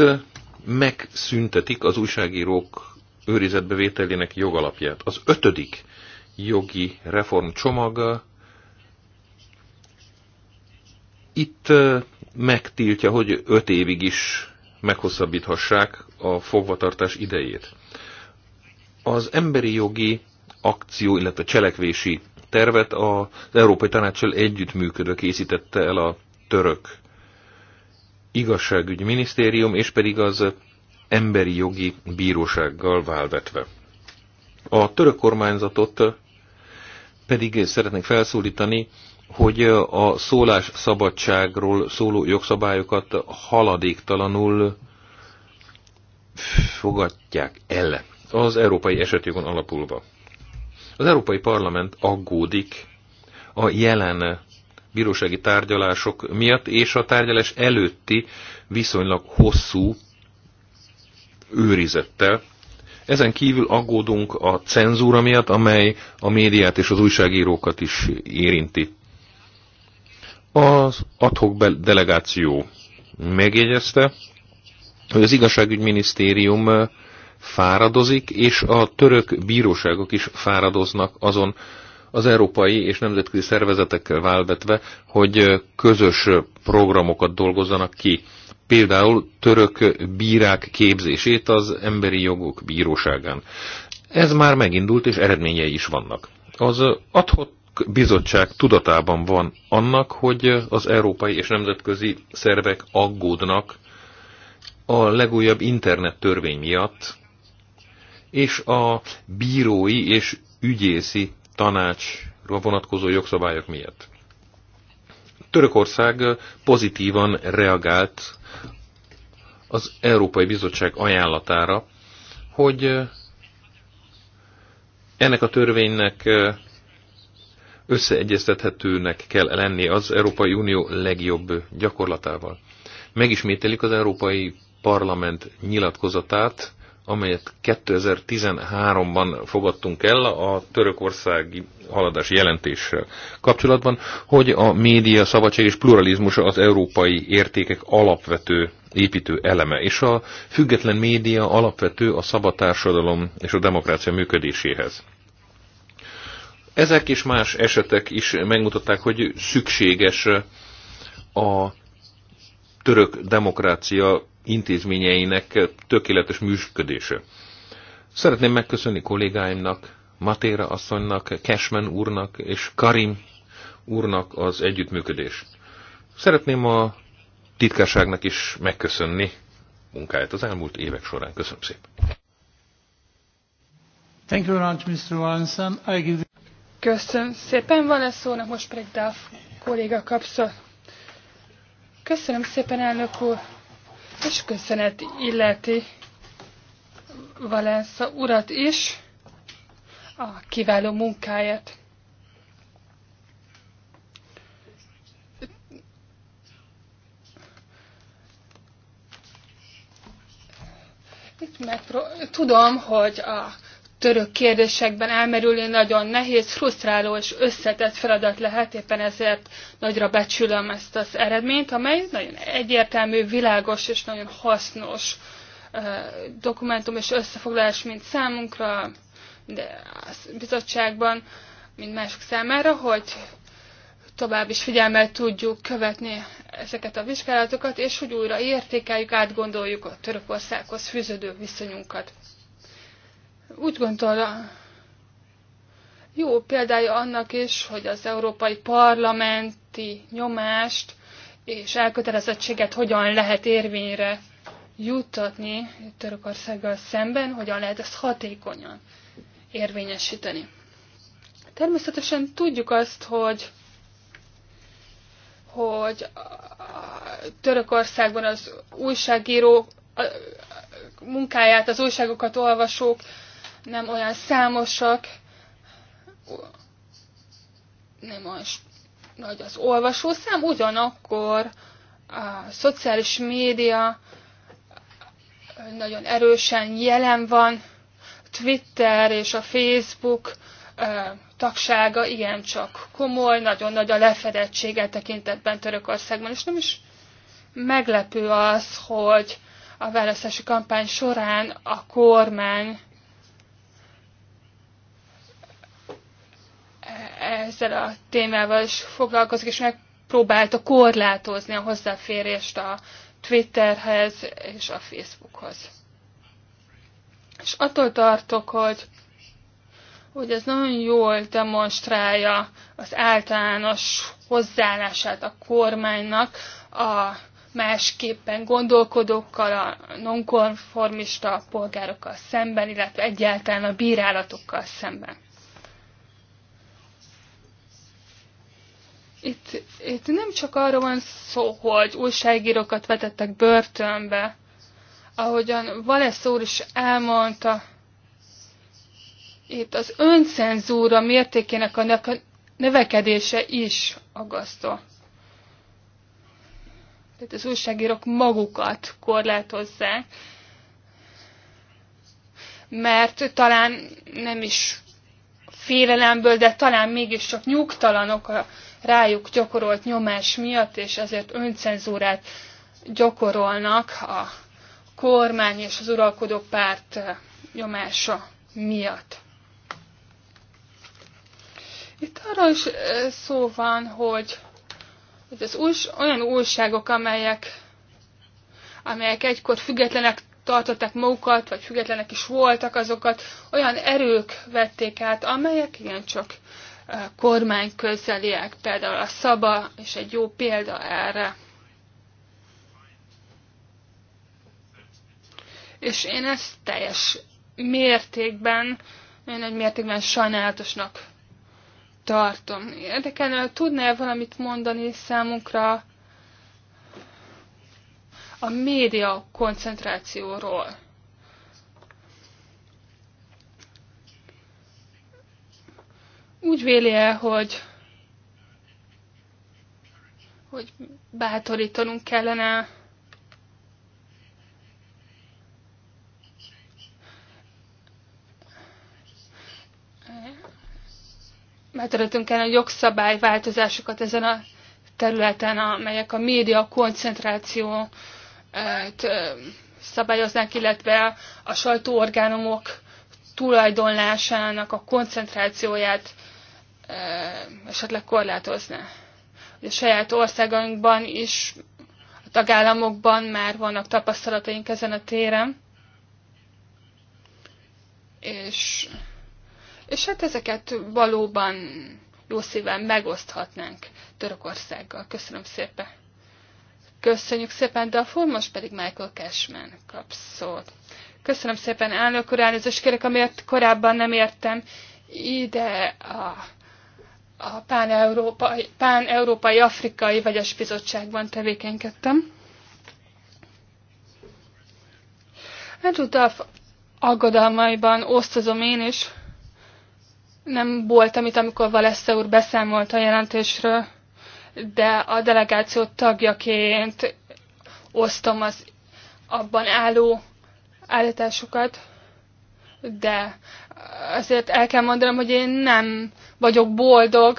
megszüntetik az újságírók őrizetbevételének jogalapját. Az ötödik jogi reformcsomag itt megtiltja, hogy öt évig is meghosszabbíthassák a fogvatartás idejét. Az emberi jogi akció, illetve cselekvési tervet az Európai Tanácssal együttműködő készítette el a török igazságügyi minisztérium, és pedig az emberi jogi bírósággal válvetve. A török kormányzatot pedig szeretnék felszólítani, hogy a szólás szabadságról szóló jogszabályokat haladéktalanul fogadják el az európai esetjogon alapulva. Az Európai Parlament aggódik a jelen bírósági tárgyalások miatt és a tárgyalás előtti viszonylag hosszú őrizettel. Ezen kívül aggódunk a cenzúra miatt, amely a médiát és az újságírókat is érinti. Az adhok delegáció megjegyezte, hogy az igazságügyminisztérium fáradozik, és a török bíróságok is fáradoznak azon az európai és nemzetközi szervezetekkel válvetve, hogy közös programokat dolgozzanak ki. Például török bírák képzését az Emberi Jogok Bíróságán. Ez már megindult, és eredményei is vannak. Az adhok bizottság tudatában van annak, hogy az európai és nemzetközi szervek aggódnak a legújabb internet törvény miatt, és a bírói és ügyészi tanácsra vonatkozó jogszabályok miatt. Törökország pozitívan reagált az Európai Bizottság ajánlatára, hogy ennek a törvénynek összeegyeztethetőnek kell lenni az Európai Unió legjobb gyakorlatával. Megismételik az Európai Parlament nyilatkozatát, amelyet 2013-ban fogadtunk el a törökországi haladási jelentéssel kapcsolatban, hogy a média szabadság és pluralizmusa az európai értékek alapvető építő eleme, és a független média alapvető a szabad társadalom és a demokrácia működéséhez. Ezek és más esetek is megmutatták, hogy szükséges a török demokrácia intézményeinek tökéletes működése. Szeretném megköszönni kollégáimnak, Matéra asszonynak, Cashman úrnak és Karim úrnak az együttműködés. Szeretném a titkárságnak is megköszönni munkáját az elmúlt évek során. Köszönöm szépen. Thank you very much, Mr. I give... Köszönöm szépen, van ez szónak, most pedig Duff kolléga kapszol. Köszönöm szépen, elnök úr, és köszönet illeti Valensza urat is a kiváló munkáját. Itt megpró- Tudom, hogy a török kérdésekben elmerülni nagyon nehéz, frusztráló és összetett feladat lehet, éppen ezért nagyra becsülöm ezt az eredményt, amely nagyon egyértelmű, világos és nagyon hasznos dokumentum és összefoglalás, mint számunkra, de a bizottságban, mint mások számára, hogy tovább is figyelmel tudjuk követni ezeket a vizsgálatokat, és hogy újra értékeljük, átgondoljuk a Törökországhoz fűződő viszonyunkat. Úgy gondolja jó példája annak is, hogy az európai parlamenti nyomást és elkötelezettséget hogyan lehet érvényre juttatni Törökországgal szemben, hogyan lehet ezt hatékonyan érvényesíteni. Természetesen tudjuk azt, hogy, hogy Törökországban az újságíró munkáját, az újságokat olvasók nem olyan számosak, nem olyan nagy az olvasószám, ugyanakkor a szociális média nagyon erősen jelen van, Twitter és a Facebook tagsága igencsak komoly, nagyon nagy a lefedettsége tekintetben Törökországban, és nem is meglepő az, hogy a választási kampány során a kormány ezzel a témával is foglalkozik, és megpróbálta korlátozni a hozzáférést a Twitterhez és a Facebookhoz. És attól tartok, hogy, hogy ez nagyon jól demonstrálja az általános hozzáállását a kormánynak a másképpen gondolkodókkal, a nonkonformista polgárokkal szemben, illetve egyáltalán a bírálatokkal szemben. Itt, itt nem csak arról van szó, hogy újságírókat vetettek börtönbe, ahogyan Valesz úr is elmondta, itt az öncenzúra mértékének a növekedése is agasztó. Tehát az újságírók magukat korlátozzák, mert talán nem is félelemből, de talán mégiscsak nyugtalanok a rájuk gyakorolt nyomás miatt, és ezért öncenzúrát gyakorolnak a kormány és az uralkodó párt eh, nyomása miatt. Itt arra is eh, szó van, hogy, ez az újs, olyan újságok, amelyek, amelyek egykor függetlenek tartották magukat, vagy függetlenek is voltak azokat, olyan erők vették át, amelyek igencsak kormány közeliek, például a Szaba, és egy jó példa erre. És én ezt teljes mértékben, én egy mértékben sajnálatosnak tartom. Érdekelne, tudnál valamit mondani számunkra a média koncentrációról? úgy véli el, hogy, hogy bátorítanunk kellene bátorítunk kellene a jogszabályváltozásokat ezen a területen, amelyek a média koncentrációt szabályoznák, illetve a sajtóorgánumok tulajdonlásának a koncentrációját e, esetleg korlátozná. A saját országainkban is, a tagállamokban már vannak tapasztalataink ezen a téren, és, és hát ezeket valóban jó szíven megoszthatnánk Törökországgal. Köszönöm szépen! Köszönjük szépen, de a most pedig Michael Cashman kap szót. Köszönöm szépen, elnök úr, elnézést kérek, amiért korábban nem értem ide a, a pán-európai, pán-európai vegyes bizottságban tevékenykedtem. Egyúttal hát aggodalmaiban osztozom én is. Nem voltam itt, amikor Valesza úr beszámolt a jelentésről, de a delegáció tagjaként osztom az abban álló állításokat, de azért el kell mondanom, hogy én nem vagyok boldog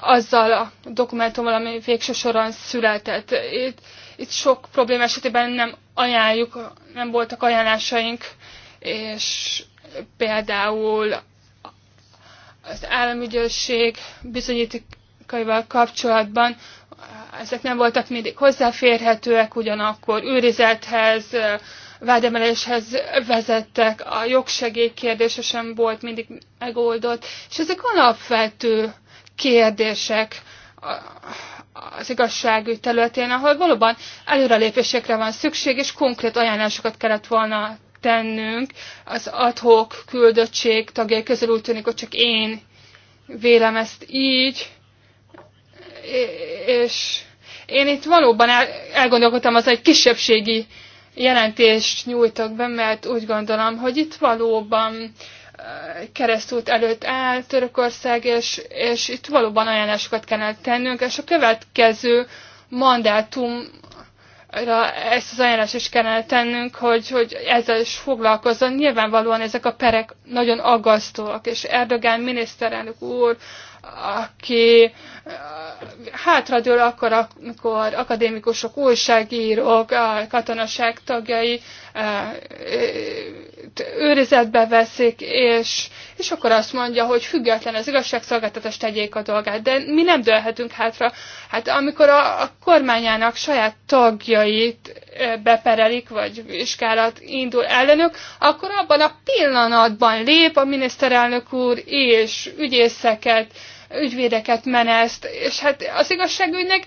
azzal a dokumentummal, ami végső soron született. Itt, itt sok probléma esetében nem ajánljuk, nem voltak ajánlásaink, és például az államügyőrség bizonyítékaival kapcsolatban ezek nem voltak mindig hozzáférhetőek, ugyanakkor őrizethez, vádemeléshez vezettek, a jogsegély kérdése sem volt mindig megoldott, és ezek alapvető kérdések az igazságügy területén, ahol valóban előrelépésekre van szükség, és konkrét ajánlásokat kellett volna tennünk. Az adhok küldöttség tagjai közül úgy tűnik, hogy csak én vélem ezt így, és én itt valóban elgondolkodtam az, egy kisebbségi jelentést nyújtok be, mert úgy gondolom, hogy itt valóban keresztút előtt áll Törökország, és, és itt valóban ajánlásokat kellene tennünk, és a következő mandátumra ezt az ajánlást is kellene tennünk, hogy, hogy ezzel is foglalkozzon. Nyilvánvalóan ezek a perek nagyon aggasztóak, és Erdogán miniszterelnök úr aki eh, hátradől akkor, akkor akadémikusok, újságírók, katonaság tagjai, őrizetbe veszik, és, és akkor azt mondja, hogy független az igazságszolgáltatás tegyék a dolgát. De mi nem dőlhetünk hátra. Hát amikor a, a kormányának saját tagjait beperelik, vagy vizsgálat indul ellenük, akkor abban a pillanatban lép a miniszterelnök úr és ügyészeket, ügyvédeket meneszt, és hát az igazságügynek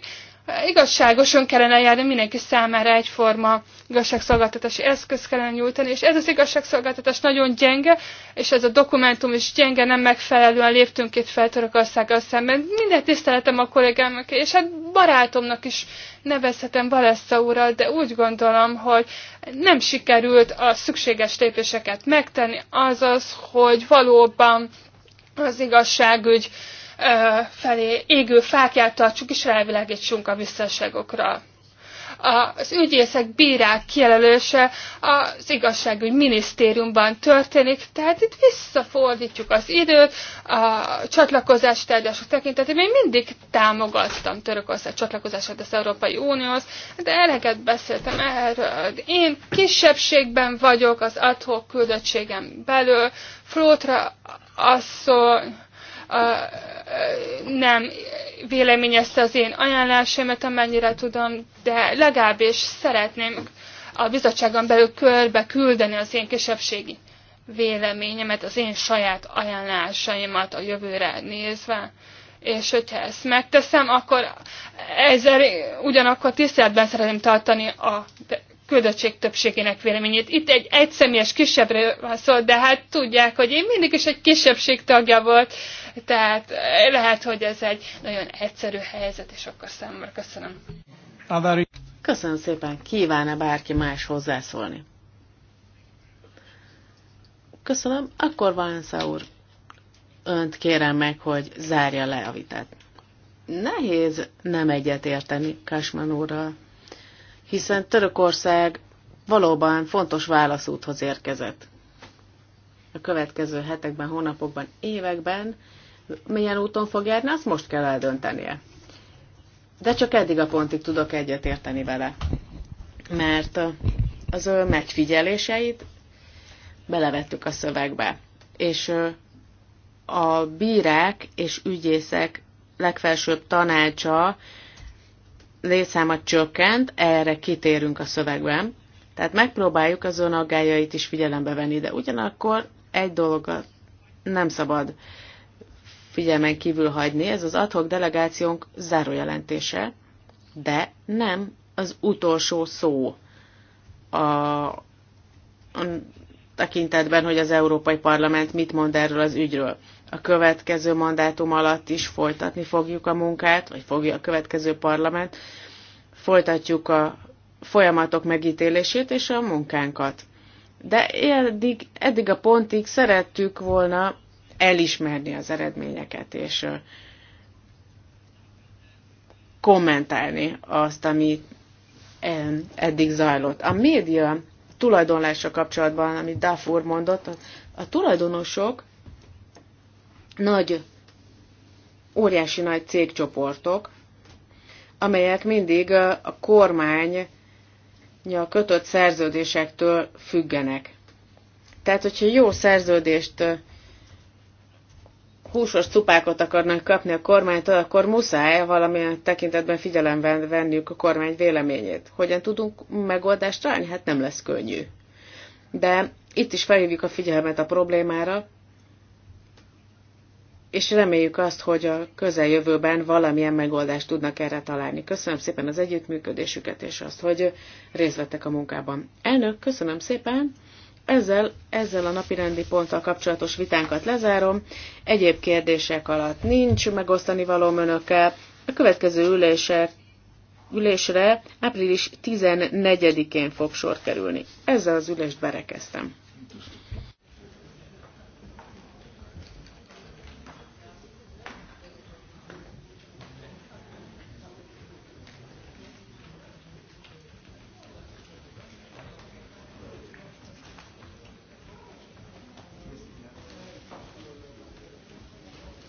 igazságosan kellene járni mindenki számára egyforma igazságszolgáltatási eszköz kellene nyújtani, és ez az igazságszolgáltatás nagyon gyenge, és ez a dokumentum is gyenge, nem megfelelően léptünk itt fel Törökországgal szemben. Minden tiszteletem a kollégámnak, és hát barátomnak is nevezhetem Valessa úrral, de úgy gondolom, hogy nem sikerült a szükséges lépéseket megtenni, azaz, hogy valóban az igazságügy felé égő fákját tartsuk és rávilágítsunk a visszaságokra. Az ügyészek bírák kijelölése az igazságügy minisztériumban történik, tehát itt visszafordítjuk az időt, a csatlakozás tárgyalások tekintetében én mindig támogattam Törökország csatlakozását az Európai Unióhoz, de eleget beszéltem erről. Én kisebbségben vagyok az adhok küldöttségem belül, Flótra asszony, a, nem véleményezte az én ajánlásomat, amennyire tudom, de legalábbis szeretném a bizottságon belül körbe küldeni az én kisebbségi véleményemet, az én saját ajánlásaimat a jövőre nézve. És hogyha ezt megteszem, akkor ezzel ugyanakkor tiszteletben szeretném tartani a küldöttség többségének véleményét. Itt egy egyszemélyes kisebbre van szó, de hát tudják, hogy én mindig is egy kisebbség tagja volt, tehát eh, lehet, hogy ez egy nagyon egyszerű helyzet, és akkor számomra köszönöm. Köszönöm szépen. Kíván-e bárki más hozzászólni? Köszönöm. Akkor Valensza úr, önt kérem meg, hogy zárja le a vitát. Nehéz nem egyet érteni Kásman úrral, hiszen Törökország valóban fontos válaszúthoz érkezett. A következő hetekben, hónapokban, években milyen úton fog járni, azt most kell eldöntenie. De csak eddig a pontig tudok egyet érteni vele. Mert az ő figyeléseit belevettük a szövegbe. És a bírák és ügyészek legfelsőbb tanácsa létszáma csökkent, erre kitérünk a szövegben. Tehát megpróbáljuk az aggájait is figyelembe venni, de ugyanakkor egy dolog nem szabad figyelmen kívül hagyni. Ez az adhok delegációnk zárójelentése, de nem az utolsó szó a, a tekintetben, hogy az Európai Parlament mit mond erről az ügyről. A következő mandátum alatt is folytatni fogjuk a munkát, vagy fogja a következő parlament, folytatjuk a folyamatok megítélését és a munkánkat. De eddig, eddig a pontig szerettük volna elismerni az eredményeket, és kommentálni azt, ami eddig zajlott. A média tulajdonlása kapcsolatban, amit Dafur mondott, a tulajdonosok nagy, óriási nagy cégcsoportok, amelyek mindig a kormány kötött szerződésektől függenek. Tehát, hogyha jó szerződést húsos cupákat akarnak kapni a kormánytól, akkor muszáj valamilyen tekintetben figyelemben venniük a kormány véleményét. Hogyan tudunk megoldást találni? Hát nem lesz könnyű. De itt is felhívjuk a figyelmet a problémára, és reméljük azt, hogy a közeljövőben valamilyen megoldást tudnak erre találni. Köszönöm szépen az együttműködésüket, és azt, hogy részt vettek a munkában. Elnök, köszönöm szépen! Ezzel, ezzel a napirendi ponttal kapcsolatos vitánkat lezárom. Egyéb kérdések alatt nincs megosztani való önökkel. A következő ülése, ülésre április 14-én fog sor kerülni. Ezzel az ülést berekeztem.